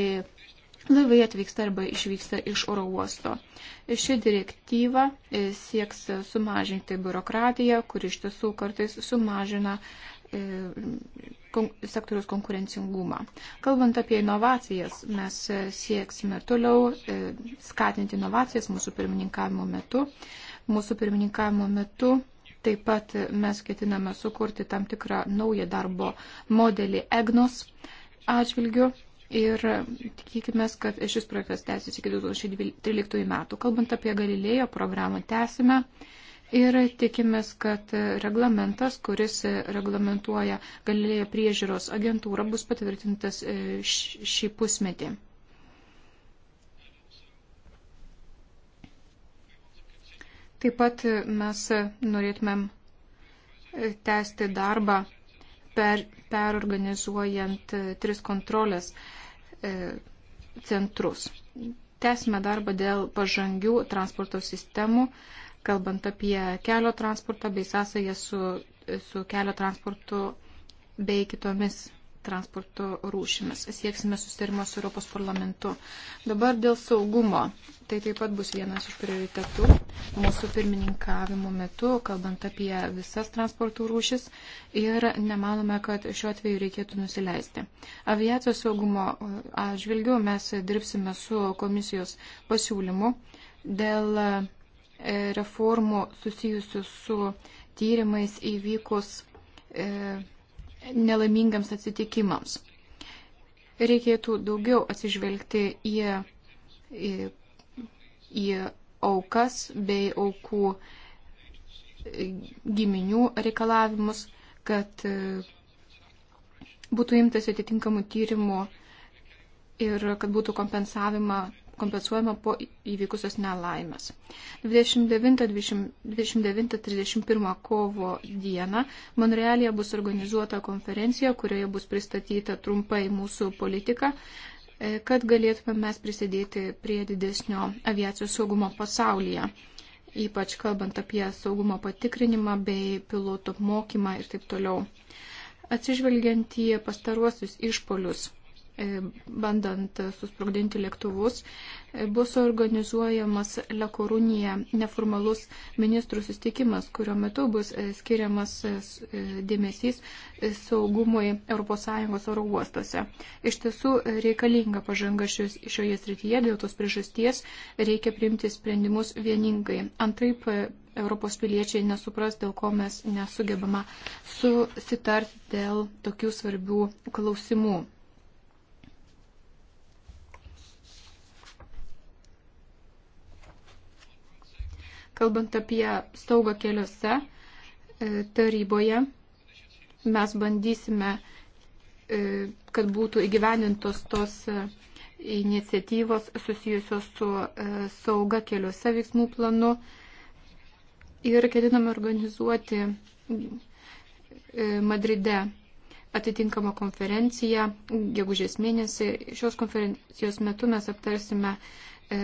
laivai atvyksta arba išvyksta iš oro uosto. Ši direktyva e, sieks sumažinti biurokratiją, kuri iš tiesų kartais sumažina e, sektoriaus konkurencingumą. Kalbant apie inovacijas, mes e, sieksime toliau skatinti inovacijas mūsų pirmininkavimo metu. Mūsų pirmininkavimo metu taip pat mes ketiname sukurti tam tikrą naują darbo modelį EGNOS atžvilgiu Ir tikėkime, kad šis projektas tęsis iki 2013 metų. Kalbant apie Galilėjo programą, tęsime. Ir tikimės, kad reglamentas, kuris reglamentuoja Galilėjo priežiūros agentūrą, bus patvirtintas e, šį pusmetį. Taip pat mes norėtumėm e, tęsti darbą per, perorganizuojant e, tris kontrolės. Uh, E, centrus. Tęsime darbą dėl pažangių transporto sistemų, kalbant apie kelio transportą bei sąsąją su, su kelio transportu bei kitomis transporto rūšimis. Sieksime susitarimo su Europos parlamentu. Dabar dėl saugumo. Tai taip pat bus vienas iš prioritetų mūsų pirmininkavimo metu, kalbant apie visas transporto rūšis. Ir nemanome, kad šiuo atveju reikėtų nusileisti. Aviacijos saugumo e, atžvilgiu mes dirbsime su komisijos pasiūlymu dėl e, reformų susijusių su tyrimais įvykus e, nelaimingiams atsitikimams. Reikėtų daugiau atsižvelgti į, į, į aukas bei aukų giminių reikalavimus, kad e, būtų imtas atitinkamų tyrimų ir kad būtų kompensavima kompensuojama po įvykusios nelaimės. 29-31 kovo dieną Monrealėje bus organizuota konferencija, kurioje bus pristatyta trumpai mūsų politika, e, kad galėtume mes prisidėti prie didesnio aviacijos saugumo pasaulyje, ypač kalbant apie saugumo patikrinimą bei pilotų mokymą ir taip toliau. Atsižvelgiant į pastaruosius išpolius, E, bandant susprogdinti lėktuvus, e, bus organizuojamas Lekorunija neformalus ministrų sustikimas, kurio metu bus e, skiriamas dėmesys saugumui ES oro uostose. Iš tiesų reikalinga pažanga šioje srityje, dėl tos priežasties reikia priimti sprendimus vieningai. Antraip Europos piliečiai nesupras, dėl ko mes nesugebama susitarti dėl tokių svarbių klausimų. Kalbant apie saugą keliuose, e, taryboje mes bandysime, e, kad būtų įgyvenintos tos e, iniciatyvos susijusios su sauga keliuose veiksmų planu ir ketiname organizuoti Madride atitinkamą konferenciją gegužės mėnesį. Šios konferencijos metu mes aptarsime E,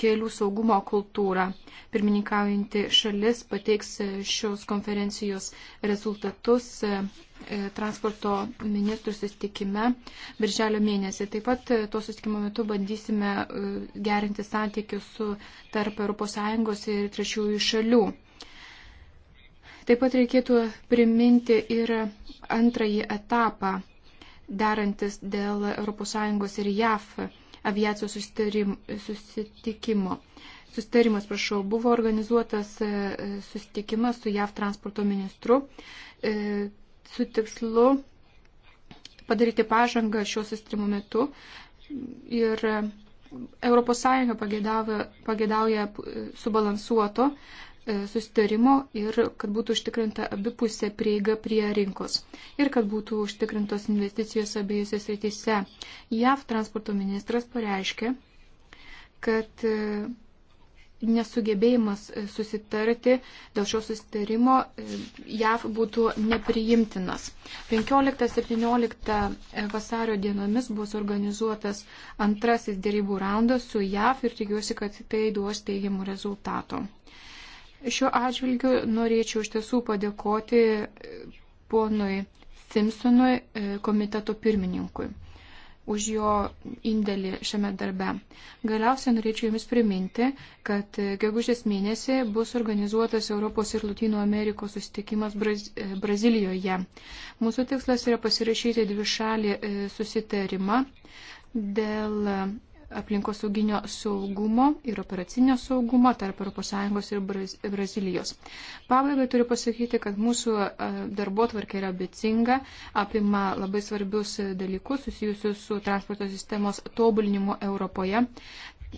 kelių saugumo kultūrą. Pirmininkaujanti šalis pateiks e, šios konferencijos rezultatus e, transporto ministrų susitikime birželio mėnesį. Taip pat to susitikimo metu bandysime gerinti santykius su tarp ES ir trečiųjų šalių. Taip pat reikėtų priminti ir antrąjį etapą derantis dėl ES ir JAF aviacijos susitikimo. Sustarimas, prašau, buvo organizuotas e, susitikimas su JAV transporto ministru e, su tikslu padaryti pažangą šio sustarimo metu ir ES pagėdauja subalansuoto E, susitarimo ir kad būtų užtikrinta abipusė prieiga prie rinkos ir kad būtų užtikrintos investicijos abiejose srityse. JAV transporto ministras pareiškė, kad e, nesugebėjimas e, susitarti dėl šio susitarimo JAV būtų nepriimtinas. 15-17 vasario dienomis bus organizuotas antrasis dėrybų raundas su JAV ir tikiuosi, kad tai duos teigiamų rezultatų. Šiuo atžvilgiu norėčiau iš tiesų padėkoti e, ponui Simpsonui, e, komiteto pirmininkui, už jo indėlį šiame darbe. Galiausiai norėčiau Jums priminti, kad e, gegužės mėnesį bus organizuotas Europos ir Latino Amerikos susitikimas Braz Brazilijoje. Mūsų tikslas yra pasirašyti dvišalį susitarimą dėl aplinkosauginio saugumo ir operacinio saugumo tarp ES ir Braz Brazilijos. Pabaigai turiu pasakyti, kad mūsų e, darbo tvarkė yra ambicinga, apima labai svarbius dalykus susijusius su transporto sistemos tobulinimu Europoje.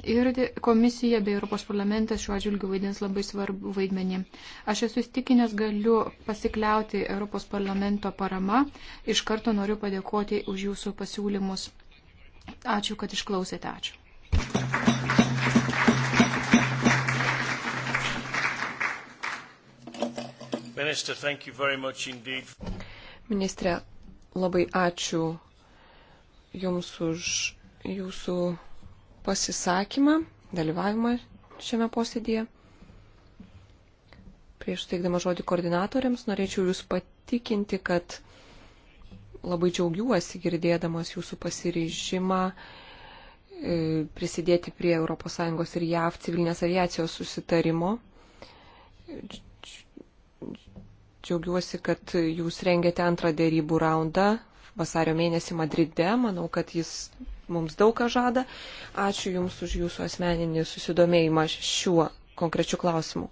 Ir komisija bei Europos parlamentas šiuo atžvilgiu vaidins labai svarbų vaidmenį. Aš esu įstikinęs, galiu pasikliauti Europos parlamento parama. Iš karto noriu padėkoti už jūsų pasiūlymus. Ačiū, kad išklausėte. Ačiū. Minister, thank you very much indeed. Ministrė, labai ačiū Jums už Jūsų pasisakymą, dalyvavimą šiame posėdėje. Prieš teikdama žodį koordinatoriams norėčiau Jūs patikinti, kad labai džiaugiuosi girdėdamas jūsų pasiryžimą e, prisidėti prie ES ir JAV civilinės aviacijos susitarimo. Džiaugiuosi, kad jūs rengiate antrą dėrybų raundą vasario mėnesį Madride. Manau, kad jis mums daug ką žada. Ačiū Jums už Jūsų asmeninį susidomėjimą šiuo konkrečiu klausimu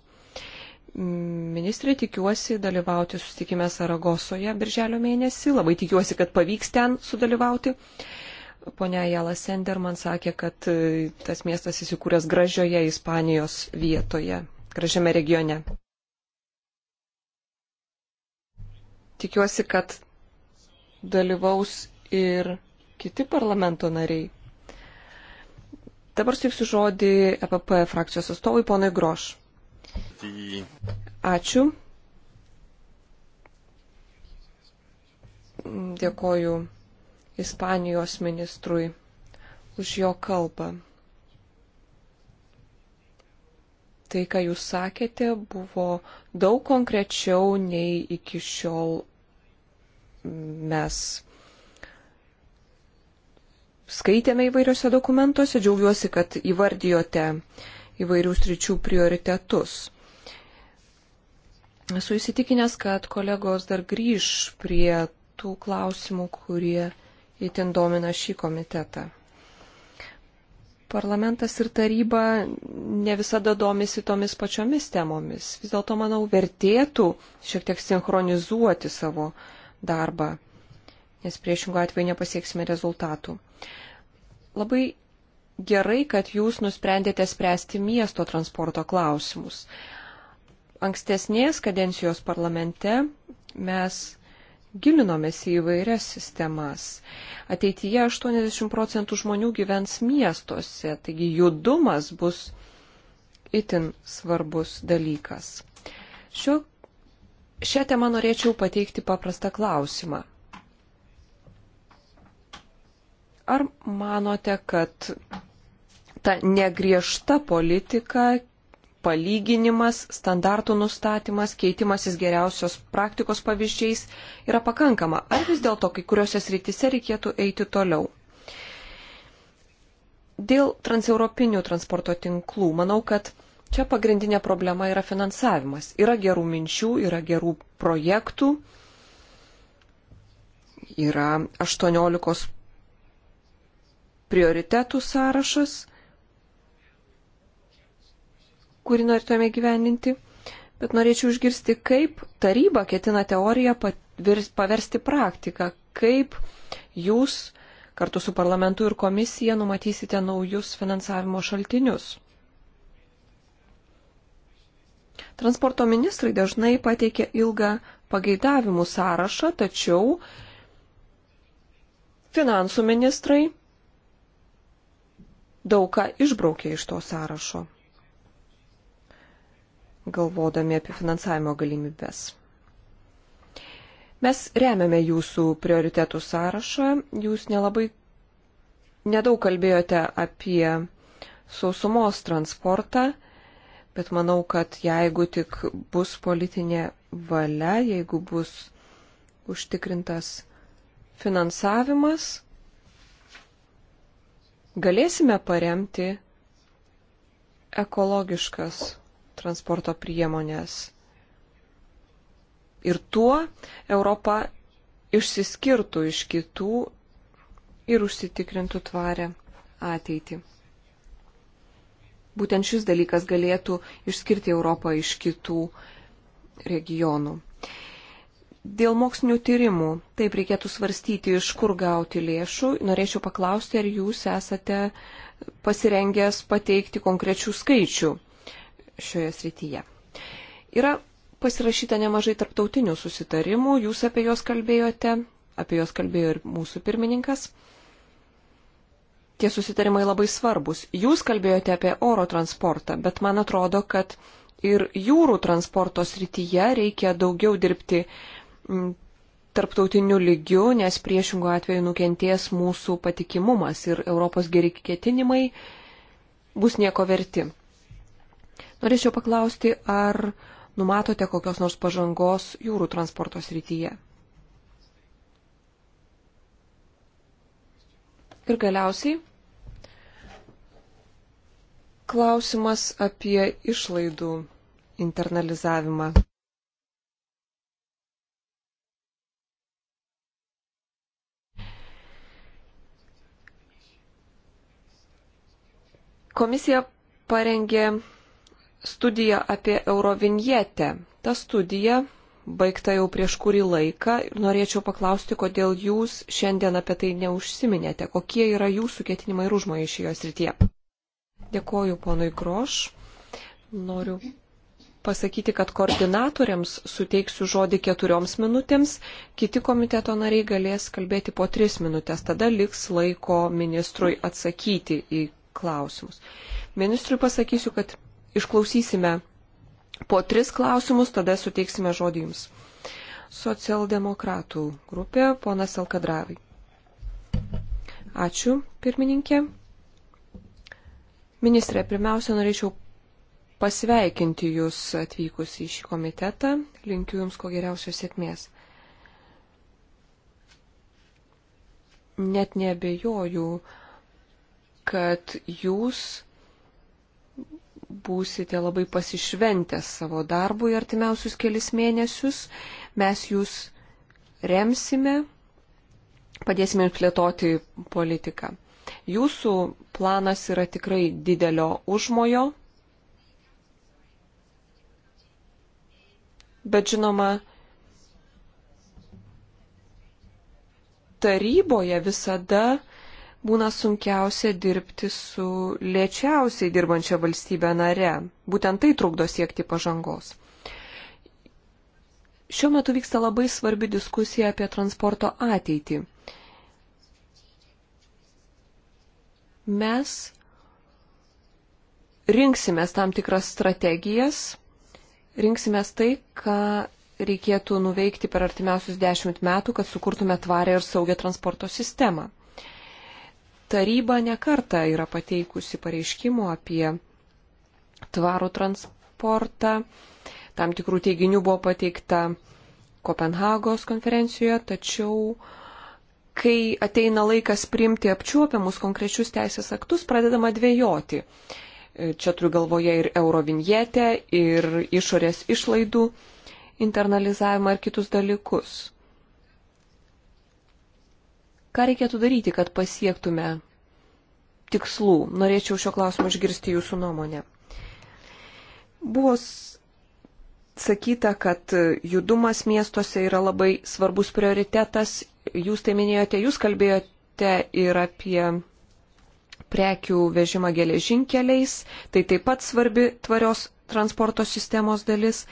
ministrė tikiuosi dalyvauti susitikime Saragosoje birželio mėnesį. Labai tikiuosi, kad pavyks ten sudalyvauti. Pone Jala Sender man sakė, kad e, tas miestas įsikūręs gražioje Ispanijos vietoje, gražiame regione. Tikiuosi, kad dalyvaus ir kiti parlamento nariai. Dabar suteiksiu žodį EPP frakcijos atstovui ponui Groš. Ačiū. Dėkoju Ispanijos ministrui už jo kalbą. Tai, ką jūs sakėte, buvo daug konkrečiau nei iki šiol mes skaitėme įvairiuose dokumentuose. Džiaugiuosi, kad įvardijote uh, įvairių sričių prioritetus. Esu įsitikinęs, kad kolegos dar grįž prie tų klausimų, kurie įtin domina šį komitetą. Parlamentas ir taryba ne visada domisi tomis pačiomis temomis. Vis dėlto, manau, vertėtų šiek tiek sinchronizuoti savo darbą, nes priešingų atveju nepasieksime rezultatų. Labai gerai, kad jūs nusprendėte spręsti miesto transporto klausimus. Ankstesnės kadencijos parlamente mes gilinomės į įvairias sistemas. Ateityje 80 procentų žmonių gyvens miestuose, taigi judumas bus itin svarbus dalykas. Šio, šią temą norėčiau pateikti paprastą klausimą. Ar manote, kad ta negriežta politika, palyginimas, standartų nustatymas, keitimasis geriausios praktikos pavyzdžiais yra pakankama, ar vis dėlto kai kuriuose srityse reikėtų eiti toliau. Dėl transeuropinių transporto tinklų manau, kad čia pagrindinė problema yra finansavimas. Yra gerų minčių, yra gerų projektų, yra 18 prioritetų sąrašas kurį norėtume gyveninti, bet norėčiau išgirsti, kaip taryba ketina teoriją paversti praktiką, kaip jūs kartu su parlamentu ir komisija numatysite naujus finansavimo šaltinius. Transporto ministrai dažnai pateikia ilgą pageidavimų sąrašą, tačiau finansų ministrai daug ką išbraukė iš to sąrašo galvodami apie finansavimo galimybės. Mes remiame jūsų prioritetų sąrašą. Jūs nelabai nedaug kalbėjote apie sausumos transportą, bet manau, kad jeigu tik bus politinė valia, jeigu bus užtikrintas finansavimas, galėsime paremti ekologiškas transporto priemonės. Ir tuo Europa išsiskirtų iš kitų ir užsitikrintų tvarę ateitį. Būtent šis dalykas galėtų išskirti Europą iš kitų regionų. Dėl mokslinių tyrimų, taip reikėtų svarstyti, iš kur gauti lėšų. Norėčiau paklausti, ar jūs esate pasirengęs pateikti konkrečių skaičių šioje srityje. Yra pasirašyta nemažai tarptautinių susitarimų, jūs apie juos kalbėjote, apie juos kalbėjo ir mūsų pirmininkas. Tie susitarimai labai svarbus. Jūs kalbėjote apie oro transportą, bet man atrodo, kad ir jūrų transporto srityje reikia daugiau dirbti mm, tarptautiniu lygiu, nes priešingų atveju nukenties mūsų patikimumas ir Europos geri ketinimai bus nieko verti. Norėčiau paklausti, ar numatote kokios nors pažangos jūrų transporto srityje? Ir galiausiai klausimas apie išlaidų internalizavimą. Komisija parengė studiją apie Eurovinietę. Ta studija baigta jau prieš kurį laiką ir norėčiau paklausti, kodėl jūs šiandien apie tai neužsiminėte, kokie yra jūsų ketinimai ir užmojai šioje srityje. Dėkoju ponui Groš. Noriu pasakyti, kad koordinatoriams suteiksiu žodį keturioms minutėms, kiti komiteto nariai galės kalbėti po tris minutės, tada liks laiko ministrui atsakyti į klausimus. Ministrui pasakysiu, kad išklausysime po tris klausimus, tada suteiksime žodį jums. Socialdemokratų grupė, ponas Alkadravai. Ačiū, pirmininkė. Ministrė, pirmiausia, norėčiau pasveikinti Jūs atvykus į šį komitetą. Linkiu Jums ko geriausios sėkmės. Net nebejoju, kad Jūs būsite labai pasišventęs savo darbui artimiausius kelis mėnesius. Mes jūs remsime, padėsime jums plėtoti politiką. Jūsų planas yra tikrai didelio užmojo, bet žinoma, taryboje visada būna sunkiausia dirbti su lėčiausiai dirbančia valstybė nare. Būtent tai trukdo siekti pažangos. Šiuo metu vyksta labai svarbi diskusija apie transporto ateitį. Mes rinksimės tam tikras strategijas, rinksimės tai, ką reikėtų nuveikti per artimiausius dešimt metų, kad sukurtume tvarę ir saugę transporto sistemą. Taryba nekarta yra pateikusi pareiškimų apie tvarų transportą. Tam tikrų teiginių buvo pateikta Kopenhagos konferencijoje, tačiau kai ateina laikas priimti apčiuopiamus konkrečius teisės aktus, pradedama dvėjoti. Čia turiu galvoje ir eurovinietę, ir išorės išlaidų internalizavimą ir kitus dalykus. Ką reikėtų daryti, kad pasiektume tikslų? Norėčiau šio klausimo išgirsti jūsų nuomonę. Buvo sakyta, kad judumas miestuose yra labai svarbus prioritetas. Jūs tai minėjote, jūs kalbėjote ir apie prekių vežimą geležinkeliais. Tai taip pat svarbi tvarios transporto sistemos dalis.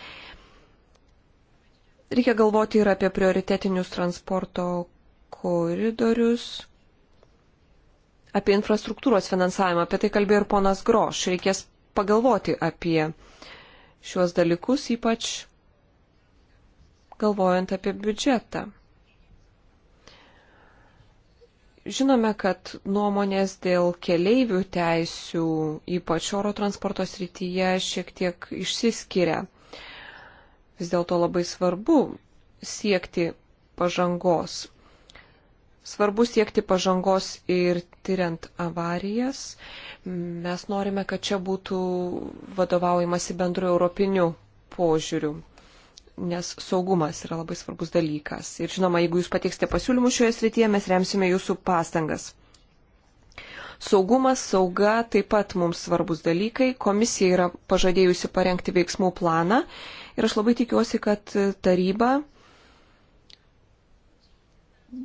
Reikia galvoti ir apie prioritetinius transporto koridorius, apie infrastruktūros finansavimą, apie tai kalbėjo ir ponas Groš. Reikės pagalvoti apie šiuos dalykus, ypač galvojant apie biudžetą. Žinome, kad nuomonės dėl keleivių teisių, ypač oro transporto srityje, šiek tiek išsiskiria. Vis dėlto labai svarbu siekti pažangos. Svarbu siekti pažangos ir tyriant avarijas. Mes norime, kad čia būtų vadovaujamasi bendru europiniu požiūriu, nes saugumas yra labai svarbus dalykas. Ir žinoma, jeigu jūs pateiksite pasiūlymus šioje srityje, mes remsime jūsų pastangas. Saugumas, sauga taip pat mums svarbus dalykai. Komisija yra pažadėjusi parengti veiksmų planą ir aš labai tikiuosi, kad taryba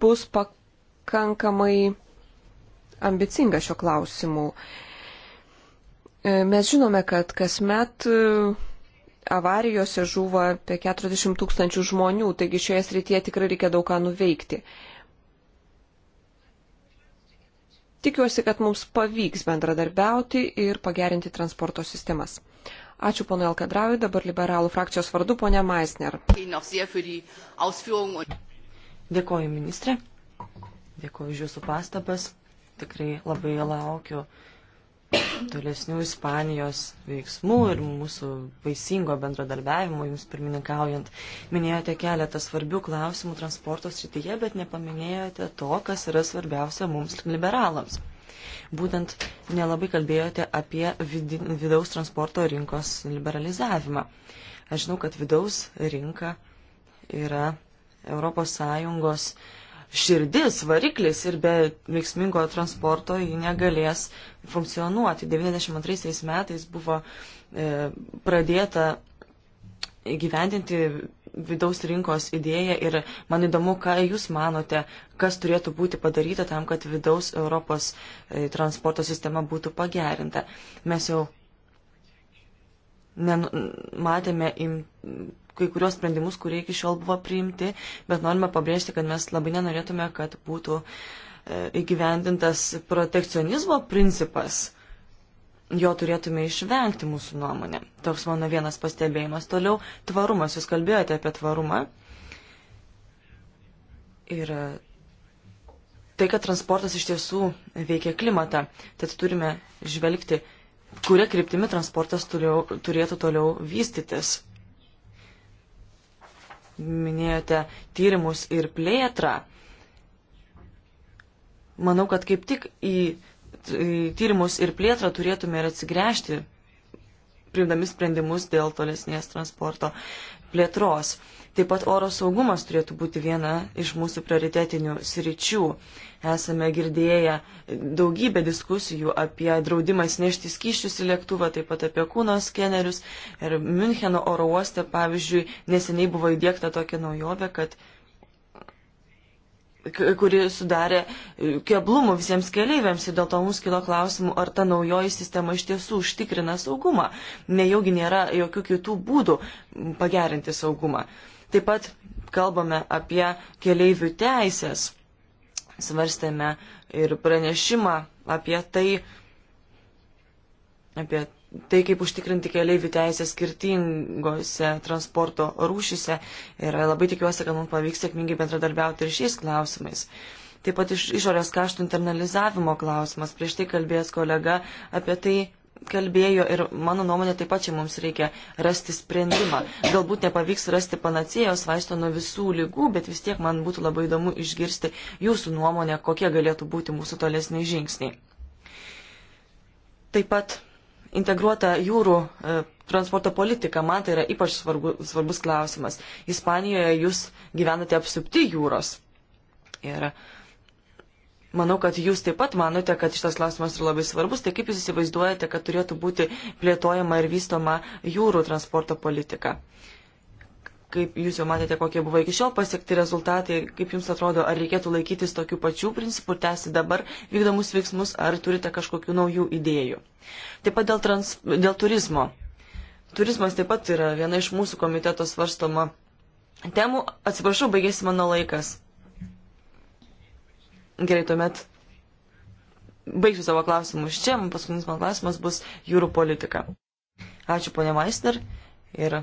bus pak pakankamai ambicinga šio klausimu. E, mes žinome, kad kasmet e, avarijose žuva apie 40 tūkstančių žmonių, taigi šioje srityje tikrai reikia daug ką nuveikti. Tikiuosi, kad mums pavyks bendradarbiauti ir pagerinti transporto sistemas. Ačiū pono Elkadraui, dabar liberalų frakcijos vardu ponia Maisner. Dėkoju, ministrė. Dėkuoju už Jūsų pastabas. Tikrai labai laukiu tolesnių Ispanijos veiksmų ir mūsų vaisingo bendradarbiavimo jums pirmininkaujant. Minėjote keletą svarbių klausimų transporto srityje, bet nepaminėjote to, kas yra svarbiausia mums liberalams. Būtent nelabai kalbėjote apie vidaus transporto rinkos liberalizavimą. Aš žinau, kad vidaus rinka yra ES širdis, variklis ir be veiksmingo transporto ji negalės funkcionuoti. 92 metais buvo e, pradėta gyvendinti vidaus rinkos idėja ir man įdomu, ką Jūs manote, kas turėtų būti padaryta tam, kad vidaus Europos e, transporto sistema būtų pagerinta. Mes jau matėme kai kurios sprendimus, kurie iki šiol buvo priimti, bet norime pabrėžti, kad mes labai nenorėtume, kad būtų e, įgyvendintas protekcionizmo principas. Jo turėtume išvengti mūsų nuomonė. Toks mano vienas pastebėjimas. Toliau tvarumas. Jūs kalbėjote apie tvarumą. Ir e, tai, kad transportas iš tiesų veikia klimatą. Tad turime žvelgti, kuria kryptimi transportas turėjau, turėtų toliau vystytis minėjote tyrimus ir plėtrą. Manau, kad kaip tik į tyrimus ir plėtrą turėtume ir atsigręžti, priimdami sprendimus dėl tolesnės transporto plėtros. Taip pat oro saugumas turėtų būti viena iš mūsų prioritetinių sričių. Esame girdėję daugybę diskusijų apie draudimą įnešti skyščius į lėktuvą, taip pat apie kūno skenerius. Ir Müncheno oro uoste, pavyzdžiui, neseniai buvo įdėkta tokia naujovė, kad kuri sudarė keblumų visiems keleiviams ir dėl to mums kilo klausimų, ar ta naujoji sistema iš tiesų užtikrina saugumą. Nejaugi nėra jokių kitų būdų pagerinti saugumą. Taip pat kalbame apie keleivių teisės. Svarstėme ir pranešimą apie tai, apie tai, kaip užtikrinti keleivių teisę skirtingose transporto rūšise. Ir labai tikiuosi, kad mums pavyks sėkmingai bendradarbiauti ir šiais klausimais. Taip pat iš išorės kaštų internalizavimo klausimas. Prieš tai kalbėjęs kolega apie tai kalbėjo ir mano nuomonė taip pat čia mums reikia rasti sprendimą. Galbūt nepavyks rasti panacėjos vaisto nuo visų lygų, bet vis tiek man būtų labai įdomu išgirsti jūsų nuomonę, kokie galėtų būti mūsų tolesniai žingsniai. Taip pat integruota jūrų e, transporto politika, man tai yra ypač svarbu, svarbus klausimas. Ispanijoje jūs gyvenate apsupti jūros. Ir e, Manau, kad jūs taip pat manote, kad šitas klausimas yra labai svarbus. Tai kaip jūs įsivaizduojate, kad turėtų būti plėtojama ir vystoma jūrų transporto politika? Kaip jūs jau matėte, kokie buvo iki šiol pasiekti rezultatai, kaip jums atrodo, ar reikėtų laikytis tokių pačių principų, tęsti dabar vykdomus veiksmus, ar turite kažkokių naujų idėjų? Taip pat dėl, trans, dėl turizmo. Turizmas taip pat yra viena iš mūsų komiteto svarstoma temų. Atsiprašau, baigėsi mano laikas. Gerai, tuomet baigsiu savo klausimus čia, paskutinis mano klausimas bus jūrų politika. Ačiū, ponė Maisner. Ir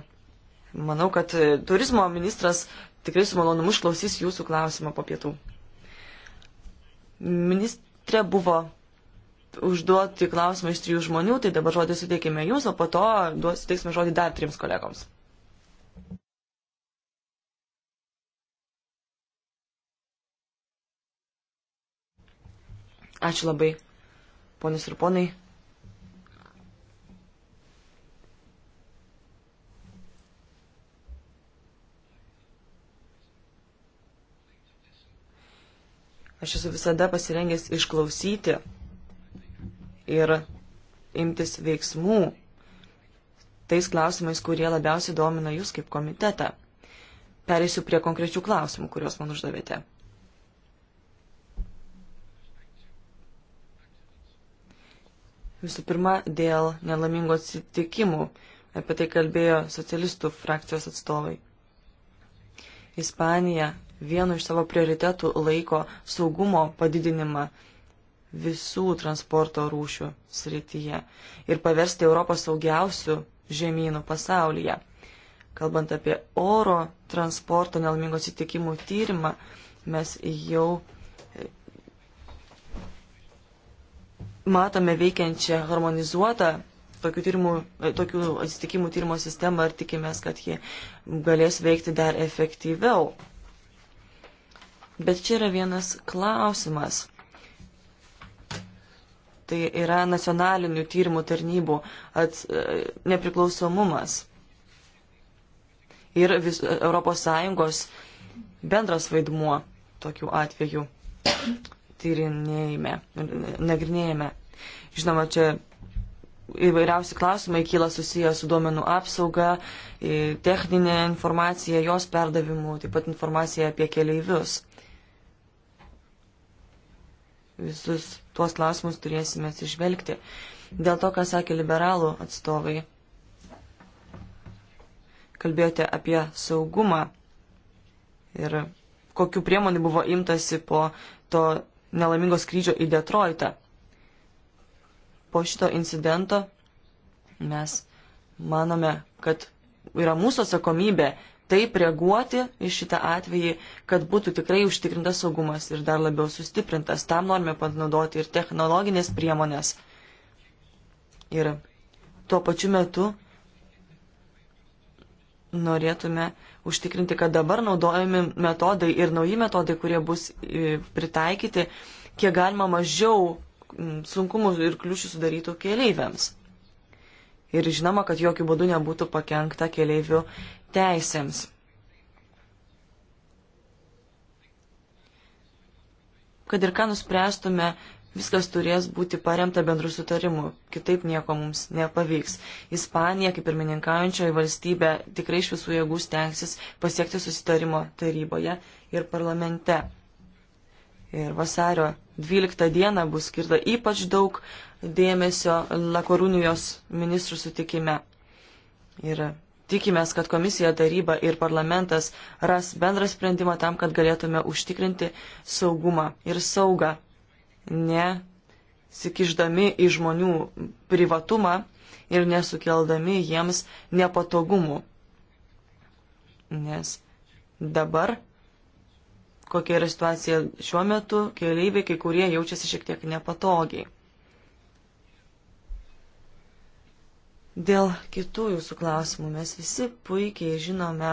manau, kad turizmo ministras tikrai su malonumu išklausys jūsų klausimą po pietų. Ministrė buvo užduoti klausimą iš trijų žmonių, tai dabar žodį suteikime jums, o po to suteiksime žodį dar trims kolegoms. Ačiū labai, ponius ir ponai. Aš esu visada pasirengęs išklausyti ir imtis veiksmų tais klausimais, kurie labiausiai domina jūs kaip komitetą. Perėsiu prie konkrečių klausimų, kuriuos man uždavėte. Visų pirma, dėl nelamingo atsitikimų. Apie tai kalbėjo socialistų frakcijos atstovai. Ispanija vienu iš savo prioritetų laiko saugumo padidinimą visų transporto rūšių srityje ir paversti Europos saugiausių žemynų pasaulyje. Kalbant apie oro transporto nelamingo atsitikimų tyrimą, mes jau matome veikiančią harmonizuotą tokių, tyrimų, e, tokių atsitikimų tyrimo sistemą ir tikimės, kad ji galės veikti dar efektyviau. Bet čia yra vienas klausimas. Tai yra nacionalinių tyrimų tarnybų ats, e, nepriklausomumas ir vis, ES bendras vaidmuo tokių atvejų tyrinėjime, nagrinėjime. Žinoma, čia įvairiausi klausimai kyla susiję su duomenų apsauga, techninė informacija, jos perdavimu, taip pat informacija apie keleivius. Visus tuos klausimus turėsime atsižvelgti. Dėl to, ką sakė liberalų atstovai, kalbėjote apie saugumą ir kokiu priemonių buvo imtasi po to nelaimingo skrydžio į Detroitą po šito incidento mes manome, kad yra mūsų atsakomybė taip reaguoti į šitą atvejį, kad būtų tikrai užtikrintas saugumas ir dar labiau sustiprintas. Tam norime panaudoti ir technologinės priemonės. Ir tuo pačiu metu norėtume užtikrinti, kad dabar naudojami metodai ir nauji metodai, kurie bus e, pritaikyti, kiek galima mažiau Mm, sunkumų ir kliūčių sudarytų keleiviams. Ir žinoma, kad jokių būdų nebūtų pakengta keleivių teisėms. Kad ir ką nuspręstume, viskas turės būti paremta bendrų sutarimų, kitaip nieko mums nepavyks. Ispanija, kaip ir mininkaujančioji valstybė, tikrai iš visų jėgų stengsis pasiekti susitarimo taryboje ir parlamente. Ir vasario 12 dieną bus skirta ypač daug dėmesio Lakorunijos ministrų sutikime. Ir tikimės, kad komisija, taryba ir parlamentas ras bendrą sprendimą tam, kad galėtume užtikrinti saugumą ir saugą, ne sikiždami į žmonių privatumą ir nesukeldami jiems nepatogumų. Nes dabar kokia yra situacija šiuo metu, keleiviai, kai kurie jaučiasi šiek tiek nepatogiai. Dėl kitų jūsų klausimų mes visi puikiai žinome,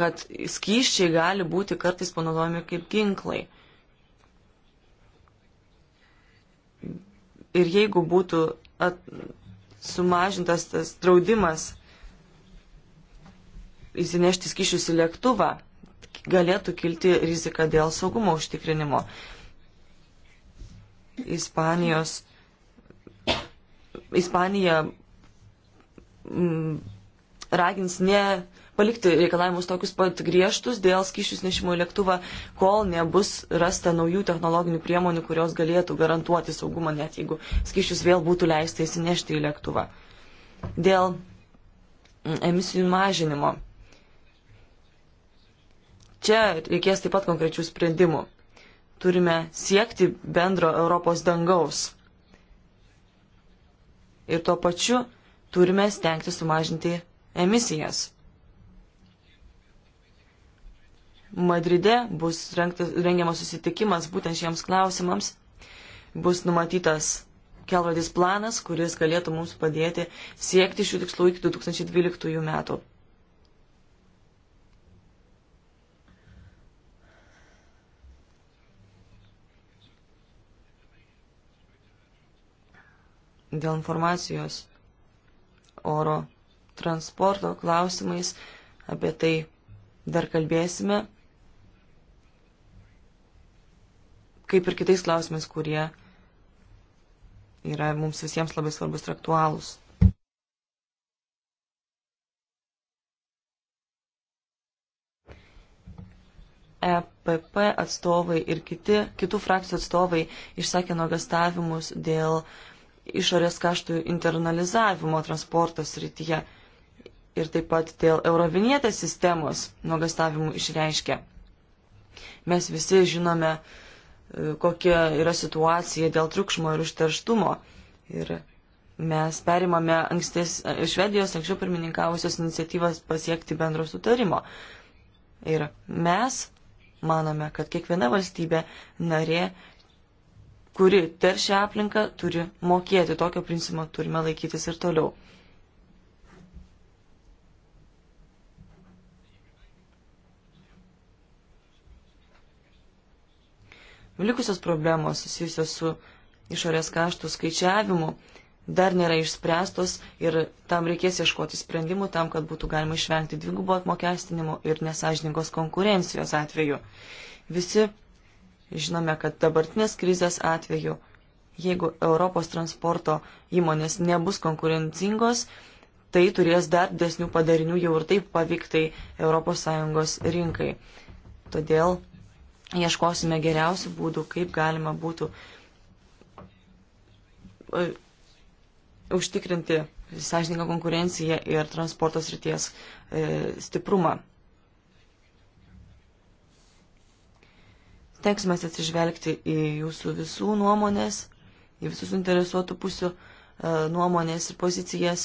kad skyščiai gali būti kartais panaudojami kaip ginklai. Ir jeigu būtų at, sumažintas tas draudimas įsinešti skyšius į lėktuvą, galėtų kilti rizika dėl saugumo užtikrinimo. Ispanijos, Ispanija m, mm, ragins ne palikti reikalavimus tokius pat griežtus dėl skyšius nešimo į lėktuvą, kol nebus rasta naujų technologinių priemonių, kurios galėtų garantuoti saugumą, net jeigu skyšius vėl būtų leista įsinešti į lėktuvą. Dėl mm, emisijų mažinimo Čia reikės taip pat konkrečių sprendimų. Turime siekti bendro Europos dangaus. Ir tuo pačiu turime stengti sumažinti emisijas. Madride bus rengtas, rengiamas susitikimas būtent šiems klausimams. Bus numatytas kelrodis planas, kuris galėtų mums padėti siekti šių tikslų iki 2012 metų. dėl informacijos oro transporto klausimais, apie tai dar kalbėsime, kaip ir kitais klausimais, kurie yra mums visiems labai svarbus ir aktualūs. EPP atstovai ir kiti, kitų frakcijų atstovai išsakė nuogastavimus dėl uh, išorės kaštų internalizavimo transportos rytyje ir taip pat dėl eurovinietės sistemos nuogastavimų išreiškia. Mes visi žinome, e, kokia yra situacija dėl triukšmo ir užterštumo. Ir mes perimame ankstės, e, Švedijos anksčiau pirmininkavusios iniciatyvas pasiekti bendro sutarimo. Ir mes manome, kad kiekviena valstybė narė kuri teršia aplinką, turi mokėti. Tokio principo turime laikytis ir toliau. Likusios problemos susijusios su išorės kaštų skaičiavimu dar nėra išspręstos ir tam reikės ieškoti sprendimų tam, kad būtų galima išvengti dvigubo apmokestinimo ir nesažiningos konkurencijos atveju. Visi Žinome, kad dabartinės krizės atveju, jeigu Europos transporto įmonės nebus konkurencingos, tai turės dar desnių padarinių jau ir taip pavyktai ES rinkai. Todėl ieškosime geriausių būdų, kaip galima būtų e, užtikrinti sąžininką konkurenciją ir transporto srities e, stiprumą. teks mes atsižvelgti į jūsų visų nuomonės, į visus interesuotų pusių e, nuomonės ir pozicijas.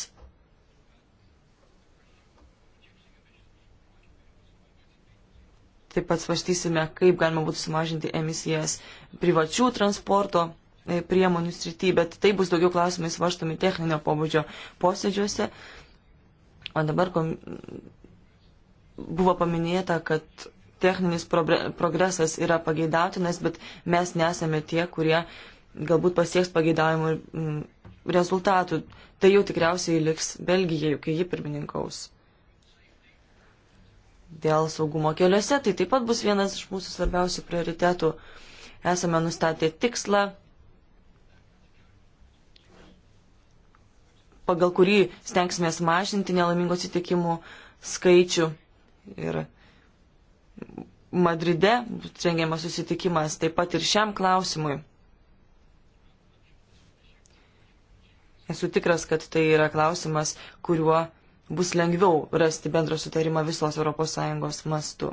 Taip pat svarstysime, kaip galima būtų sumažinti emisijas privačių transporto e, priemonių srity, bet tai bus daugiau klausimai svarstomi techninio pobūdžio posėdžiuose. O dabar kom... buvo paminėta, kad techninis progresas yra pageidautinas, bet mes nesame tie, kurie galbūt pasieks pageidavimų mm, rezultatų. Tai jau tikriausiai liks Belgijai, kai ji pirmininkaus. Dėl saugumo keliuose tai taip pat bus vienas iš mūsų svarbiausių prioritetų. Esame nustatę tikslą, pagal kurį stengsime mažinti nelaimingų atsitikimų skaičių. Ir Madride rengiamas susitikimas taip pat ir šiam klausimui. Esu tikras, kad tai yra klausimas, kuriuo bus lengviau rasti bendrą sutarimą visos ES mastu.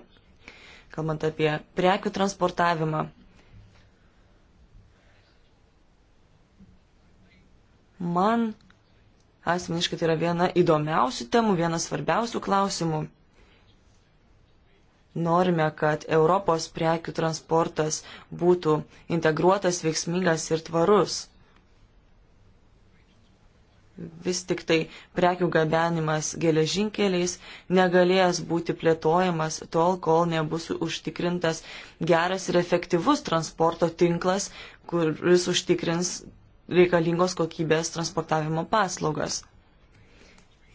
Kalbant apie prekių transportavimą, man asmeniškai tai yra viena įdomiausių temų, vienas svarbiausių klausimų norime, kad Europos prekių transportas būtų integruotas, veiksmingas ir tvarus. Vis tik tai prekių gabenimas geležinkeliais negalės būti plėtojamas tol, kol nebus užtikrintas geras ir efektyvus transporto tinklas, kuris užtikrins reikalingos kokybės transportavimo paslaugas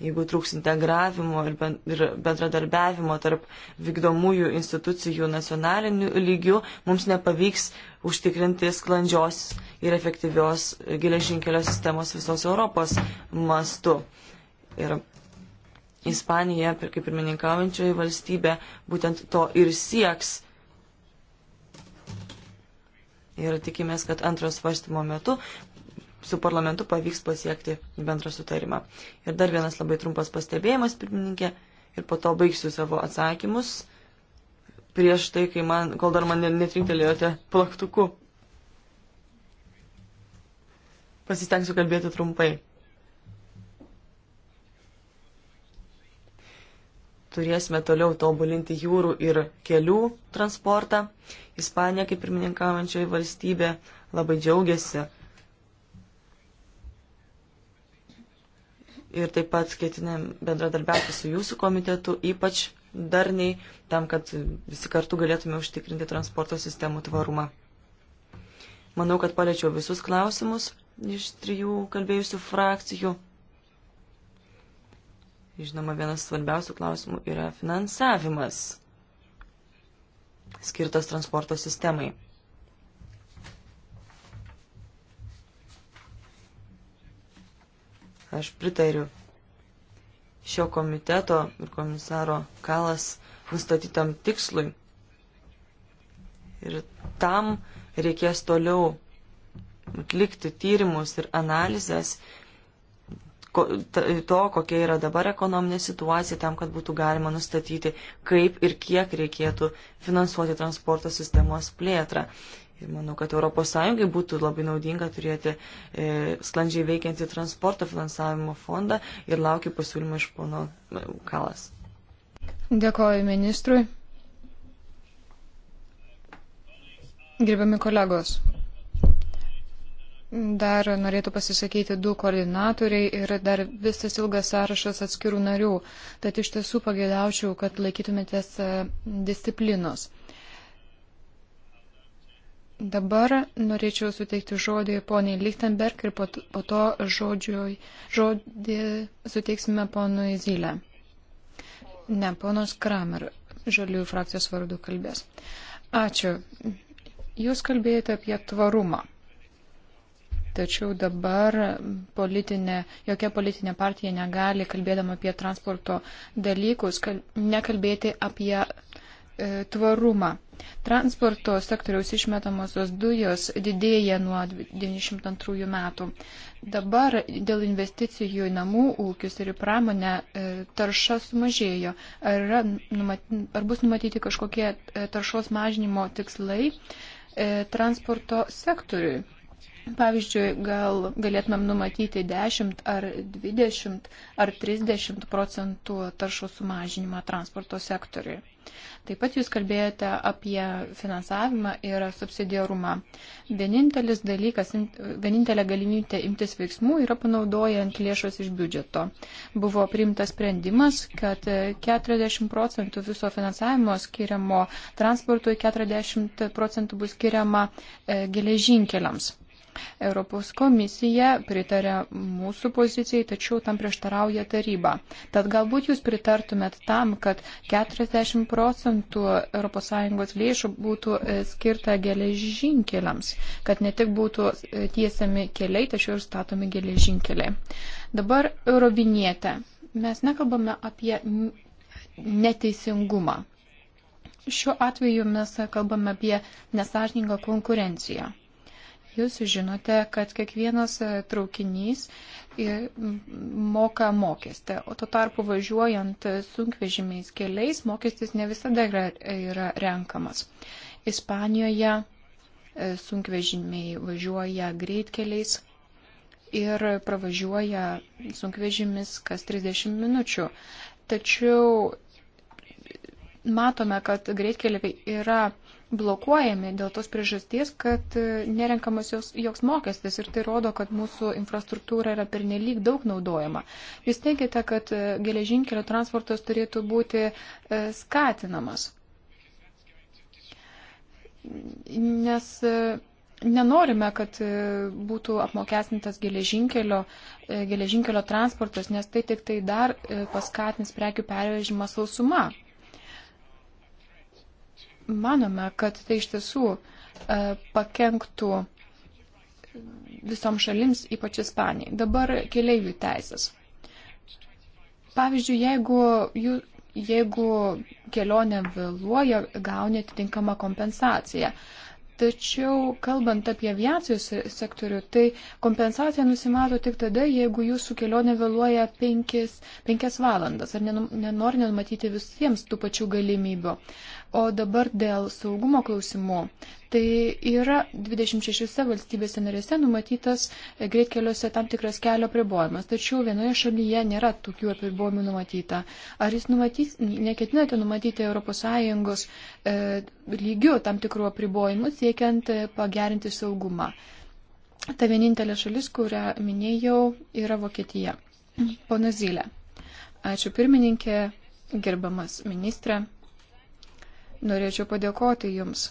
jeigu trūks integravimo ir bendradarbiavimo tarp vykdomųjų institucijų nacionalinių lygių, mums nepavyks užtikrinti sklandžios ir efektyvios geležinkelio sistemos visos Europos mastu. Ir Ispanija, kaip ir mininkaujančioji valstybė, būtent to ir sieks. Ir tikimės, kad antros svarstymo metu su parlamentu pavyks pasiekti bendrą sutarimą. Ir dar vienas labai trumpas pastebėjimas, pirmininkė, ir po to baigsiu savo atsakymus prieš tai, kai man, kol dar man netrinktelėjote plaktuku. Pasistengsiu kalbėti trumpai. turėsime toliau tobulinti jūrų ir kelių transportą. Ispanija, kaip pirmininkaujančioji valstybė, labai džiaugiasi ir taip pat ketinam bendradarbiauti su jūsų komitetu, ypač darniai, tam, kad visi kartu galėtume užtikrinti transporto sistemų tvarumą. Manau, kad paliečiau visus klausimus iš trijų kalbėjusių frakcijų. Žinoma, vienas svarbiausių klausimų yra finansavimas skirtas transporto sistemai. Aš pritariu šio komiteto ir komisaro Kalas nustatytam tikslui. Ir tam reikės toliau atlikti tyrimus ir analizės to, kokia yra dabar ekonominė situacija, tam, kad būtų galima nustatyti, kaip ir kiek reikėtų finansuoti transporto sistemos plėtrą. Ir manau, kad ES būtų labai naudinga turėti e, sklandžiai veikiantį transporto finansavimo fondą ir laukiu pasiūlymą iš pono Kalas. Dėkoju ministrui. Gerbiami kolegos, dar norėtų pasisakyti du koordinatoriai ir dar visas ilgas sąrašas atskirų narių, tad iš tiesų pagėdaučiau, kad laikytumėtės e, disciplinos. Dabar norėčiau suteikti žodį poniai Lichtenberg ir po to žodžioj, žodį suteiksime ponui Zylę. Ne, ponos Kramer, žaliųjų frakcijos vardu kalbės. Ačiū. Jūs kalbėjote apie tvarumą. Tačiau dabar politinė, jokia politinė partija negali, kalbėdama apie transporto dalykus, kal, nekalbėti apie E, tvarumą. Transporto sektoriaus išmetamosios dujos didėja nuo 1992 metų. Dabar dėl investicijų į namų ūkius ir į pramonę e, tarša sumažėjo. Ar, yra, ar bus numatyti kažkokie e, taršos mažinimo tikslai transporto sektoriui? Pavyzdžiui, gal galėtumėm numatyti 10 ar 20 ar 30 procentų taršos sumažinimą transporto sektoriui. Taip pat jūs kalbėjote apie finansavimą ir subsidiarumą. Vienintelis dalykas, vienintelė galimybė imtis veiksmų yra panaudojant lėšas iš biudžeto. Buvo priimtas sprendimas, kad 40 procentų viso finansavimo skiriamo transportui, 40 procentų bus skiriama e, geležinkeliams. Europos komisija pritarė mūsų pozicijai, tačiau tam prieštarauja taryba. Tad galbūt jūs pritartumėt tam, kad 40 procentų ES lėšų būtų e, skirta geležinkeliams, kad ne tik būtų e, tiesiami keliai, tačiau ir statomi geležinkeliai. Dabar eurovinietė. Mes nekalbame apie neteisingumą. Šiuo atveju mes kalbame apie nesažininką konkurenciją. Jūs žinote, kad kiekvienas e, traukinys e, moka mokestį, o tuo tarpu važiuojant e, sunkvežimiais keliais mokestis ne visada yra, yra renkamas. Ispanijoje sunkvežimiai važiuoja greitkeliais ir pravažiuoja sunkvežimis kas 30 minučių. Tačiau matome, kad greitkeliai yra blokuojami dėl tos priežasties, kad e, nerenkamas jos, joks mokestis ir tai rodo, kad mūsų infrastruktūra yra pernelyg daug naudojama. Jūs teigiate, kad e, geležinkelio transportas turėtų būti e, skatinamas, nes nenorime, kad būtų apmokestintas geležinkelio, geležinkelio transportas, nes tai tik tai dar paskatins prekių pervežimą sausuma manome, kad tai iš tiesų e, pakenktų visom šalims, ypač Ispanijai. Dabar keliaivių teisės. Pavyzdžiui, jeigu, jeigu kelionė vėluoja, gauni atitinkamą kompensaciją. Tačiau, kalbant apie aviacijos sektorių, tai kompensacija nusimato tik tada, jeigu jūsų kelionė vėluoja 5, 5 valandas ar nenori nenumatyti visiems tų pačių galimybių. O dabar dėl saugumo klausimų. Tai yra 26 valstybėse narėse numatytas e, greitkeliuose tam tikras kelio pribojimas, tačiau vienoje šalyje nėra tokių apribojimų numatyta. Ar jūs numatys, neketinate numatyti ES e, lygių tam tikrų apribojimų, siekiant e, pagerinti saugumą? Ta vienintelė šalis, kurią minėjau, yra Vokietija. Pana Zylė. Ačiū pirmininkė, gerbamas ministrė. Norėčiau padėkoti Jums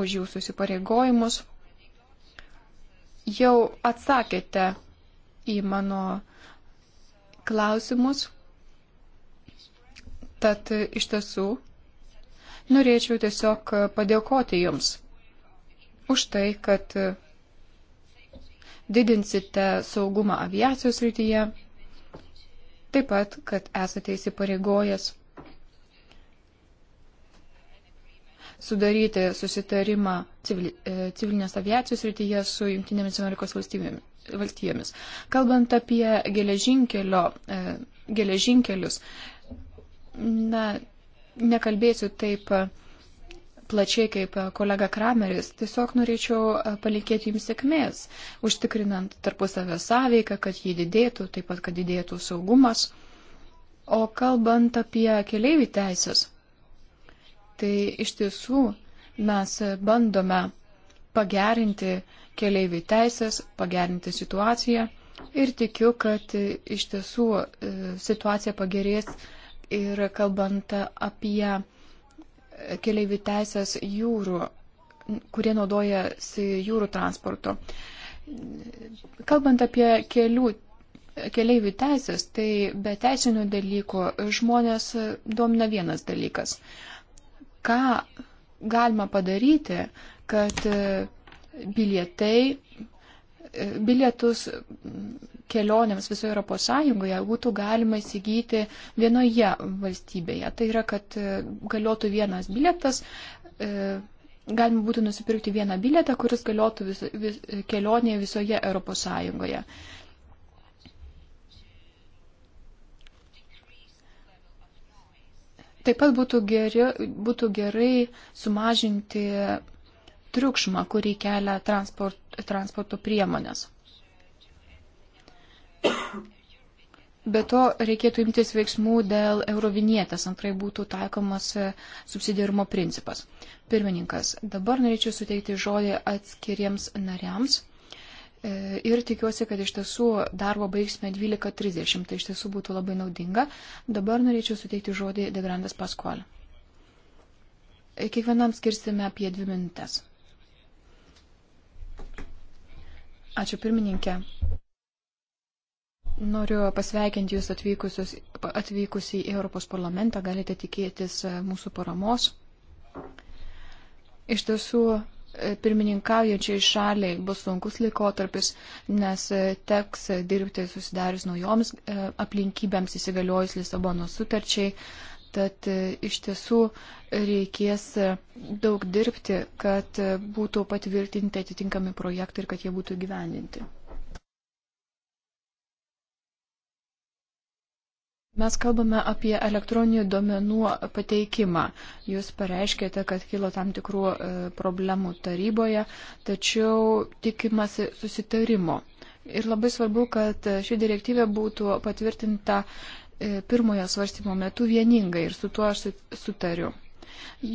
už Jūsų įsipareigojimus. Jau atsakėte į mano klausimus, tad iš tiesų norėčiau tiesiog padėkoti Jums už tai, kad didinsite saugumą aviacijos rytyje, taip pat, kad esate įsipareigojęs sudaryti susitarimą e, civilinės aviacijos rytyje su Junktinėmis Amerikos valstijomis. Kalbant apie geležinkelio, e, geležinkelius, na, nekalbėsiu taip plačiai kaip kolega Krameris, tiesiog norėčiau e, palinkėti jums sėkmės, užtikrinant tarpusavę sąveiką, kad jį didėtų, taip pat, kad didėtų saugumas. O kalbant apie keliaivių teisės, tai iš tiesų mes bandome pagerinti keliaivių teisės, pagerinti situaciją ir tikiu, kad iš tiesų e, situacija pagerės ir kalbant apie keliaivių teisės jūrų, kurie naudojasi jūrų transportu. Kalbant apie kelių, keliaivių teisės, tai be teisinių dalykų žmonės domina vienas dalykas ką galima padaryti, kad e, bilietai, e, bilietus kelionėms visoje Europos Sąjungoje būtų galima įsigyti vienoje valstybėje. Tai yra, kad e, galiotų vienas bilietas, galima būtų nusipirkti vieną bilietą, kuris galiotų vis, vis, kelionėje visoje Europos Sąjungoje. Taip pat būtų, geri, būtų gerai sumažinti triukšmą, kurį kelia transport, transporto priemonės. Be to reikėtų imtis veiksmų dėl eurovinietės, antrai būtų taikomas subsidiarumo principas. Pirmininkas, dabar norėčiau suteikti žodį atskiriems nariams. E, ir tikiuosi, kad iš tiesų darbo baigsime 12.30. Tai iš tiesų būtų labai naudinga. Dabar norėčiau suteikti žodį Degrandas Paskol. E, kiekvienam skirsime apie dvi minutės. Ačiū pirmininkė. Noriu pasveikinti Jūs atvykus į Europos parlamentą. Galite tikėtis e, mūsų paramos. Iš tiesų, pirmininkaujančiai šaliai bus sunkus laikotarpis, nes e, teks dirbti susidarius naujoms e, aplinkybėms įsigaliojus Lisabono sutarčiai. Tad e, iš tiesų reikės daug dirbti, kad būtų patvirtinti atitinkami projektai ir kad jie būtų gyvendinti. Mes kalbame apie elektroninį duomenų pateikimą. Jūs pareiškėte, kad kilo tam tikrų e, problemų taryboje, tačiau tikimasi susitarimo. Ir labai svarbu, kad ši direktyvė būtų patvirtinta e, pirmojo svarstymo metu vieningai ir su tuo aš sutariu.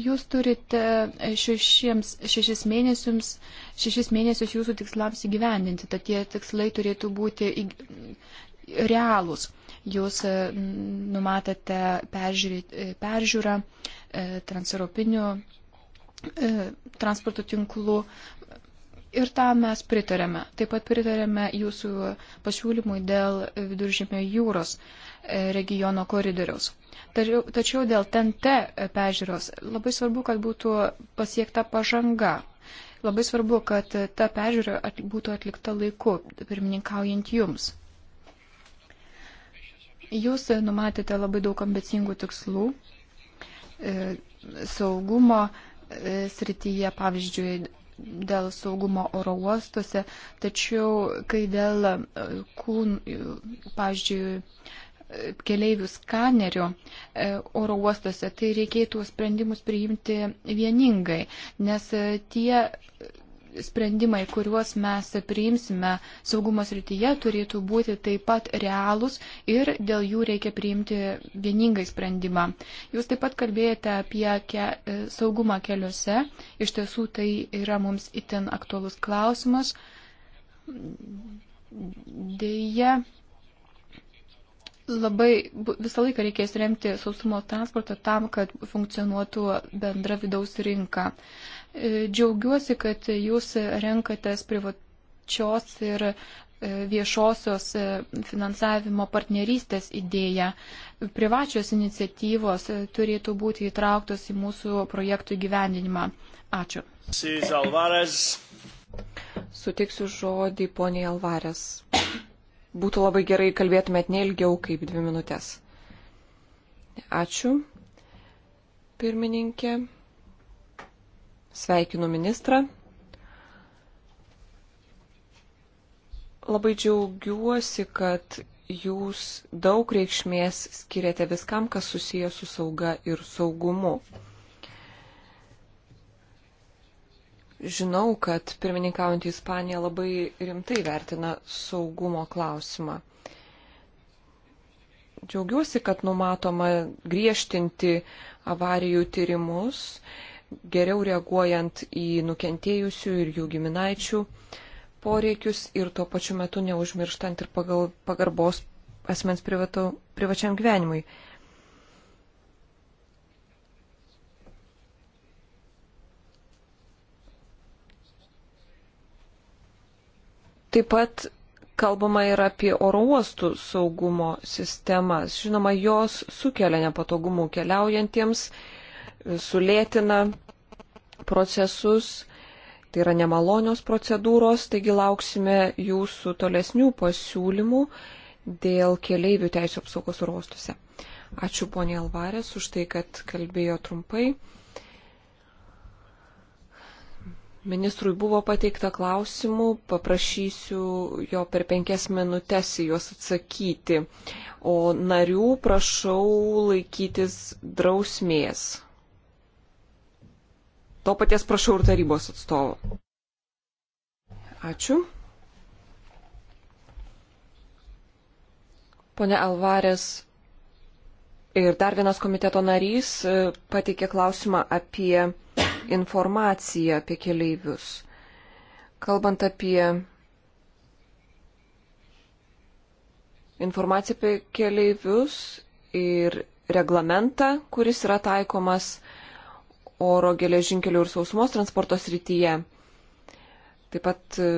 Jūs turite e, šešiems, šešis, mėnesius, šešis mėnesius jūsų tikslams įgyvendinti, tad tie tikslai turėtų būti realūs. Jūs e, numatėte e, peržiūrą e, transeuropinių transporto tinklų ir tam mes pritarėme. Taip pat pritarėme jūsų pasiūlymui dėl viduržėmio jūros regiono koridoriaus. Tačiau dėl TNT peržiūros labai svarbu, kad būtų pasiekta pažanga. Labai svarbu, kad ta peržiūra būtų atlikta laiku, pirmininkaujant jums. Jūs numatėte labai daug ambicingų tikslų e, saugumo e, srityje, pavyzdžiui, dėl saugumo oro uostuose, tačiau kai dėl e, kūn, pavyzdžiui, keliaivių skanerių oro uostuose, tai reikėtų sprendimus priimti vieningai, nes tie sprendimai, kuriuos mes priimsime saugumo srityje, turėtų būti taip pat realūs ir dėl jų reikia priimti vieningai sprendimą. Jūs taip pat kalbėjote apie ke e, saugumą keliuose. Iš tiesų tai yra mums itin aktuolus klausimas. Deja, labai visą laiką reikės remti sausumo transportą tam, kad funkcionuotų bendra vidaus rinka. Uh, E, džiaugiuosi, kad jūs renkatės privačios ir e, viešosios e, finansavimo partnerystės idėją. Privačios iniciatyvos turėtų būti įtrauktos į mūsų projektų gyvendinimą. Ačiū. Sutiksiu žodį poniai Alvarės. Būtų labai gerai kalbėtumėt neilgiau kaip dvi minutės. Ačiū, pirmininkė. Sveikinu ministrą. Labai džiaugiuosi, kad jūs daug reikšmės skiriate viskam, kas susijęs su sauga ir saugumu. Žinau, kad pirmininkaujant į Ispaniją labai rimtai vertina saugumo klausimą. Džiaugiuosi, kad numatoma griežtinti avarijų tyrimus geriau reaguojant į nukentėjusių ir jų giminaičių poreikius ir tuo pačiu metu neužmirštant ir pagal pagarbos asmens privatu, privačiam gyvenimui. Taip pat kalbama ir apie oro uostų saugumo sistemas. Žinoma, jos sukelia nepatogumų keliaujantiems, uh, sulėtina procesus, tai yra nemalonios procedūros, taigi lauksime jūsų tolesnių pasiūlymų dėl keleivių teisų apsaugos rostose. Ačiū ponė Alvarės už tai, kad kalbėjo trumpai. Ministrui buvo pateikta klausimų, paprašysiu jo per penkias minutės į juos atsakyti, o narių prašau laikytis drausmės. To paties prašau ir tarybos atstovo. Ačiū. Pone Alvarės ir dar vienas komiteto narys e, pateikė klausimą apie informaciją apie keleivius. Kalbant apie informaciją apie keleivius ir reglamentą, kuris yra taikomas oro geležinkelių ir sausumos transporto srityje. Taip pat, e,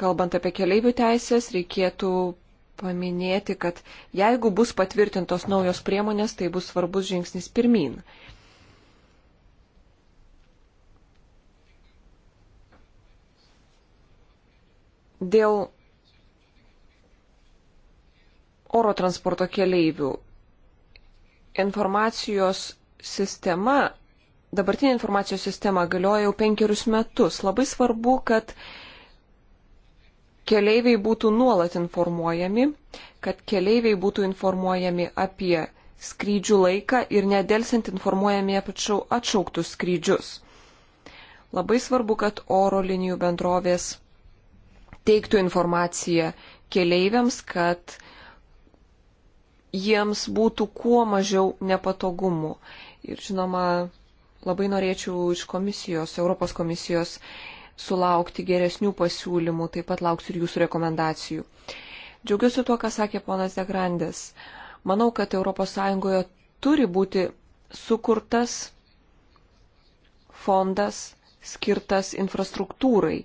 kalbant apie keleivių teisės, reikėtų paminėti, kad jeigu bus patvirtintos naujos priemonės, tai bus svarbus žingsnis pirmin. Dėl oro transporto keleivių informacijos sistema dabartinė informacijos sistema galioja jau penkerius metus. Labai svarbu, kad keleiviai būtų nuolat informuojami, kad keleiviai būtų informuojami apie skrydžių laiką ir nedelsiant informuojami apie atšauktus skrydžius. Labai svarbu, kad oro linijų bendrovės teiktų informaciją keleiviams, kad jiems būtų kuo mažiau nepatogumų. Ir žinoma, Labai norėčiau iš komisijos, Europos komisijos sulaukti geresnių pasiūlymų, taip pat lauksiu ir jūsų rekomendacijų. Džiaugiuosi tuo, ką sakė ponas Degrandės. Manau, kad ES turi būti sukurtas fondas skirtas infrastruktūrai.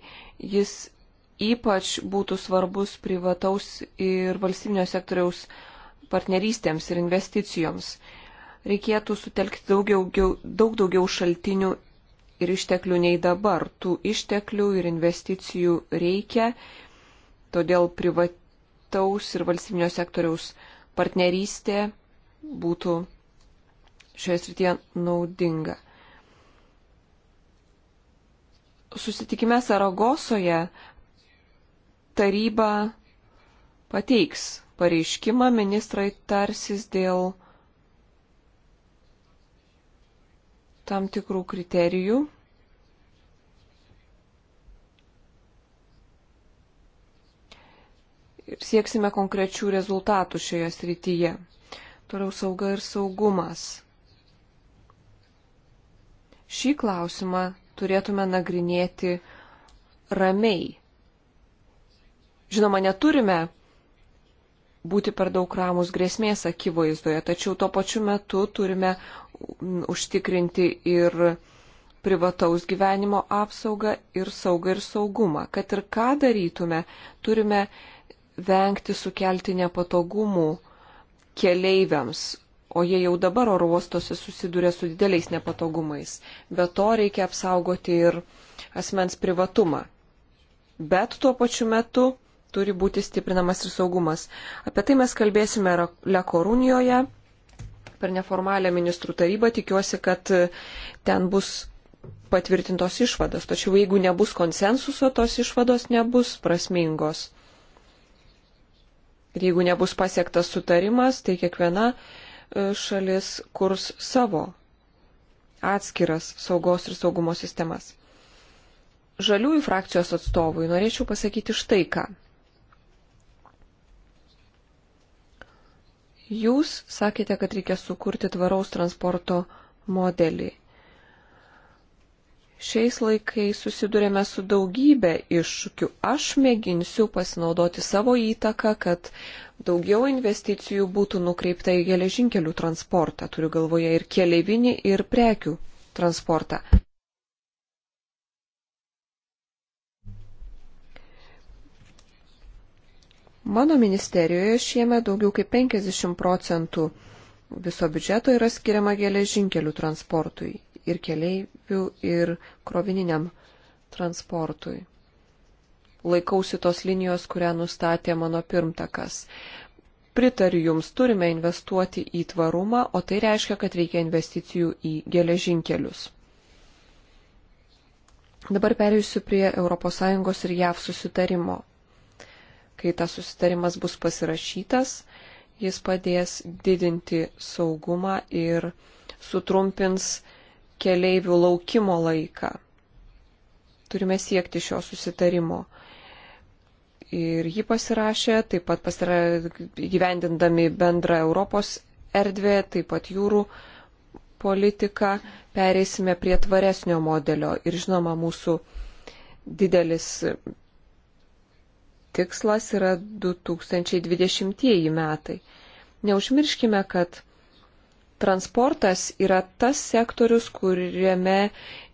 Jis ypač būtų svarbus privataus ir valstybinio sektoriaus partnerystėms ir investicijoms reikėtų sutelkti daugiau, daug daugiau šaltinių ir išteklių nei dabar. Tų išteklių ir investicijų reikia, todėl privataus ir valstybinio sektoriaus partnerystė būtų šioje srityje naudinga. Susitikime Saragosoje taryba pateiks pareiškimą, ministrai tarsis dėl tam tikrų kriterijų. Ir sieksime konkrečių rezultatų šioje srityje. Toliau sauga ir saugumas. Šį klausimą turėtume nagrinėti ramiai. Žinoma, neturime būti per daug ramus grėsmės akivaizdoje, tačiau tuo pačiu metu turime užtikrinti ir privataus gyvenimo apsaugą ir saugą ir saugumą. Kad ir ką darytume, turime vengti sukelti nepatogumų keleiviams, o jie jau dabar oro uostose susiduria su dideliais nepatogumais. Be to reikia apsaugoti ir asmens privatumą. Bet tuo pačiu metu turi būti stiprinamas ir saugumas. Apie tai mes kalbėsime Lekorunijoje per neformalią ministrų tarybą. Tikiuosi, kad ten bus patvirtintos išvados. Tačiau jeigu nebus konsensuso, tos išvados nebus prasmingos. Ir jeigu nebus pasiektas sutarimas, tai kiekviena e, šalis kurs savo atskiras saugos ir saugumo sistemas. Žaliųjų frakcijos atstovui norėčiau pasakyti štai ką. Jūs sakėte, kad reikia sukurti tvaraus transporto modelį. Šiais laikais susidurėme su daugybė iššūkių. Aš mėginsiu pasinaudoti savo įtaką, kad daugiau investicijų būtų nukreipta į geležinkelių transportą. Turiu galvoje ir keliaivinį, ir prekių transportą. Mano ministerijoje šiemet daugiau kaip 50 procentų viso biudžeto yra skiriama geležinkelių transportui ir keleivių ir krovininiam transportui. Laikausi tos linijos, kurią nustatė mano pirmtakas. Pritariu Jums, turime investuoti į tvarumą, o tai reiškia, kad reikia investicijų į geležinkelius. Dabar perėjusiu prie ES ir JAV susitarimo. Kai tas susitarimas bus pasirašytas, jis padės didinti saugumą ir sutrumpins keleivių laukimo laiką. Turime siekti šio susitarimo. Ir jį pasirašė, taip pat pasira... gyvendindami bendrą Europos erdvę, taip pat jūrų politiką, pereisime prie tvaresnio modelio. Ir žinoma, mūsų didelis tikslas yra 2020 metai. Neužmirškime, kad transportas yra tas sektorius, kuriame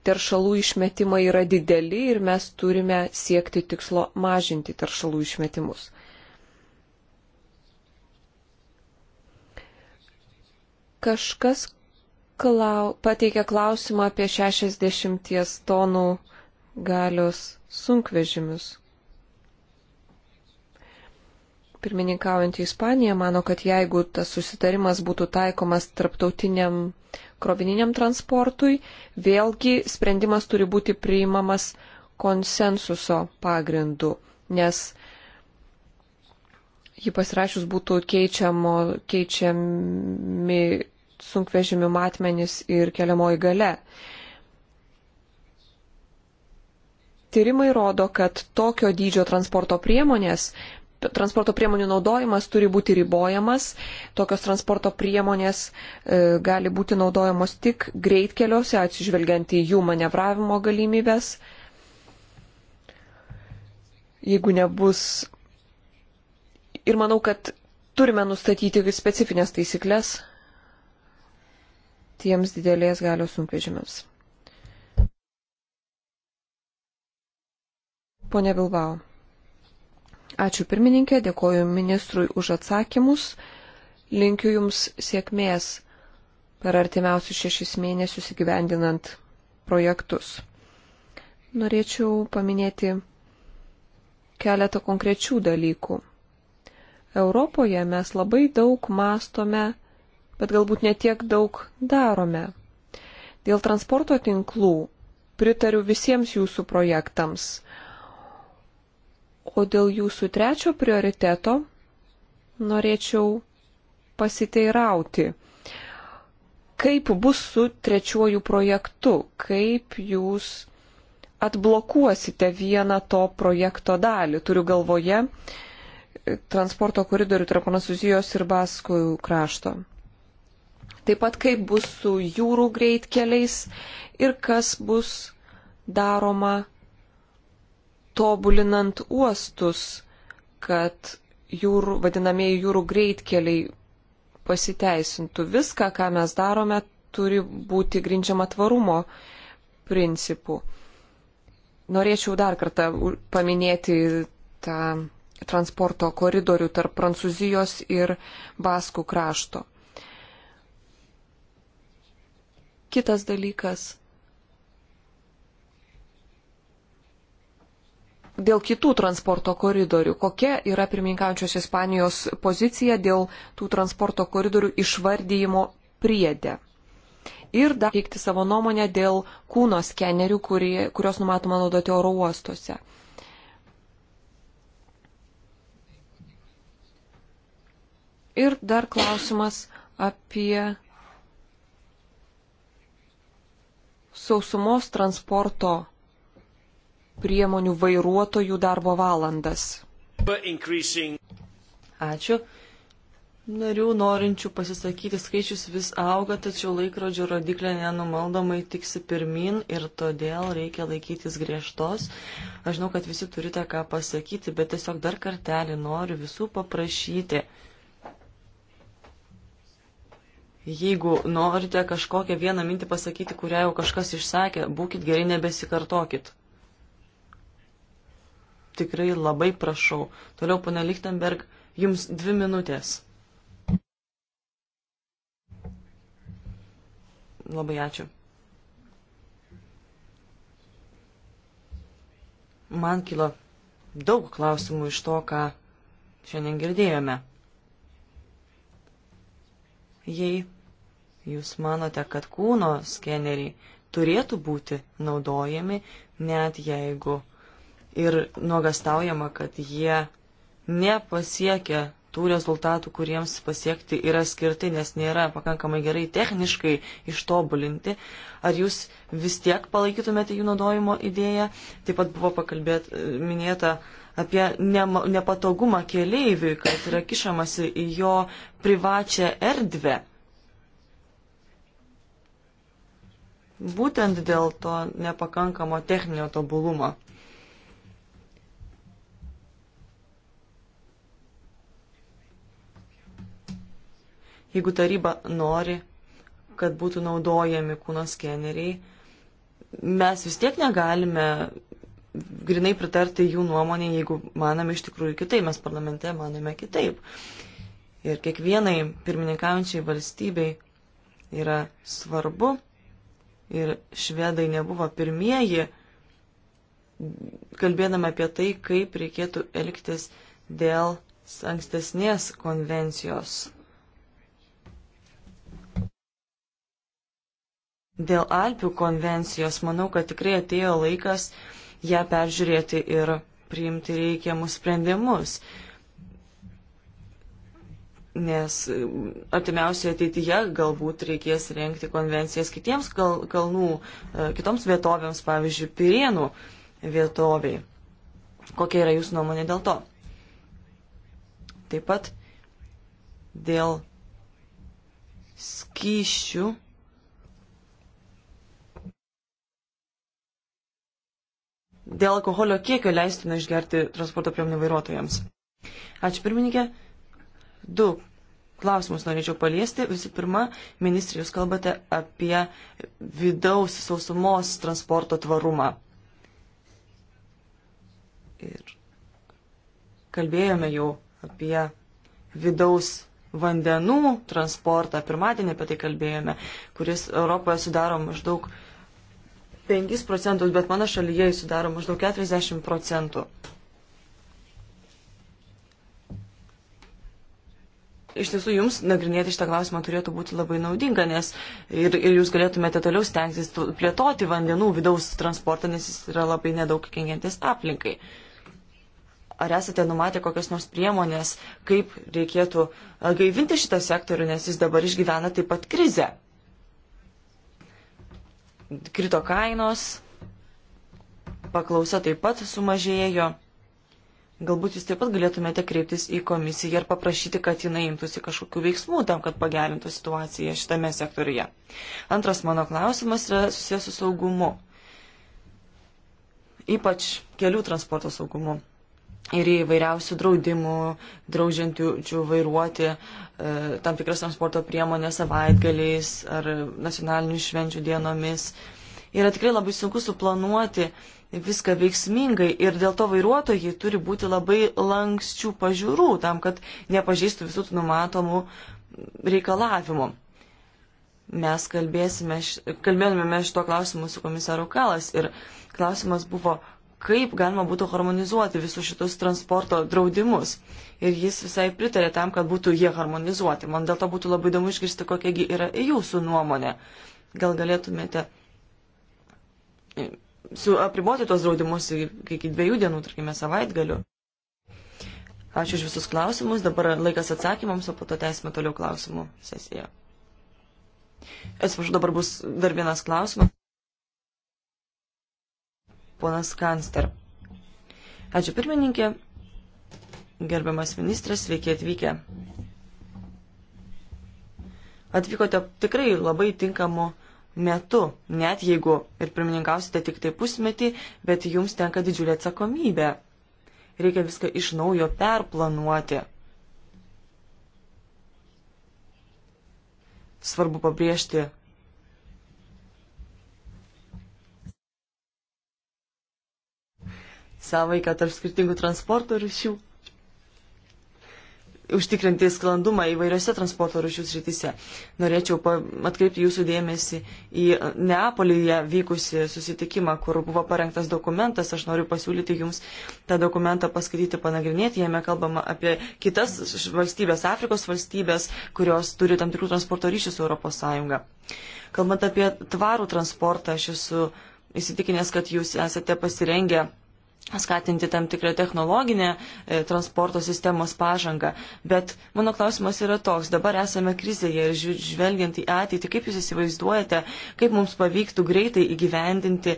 teršalų išmetimai yra dideli ir mes turime siekti tikslo mažinti teršalų išmetimus. Kažkas klau, pateikė klausimą apie 60 tonų galios sunkvežimius. Pirmininkaujant į Ispaniją, mano, kad jeigu tas susitarimas būtų taikomas tarptautiniam krovininiam transportui, vėlgi sprendimas turi būti priimamas konsensuso pagrindu, nes jį pasirašius būtų keičiamo, keičiami sunkvežimių matmenis ir keliamoji gale. Tyrimai rodo, kad tokio dydžio transporto priemonės transporto priemonių naudojimas turi būti ribojamas. Tokios transporto priemonės e, gali būti naudojamos tik greitkeliuose, atsižvelgiant į jų manevravimo galimybės. Jeigu nebus. Ir manau, kad turime nustatyti specifines taisyklės tiems didelės galios sunkvežimiams. Pone Bilbao. Ačiū pirmininkė, dėkoju ministrui už atsakymus. Linkiu Jums sėkmės per artimiausius šešis mėnesius įgyvendinant projektus. Norėčiau paminėti keletą konkrečių dalykų. Europoje mes labai daug mastome, bet galbūt netiek daug darome. Dėl transporto tinklų pritariu visiems jūsų projektams O dėl jūsų trečio prioriteto norėčiau pasiteirauti, kaip bus su trečiuoju projektu, kaip jūs atblokuosite vieną to projekto dalį. Turiu galvoje e, transporto koridorių tarp Prancūzijos ir Baskų krašto. Taip pat kaip bus su jūrų greitkeliais ir kas bus daroma tobulinant uostus, kad jūrų, vadinamieji jūrų greitkeliai pasiteisintų. Viską, ką mes darome, turi būti grindžiama tvarumo principu. Norėčiau dar kartą paminėti tą transporto koridorių tarp Prancūzijos ir Baskų krašto. Kitas dalykas dėl kitų transporto koridorių. Kokia yra pirmininkaujančios Ispanijos pozicija dėl tų transporto koridorių išvardyjimo priedė? Ir dar teikti savo nuomonę dėl kūno skenerių, kurie, kurios numatoma naudoti oro uostuose. Ir dar klausimas apie sausumos transporto priemonių vairuotojų darbo valandas. Ačiū. Narių norinčių pasisakyti skaičius vis auga, tačiau laikrodžio rodiklė nenumaldomai tiksi pirmin ir todėl reikia laikytis griežtos. Aš žinau, kad visi turite ką pasakyti, bet tiesiog dar kartelį noriu visų paprašyti. Jeigu norite kažkokią vieną mintį pasakyti, kurią jau kažkas išsakė, būkite geri, nebesikartokit tikrai labai prašau. Toliau, pana Lichtenberg, jums dvi minutės. Labai ačiū. Man kilo daug klausimų iš to, ką šiandien girdėjome. Jei jūs manote, kad kūno skeneriai turėtų būti naudojami, net jeigu ir nuogastaujama, kad jie nepasiekia tų rezultatų, kuriems pasiekti yra skirti, nes nėra pakankamai gerai techniškai ištobulinti. Ar jūs vis tiek palaikytumėte jų naudojimo idėją? Taip pat buvo pakalbėt, minėta apie ne, nepatogumą keleiviui, kad yra kišamasi į jo privačią erdvę. Būtent dėl to nepakankamo techninio tobulumo. Jeigu taryba nori, kad būtų naudojami kūno skeneriai, mes vis tiek negalime grinai pritarti jų nuomonė, jeigu manome iš tikrųjų kitaip, mes parlamente manome kitaip. Ir kiekvienai pirmininkaujančiai valstybei yra svarbu, ir švedai nebuvo pirmieji, kalbėdami apie tai, kaip reikėtų elgtis dėl ankstesnės konvencijos. Dėl Alpių konvencijos manau, kad tikrai atėjo laikas ją peržiūrėti ir priimti reikiamus sprendimus. Nes e, artimiausioje ateityje galbūt reikės renkti konvencijas kitiems kal kalnų, e, kitoms vietovėms, pavyzdžiui, Pirienų vietoviai. Kokia yra jūsų nuomonė dėl to? Taip pat dėl skyšių dėl alkoholio kiekio leistina išgerti transporto priemonių vairuotojams. Ačiū pirmininkė. Du klausimus norėčiau paliesti. Visų pirma, ministrė, jūs kalbate apie vidaus sausumos transporto tvarumą. Ir kalbėjome jau apie vidaus vandenų transportą. Pirmadienį apie tai kalbėjome, kuris Europoje sudaro maždaug 5 procentus, bet mano šalyje jis sudaro maždaug 40 procentų. Iš tiesų, jums nagrinėti šitą klausimą turėtų būti labai naudinga, nes ir, ir jūs galėtumėte toliau stengtis plėtoti vandenų vidaus transportą, nes jis yra labai nedaug kengiantis aplinkai. Ar esate numatę kokias nors priemonės, kaip reikėtų gaivinti šitą sektorių, nes jis dabar išgyvena taip pat krizę? krito kainos, paklausa taip pat sumažėjo. Galbūt jūs taip pat galėtumėte kreiptis į komisiją ir paprašyti, kad jinai imtųsi kažkokių veiksmų tam, kad pagerintų situaciją šitame sektoriuje. Antras mano klausimas yra susijęs su saugumu. Ypač kelių transporto saugumu ir įvairiausių draudimų, draudžiančių vairuoti e, tam tikras transporto priemonės savaitgaliais ar nacionalinių švenčių dienomis. Yra tikrai labai sunku suplanuoti viską veiksmingai ir dėl to vairuotojai turi būti labai lankščių pažiūrų tam, kad nepažįstų visų numatomų reikalavimų. Mes kalbėsime, kalbėjome šito klausimu su komisaru Kalas ir klausimas buvo, kaip galima būtų harmonizuoti visus šitus transporto draudimus. Ir jis visai pritarė tam, kad būtų jie harmonizuoti. Man dėl to būtų labai įdomu išgirsti, kokiagi yra jūsų nuomonė. Gal galėtumėte e, su, apriboti tuos draudimus iki dviejų dienų, tarkime, savaitgalių. Ačiū už visus klausimus. Dabar laikas atsakymams, o po to tęsime toliau klausimų sesiją. Esu, dabar bus dar vienas klausimas ponas Kanster. Ačiū pirmininkė, gerbiamas ministras, sveiki atvykę. Atvykote tikrai labai tinkamu metu, net jeigu ir pirmininkausite tik tai pusmetį, bet jums tenka didžiulė atsakomybė. Reikia viską iš naujo perplanuoti. Svarbu pabrėžti savaiką tarp skirtingų transporto rušių, užtikrinti sklandumą įvairiose transporto rušių srityse. Norėčiau atkreipti jūsų dėmesį į Neapolyje vykusi susitikimą, kur buvo parengtas dokumentas. Aš noriu pasiūlyti jums tą dokumentą paskaityti, panagrinėti. Jame kalbama apie kitas valstybės, Afrikos valstybės, kurios turi tam tikrų transporto ryšių su ES. Kalbant apie tvarų transportą, aš esu įsitikinęs, kad jūs esate pasirengę skatinti tam tikrą technologinę e, transporto sistemos pažangą. Bet mano klausimas yra toks, dabar esame krizėje ir žvelgiant į ateitį, kaip jūs įsivaizduojate, kaip mums pavyktų greitai įgyvendinti e,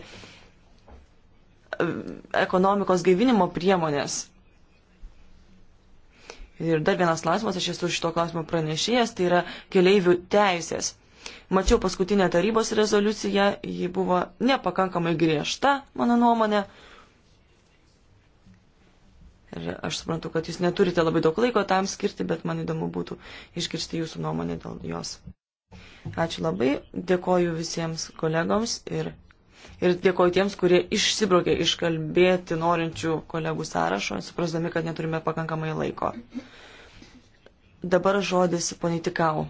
ekonomikos gaivinimo priemonės? Ir dar vienas klausimas, aš esu šito klausimo pranešėjas, tai yra keleivių teisės. Mačiau paskutinę tarybos rezoliuciją, ji buvo nepakankamai griežta, mano nuomonė. E, Ir aš suprantu, kad jūs neturite labai daug laiko tam skirti, bet man įdomu būtų išgirsti jūsų nuomonę dėl jos. Ačiū labai, dėkoju visiems kolegoms ir, ir dėkoju tiems, kurie išsibraukė iškalbėti norinčių kolegų sąrašo, suprasdami, kad neturime pakankamai laiko. Dabar žodis ponitikau.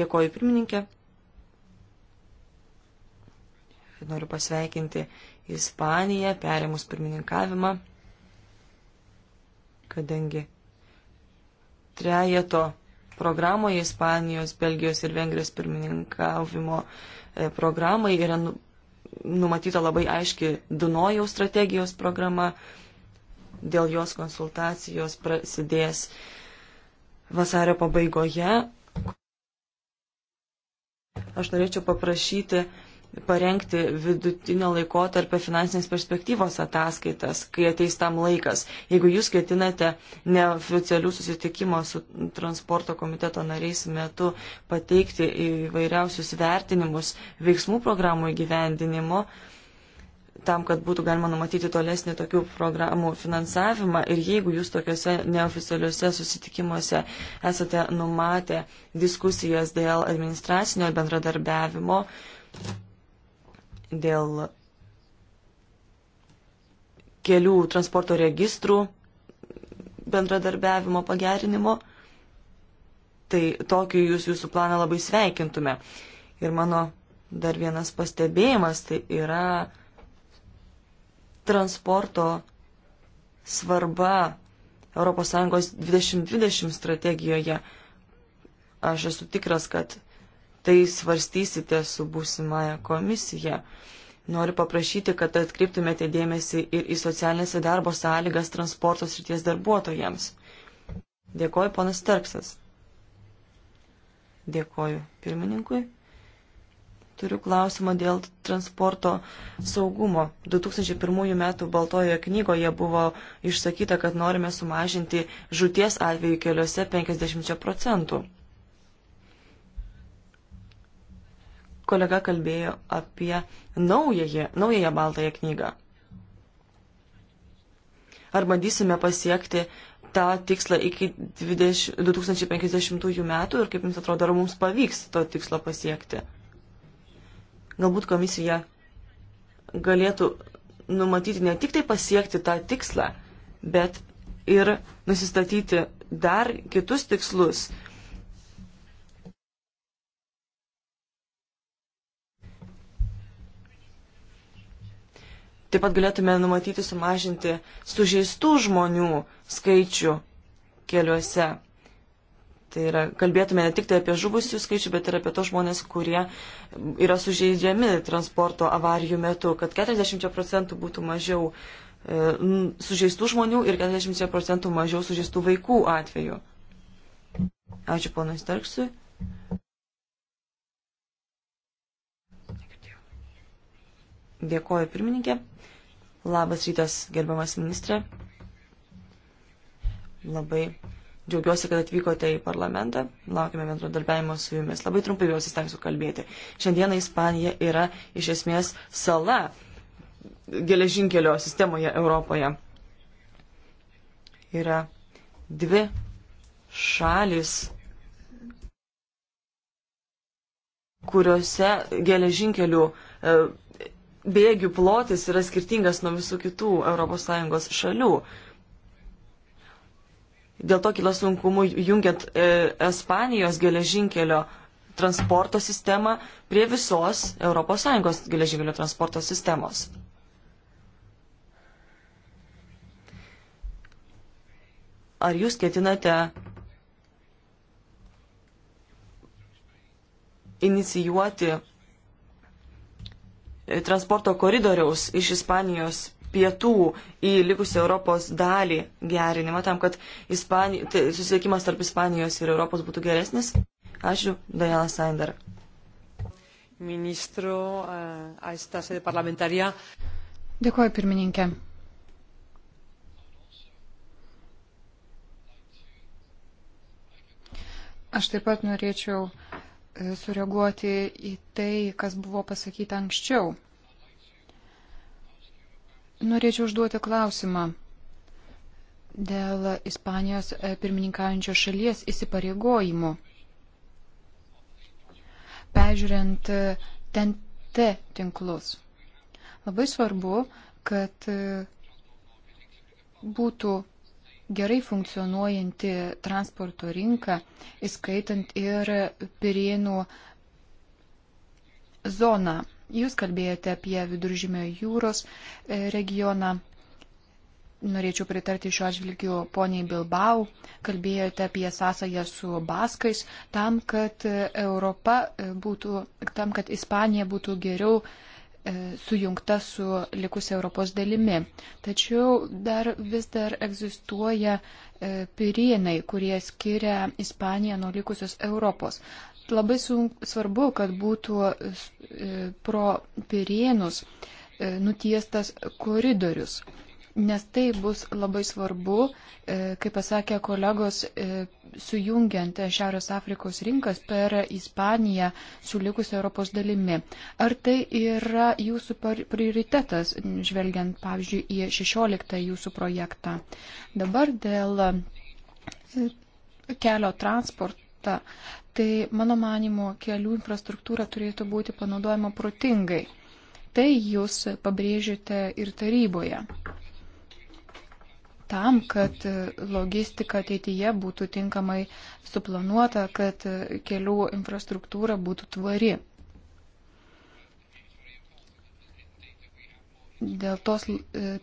Dėkoju pirmininkė. Noriu pasveikinti Ispaniją, perėmus pirmininkavimą, kadangi trejeto programoje Ispanijos, Belgijos ir Vengrijos pirmininkavimo e, programai yra nu, numatyta labai aiški Dunojaus strategijos programa, dėl jos konsultacijos prasidės vasario pabaigoje. Aš norėčiau paprašyti parengti vidutinio laiko tarp finansinės perspektyvos ataskaitas, kai ateis tam laikas. Jeigu jūs ketinate neoficialių susitikimo su transporto komiteto nariais metu pateikti įvairiausius vertinimus veiksmų programų įgyvendinimo, tam, kad būtų galima numatyti tolesnį tokių programų finansavimą ir jeigu jūs tokiuose neoficialiuose susitikimuose esate numatę diskusijas dėl administracinio bendradarbiavimo, dėl kelių transporto registrų bendradarbiavimo pagerinimo, tai tokį jūs jūsų planą labai sveikintume. Ir mano dar vienas pastebėjimas tai yra transporto svarba ES 2020 strategijoje. Aš esu tikras, kad tai svarstysite su būsimąją komisiją. Noriu paprašyti, kad atkreiptumėte dėmesį ir į socialinės ir darbo sąlygas transporto srities darbuotojams. Dėkoju, ponas Tarksas. Dėkoju pirmininkui. Turiu klausimą dėl transporto saugumo. 2001 m. Baltojoje knygoje buvo išsakyta, kad norime sumažinti žuties atveju keliuose 50 procentų. kolega kalbėjo apie naująją, naująją baltąją knygą. Ar bandysime pasiekti tą tikslą iki 20, 2050 metų ir kaip jums atrodo, ar mums pavyks to tikslo pasiekti? Galbūt komisija galėtų numatyti ne tik tai pasiekti tą tikslą, bet ir nusistatyti dar kitus tikslus, Taip pat galėtume numatyti sumažinti sužeistų žmonių skaičių keliuose. Tai yra, kalbėtume ne tik tai apie žuvusių skaičių, bet ir apie tos žmonės, kurie yra sužeidžiami transporto avarijų metu, kad 40 procentų būtų mažiau e, sužeistų žmonių ir 40 procentų mažiau sužeistų vaikų atveju. Ačiū ponui Starksui. Dėkoju pirmininkė. Labas rytas, gerbiamas ministrė. Labai džiaugiuosi, kad atvykote į parlamentą. Laukime bendradarbiavimo su jumis. Labai trumpai vėl įstengsiu kalbėti. Šiandieną Ispanija yra iš esmės sala geležinkelio sistemoje Europoje. Yra dvi šalis kuriuose geležinkelių e, bėgių plotis yra skirtingas nuo visų kitų ES šalių. Dėl to kilo sunkumų jungiant e, Ispanijos geležinkelio transporto sistemą prie visos ES geležinkelio transporto sistemos. Ar jūs ketinate inicijuoti transporto koridoriaus iš Ispanijos pietų į likusią Europos dalį gerinimą, tam, kad Ispani... tai, susiekimas tarp Ispanijos ir Europos būtų geresnis. Ačiū, Diana Sander. Ministro, eh, a esta sede parlamentaria. Dėkuoju, pirmininkė. Aš taip pat norėčiau sureaguoti į tai, kas buvo pasakyta anksčiau. Norėčiau užduoti klausimą dėl Ispanijos pirmininkaujančios šalies įsipareigojimų. Pežiūrint TNT tinklus. Labai svarbu, kad būtų gerai funkcionuojanti transporto rinka, įskaitant ir Pirėnų zoną. Jūs kalbėjote apie viduržymio jūros e, regioną. Norėčiau pritarti šiuo atžvilgiu poniai Bilbao, kalbėjote apie sąsąją su Baskais, tam, kad Europa e, būtų, tam, kad Ispanija būtų geriau uh, E, sujungta su likusia Europos dalimi. Tačiau dar vis dar egzistuoja e, pirienai, kurie skiria Ispaniją nuo likusios Europos. Labai svarbu, kad būtų e, pro pirienus nutiestas koridorius nes tai bus labai svarbu, e, kaip pasakė kolegos, e, sujungiant Šiaurės Afrikos rinkas per Ispaniją su likusia Europos dalimi. Ar tai yra jūsų prioritetas, žvelgiant, pavyzdžiui, į 16 jūsų projektą? Dabar dėl e, kelio transportą. Tai, mano manimo, kelių infrastruktūra turėtų būti panaudojama protingai. Tai jūs pabrėžiate ir taryboje tam, kad logistika ateityje būtų tinkamai suplanuota, kad kelių infrastruktūra būtų tvari. Dėl tos e,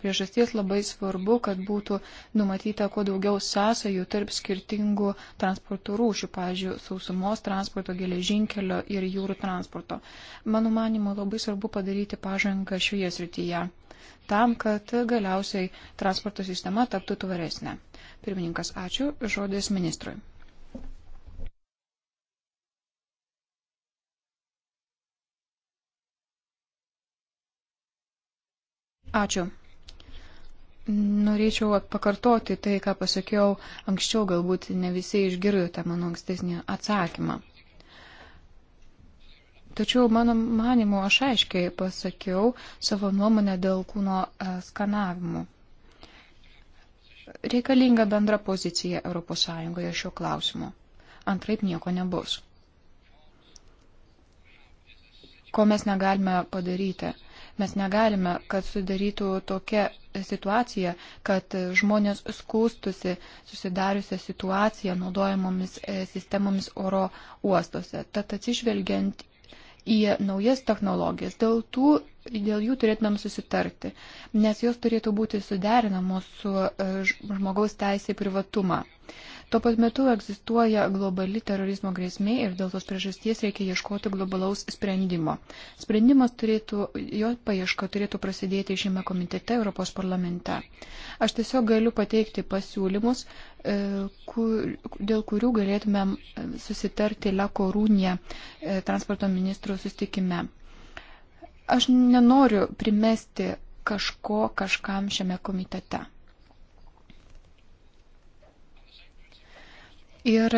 priežasties labai svarbu, kad būtų numatyta kuo daugiau sąsajų tarp skirtingų transporto rūšių, pavyzdžiui, sausumos transporto, geležinkelio ir jūrų transporto. Mano manimo, labai svarbu padaryti pažangą šioje srityje tam, kad galiausiai transporto sistema taptų tvaresnė. Pirmininkas, ačiū. Žodis ministrui. Ačiū. Norėčiau pakartoti tai, ką pasakiau anksčiau, galbūt ne visi išgirdote mano ankstesnį atsakymą. Tačiau mano manimu aš aiškiai pasakiau savo nuomonę dėl kūno e, skanavimų. Reikalinga bendra pozicija ES šiuo klausimu. Antraip nieko nebus. Ko mes negalime padaryti? Mes negalime, kad sudarytų tokia situacija, kad žmonės skūstusi susidariusią situaciją naudojamomis e, sistemomis oro uostose. Tad atsižvelgiant į naujas technologijas. Dėl, tų, dėl jų turėtumėm susitarti, nes jos turėtų būti suderinamos su e, žmogaus teisė į privatumą. Tuo pat metu egzistuoja globali terorizmo grėsmė ir dėl tos priežasties reikia ieškoti globalaus sprendimo. Sprendimas turėtų, jo paieška turėtų prasidėti šiame komitete Europos parlamente. Aš tiesiog galiu pateikti pasiūlymus, e, kur, dėl kurių galėtume susitarti Lekorūnė e, transporto ministrų sustikime. Aš nenoriu primesti kažko kažkam šiame komitete. Ir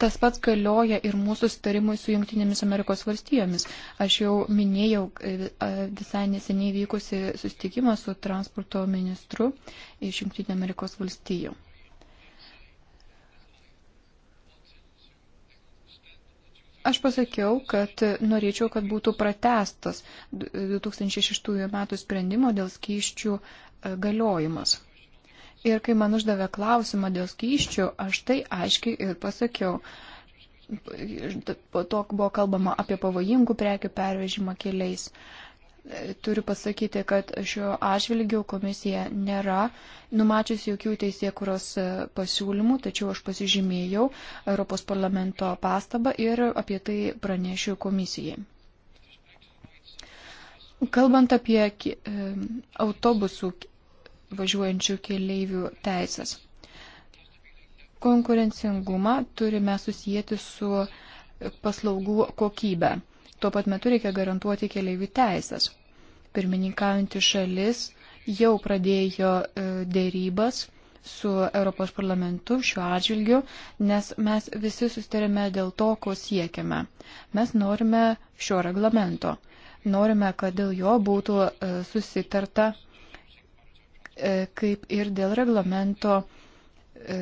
tas pats galioja ir mūsų sutarimui su Junktinėmis Amerikos valstijomis. Aš jau minėjau e, visai neseniai vykusi sustikimą su transporto ministru iš Junktinė Amerikos valstijų. Aš pasakiau, kad norėčiau, kad būtų pratestas 2006 metų sprendimo dėl skyščių e, galiojimas. Ir kai man uždavė klausimą dėl skyščių, aš tai aiškiai ir pasakiau. Po to buvo kalbama apie pavojingų prekių pervežimą keliais. Turiu pasakyti, kad šiuo atžvilgiu komisija nėra numačiusi jokių teisėkuros e, pasiūlymų, tačiau aš pasižymėjau Europos parlamento pastabą ir apie tai pranešiu komisijai. Kalbant apie e, autobusų važiuojančių keleivių teisės. Konkurencingumą turime susijęti su paslaugų kokybė. Tuo pat metu reikia garantuoti keleivių teisės. Pirmininkaujantį šalis jau pradėjo e, dėrybas su Europos parlamentu šiuo atžvilgiu, nes mes visi sustarėme dėl to, ko siekiame. Mes norime šio reglamento. Norime, kad dėl jo būtų e, susitarta E, kaip ir dėl reglamento e,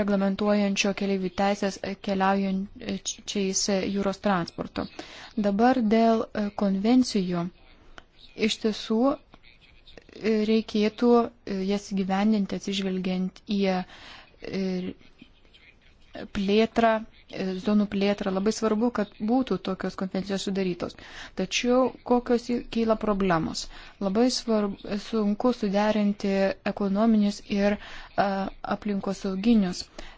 reglamentuojančio keliaivių teisės keliaujančiais jūros transportu. Dabar dėl e, konvencijų. Iš tiesų reikėtų jas gyvendinti atsižvelgiant į plėtrą, e, zonų plėtrą. Labai svarbu, kad būtų tokios konvencijos sudarytos. Tačiau kokios kyla problemos? Labai svarbu, sunku suderinti ekonominius ir aplinkosauginius e,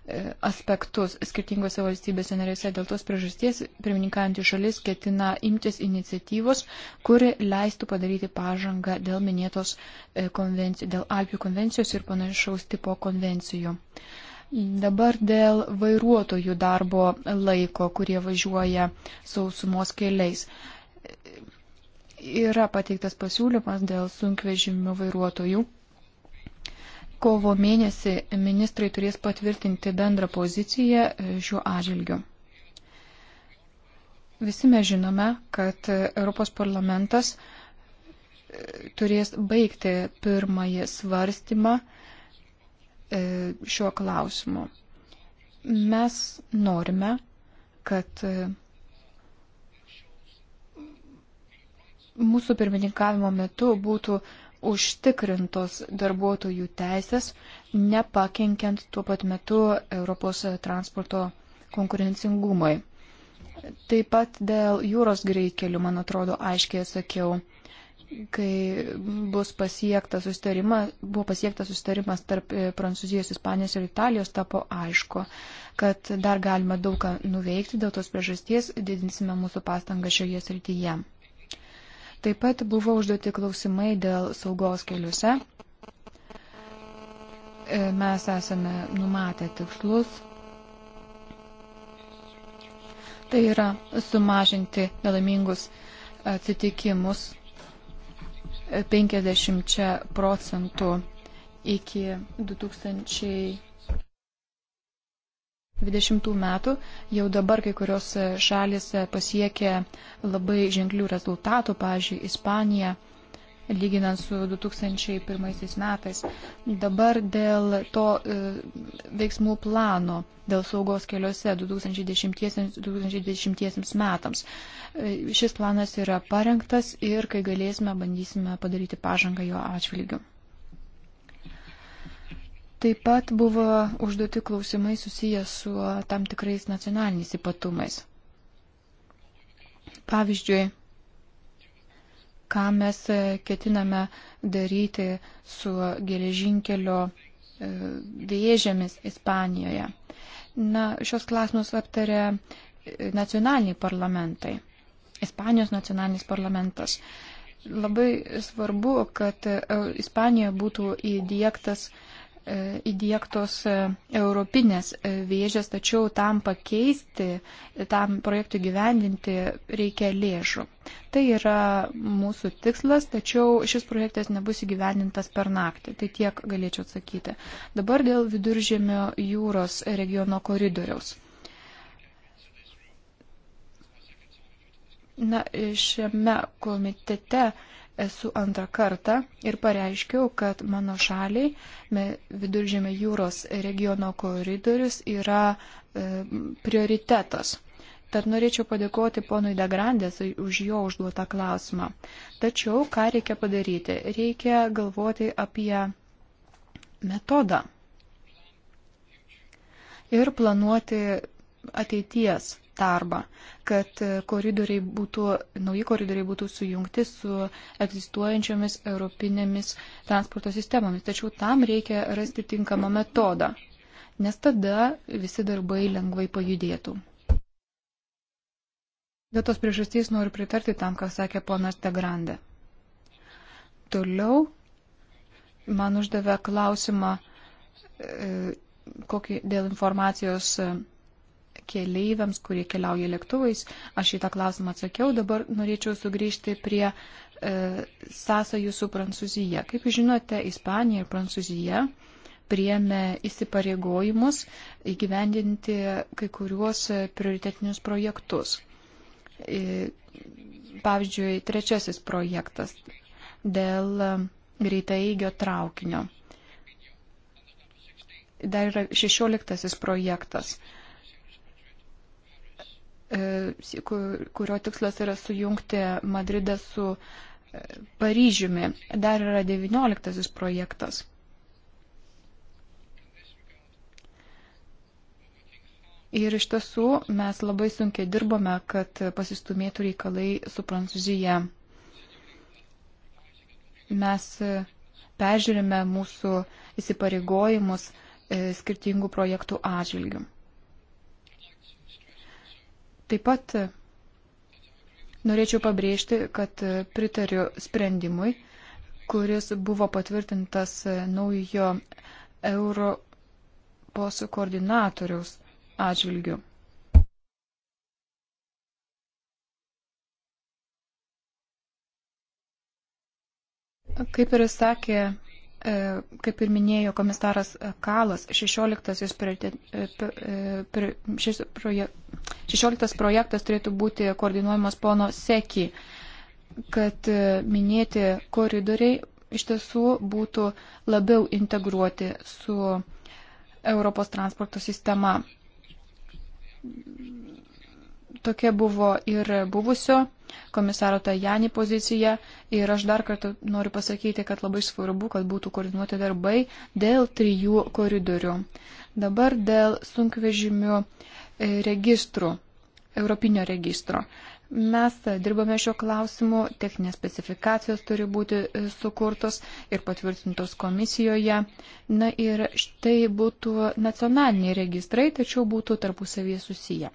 aspektus skirtingose valstybėse narėse. Dėl tos priežasties pirmininkaujantys šalis ketina imtis iniciatyvos, kuri leistų padaryti pažangą dėl minėtos e, konvencijos, dėl Alpių konvencijos ir panašaus tipo konvencijų. Uh, Dabar dėl vairuotojų darbo laiko, kurie važiuoja sausumos keliais. Yra pateiktas pasiūlymas dėl sunkvežimių vairuotojų. Kovo mėnesį ministrai turės patvirtinti bendrą poziciją šiuo atžvilgiu. Visi mes žinome, kad Europos parlamentas turės baigti pirmąjį svarstymą E, šiuo klausimu. Mes norime, kad e, mūsų pirmininkavimo metu būtų užtikrintos darbuotojų teisės, nepakenkiant tuo pat metu Europos transporto konkurencingumui. Taip pat dėl jūros greitkelių, man atrodo, aiškiai sakiau, kai bus pasiektas sustarimas, buvo pasiektas sustarimas tarp e, Prancūzijos, Ispanijos ir Italijos, tapo aišku, kad dar galima daug ką nuveikti, dėl tos priežasties didinsime mūsų pastangą šioje srityje. Taip pat buvo užduoti klausimai dėl saugos keliuose. E, mes esame numatę tikslus. Tai yra sumažinti nelaimingus atsitikimus 50 procentų iki 2020 metų. Jau dabar kai kurios šalis pasiekė labai ženklių rezultatų, pavyzdžiui, Ispanija lyginant su 2001 metais. Dabar dėl to e, veiksmų plano dėl saugos keliuose 2010-2020 metams. E, šis planas yra parengtas ir kai galėsime, bandysime padaryti pažangą jo atžvilgiu. Taip pat buvo užduoti klausimai susijęs su tam tikrais nacionaliniais ypatumais. Pavyzdžiui, ką mes e, ketiname daryti su geležinkelio e, vėžėmis Ispanijoje. Na, šios klausimus aptarė e, nacionaliniai parlamentai. Ispanijos nacionalinis parlamentas. Labai svarbu, kad Ispanijoje būtų įdėktas uh, E, įdėktos e, europinės e, vėžės, tačiau tam pakeisti, tam projektui gyvendinti reikia lėšų. Tai yra mūsų tikslas, tačiau šis projektas nebus įgyvendintas per naktį. Tai tiek galėčiau atsakyti. Dabar dėl viduržėmio jūros regiono koridoriaus. Na, šiame komitete uh, esu antrą kartą ir pareiškiau, kad mano šaliai viduržėme jūros regiono koridorius yra e, prioritetas. Tad norėčiau padėkoti ponui Degrandėsui už jo užduotą klausimą. Tačiau ką reikia padaryti? Reikia galvoti apie metodą ir planuoti ateities darbą, kad koridoriai būtų, nauji koridoriai būtų sujungti su egzistuojančiomis europinėmis transporto sistemomis. Tačiau tam reikia rasti tinkamą metodą, nes tada visi darbai lengvai pajudėtų. Dėl tos priežastys noriu pritarti tam, ką sakė ponas Degrande. Toliau man uždavė klausimą e, kokį, dėl informacijos keleiviams, kurie keliauja lėktuvais. Aš šitą klausimą atsakiau, dabar norėčiau sugrįžti prie e, sąsajų su Prancūzija. Kaip žinote, Ispanija ir Prancūzija priėmė įsipareigojimus įgyvendinti kai kuriuos prioritetinius projektus. E, pavyzdžiui, trečiasis projektas dėl greitaeigio traukinio. Dar yra šešioliktasis projektas E, kurio tikslas yra sujungti Madridą su e, Paryžiumi. Dar yra 19 projektas. Ir iš tiesų mes labai sunkiai dirbome, kad pasistumėtų reikalai su Prancūzija. Mes e, peržiūrime mūsų įsipareigojimus skirtingų projektų atžvilgių. Taip pat norėčiau pabrėžti, kad pritariu sprendimui, kuris buvo patvirtintas naujo Europos koordinatoriaus atžvilgių. Kaip ir sakė E, kaip ir minėjo komisaras Kalas, 16, priorite, 16 e, e, projektas turėtų būti koordinuojamas pono Seki, kad minėti koridoriai iš tiesų būtų labiau integruoti su Europos transporto sistema tokia buvo ir buvusio komisaro Tajani pozicija ir aš dar kartą noriu pasakyti, kad labai svarbu, kad būtų koordinuoti darbai dėl trijų koridorių. Dabar dėl sunkvežimių e, registrų, Europinio registro. Mes dirbame šio klausimu, techninės specifikacijos turi būti e, sukurtos ir patvirtintos komisijoje. Na ir štai būtų nacionaliniai registrai, tačiau būtų tarpusavie susiję.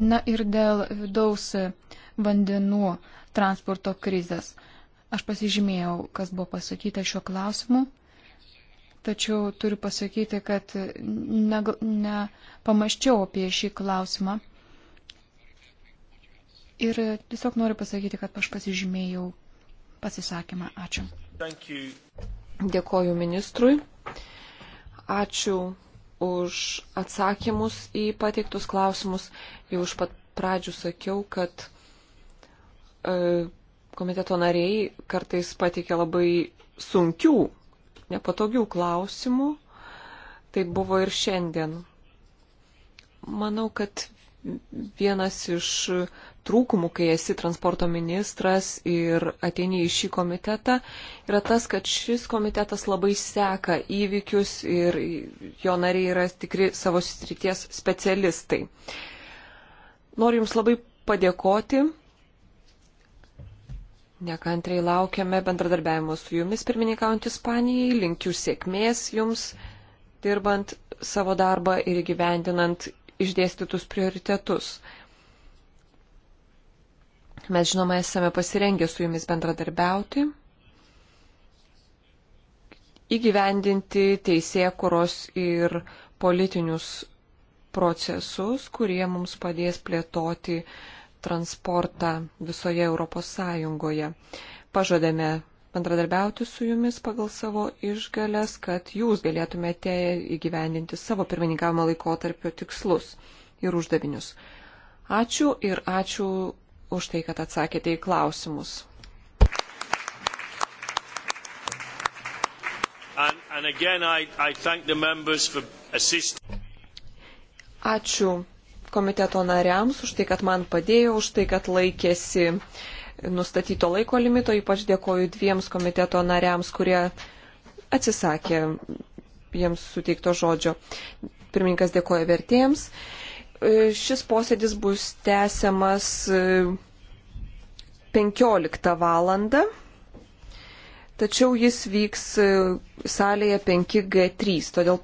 Na ir dėl vidaus vandenų transporto krizės. Aš pasižymėjau, kas buvo pasakyta šiuo klausimu, tačiau turiu pasakyti, kad nepamaščiau ne, ne apie šį klausimą. Ir tiesiog noriu pasakyti, kad aš pasižymėjau pasisakymą. Ačiū. Dėkoju ministrui. Ačiū už atsakymus į pateiktus klausimus. Jau iš pat pradžių sakiau, kad e, komiteto nariai kartais pateikia labai sunkių, nepatogių klausimų. Taip buvo ir šiandien. Manau, kad vienas iš trūkumų, kai esi transporto ministras ir ateini į šį komitetą, yra tas, kad šis komitetas labai seka įvykius ir jo nariai yra tikri savo srities specialistai. Noriu Jums labai padėkoti. Nekantriai laukiame bendradarbiavimo su Jumis, pirmininkaujant Ispanijai. Linkiu sėkmės Jums, dirbant savo darbą ir įgyvendinant išdėstytus prioritetus. Mes žinoma esame pasirengę su jumis bendradarbiauti, įgyvendinti teisėkuros ir politinius procesus, kurie mums padės plėtoti transportą visoje Europos Sąjungoje. Pažadame bendradarbiauti su jumis pagal savo išgalės, kad jūs galėtumėte įgyvendinti savo pirmininkavimo laikotarpio tikslus ir uždavinius. Ačiū ir ačiū už tai, kad atsakėte į klausimus. And, and again, I, I Ačiū komiteto nariams už tai, kad man padėjo, už tai, kad laikėsi nustatyto laiko limito. Ypač dėkoju dviems komiteto nariams, kurie atsisakė jiems suteikto žodžio. Pirmininkas dėkoja vertėjams. E, šis posėdis bus tęsiamas 15 e, val. Tačiau jis vyks e, salėje 5G3, todėl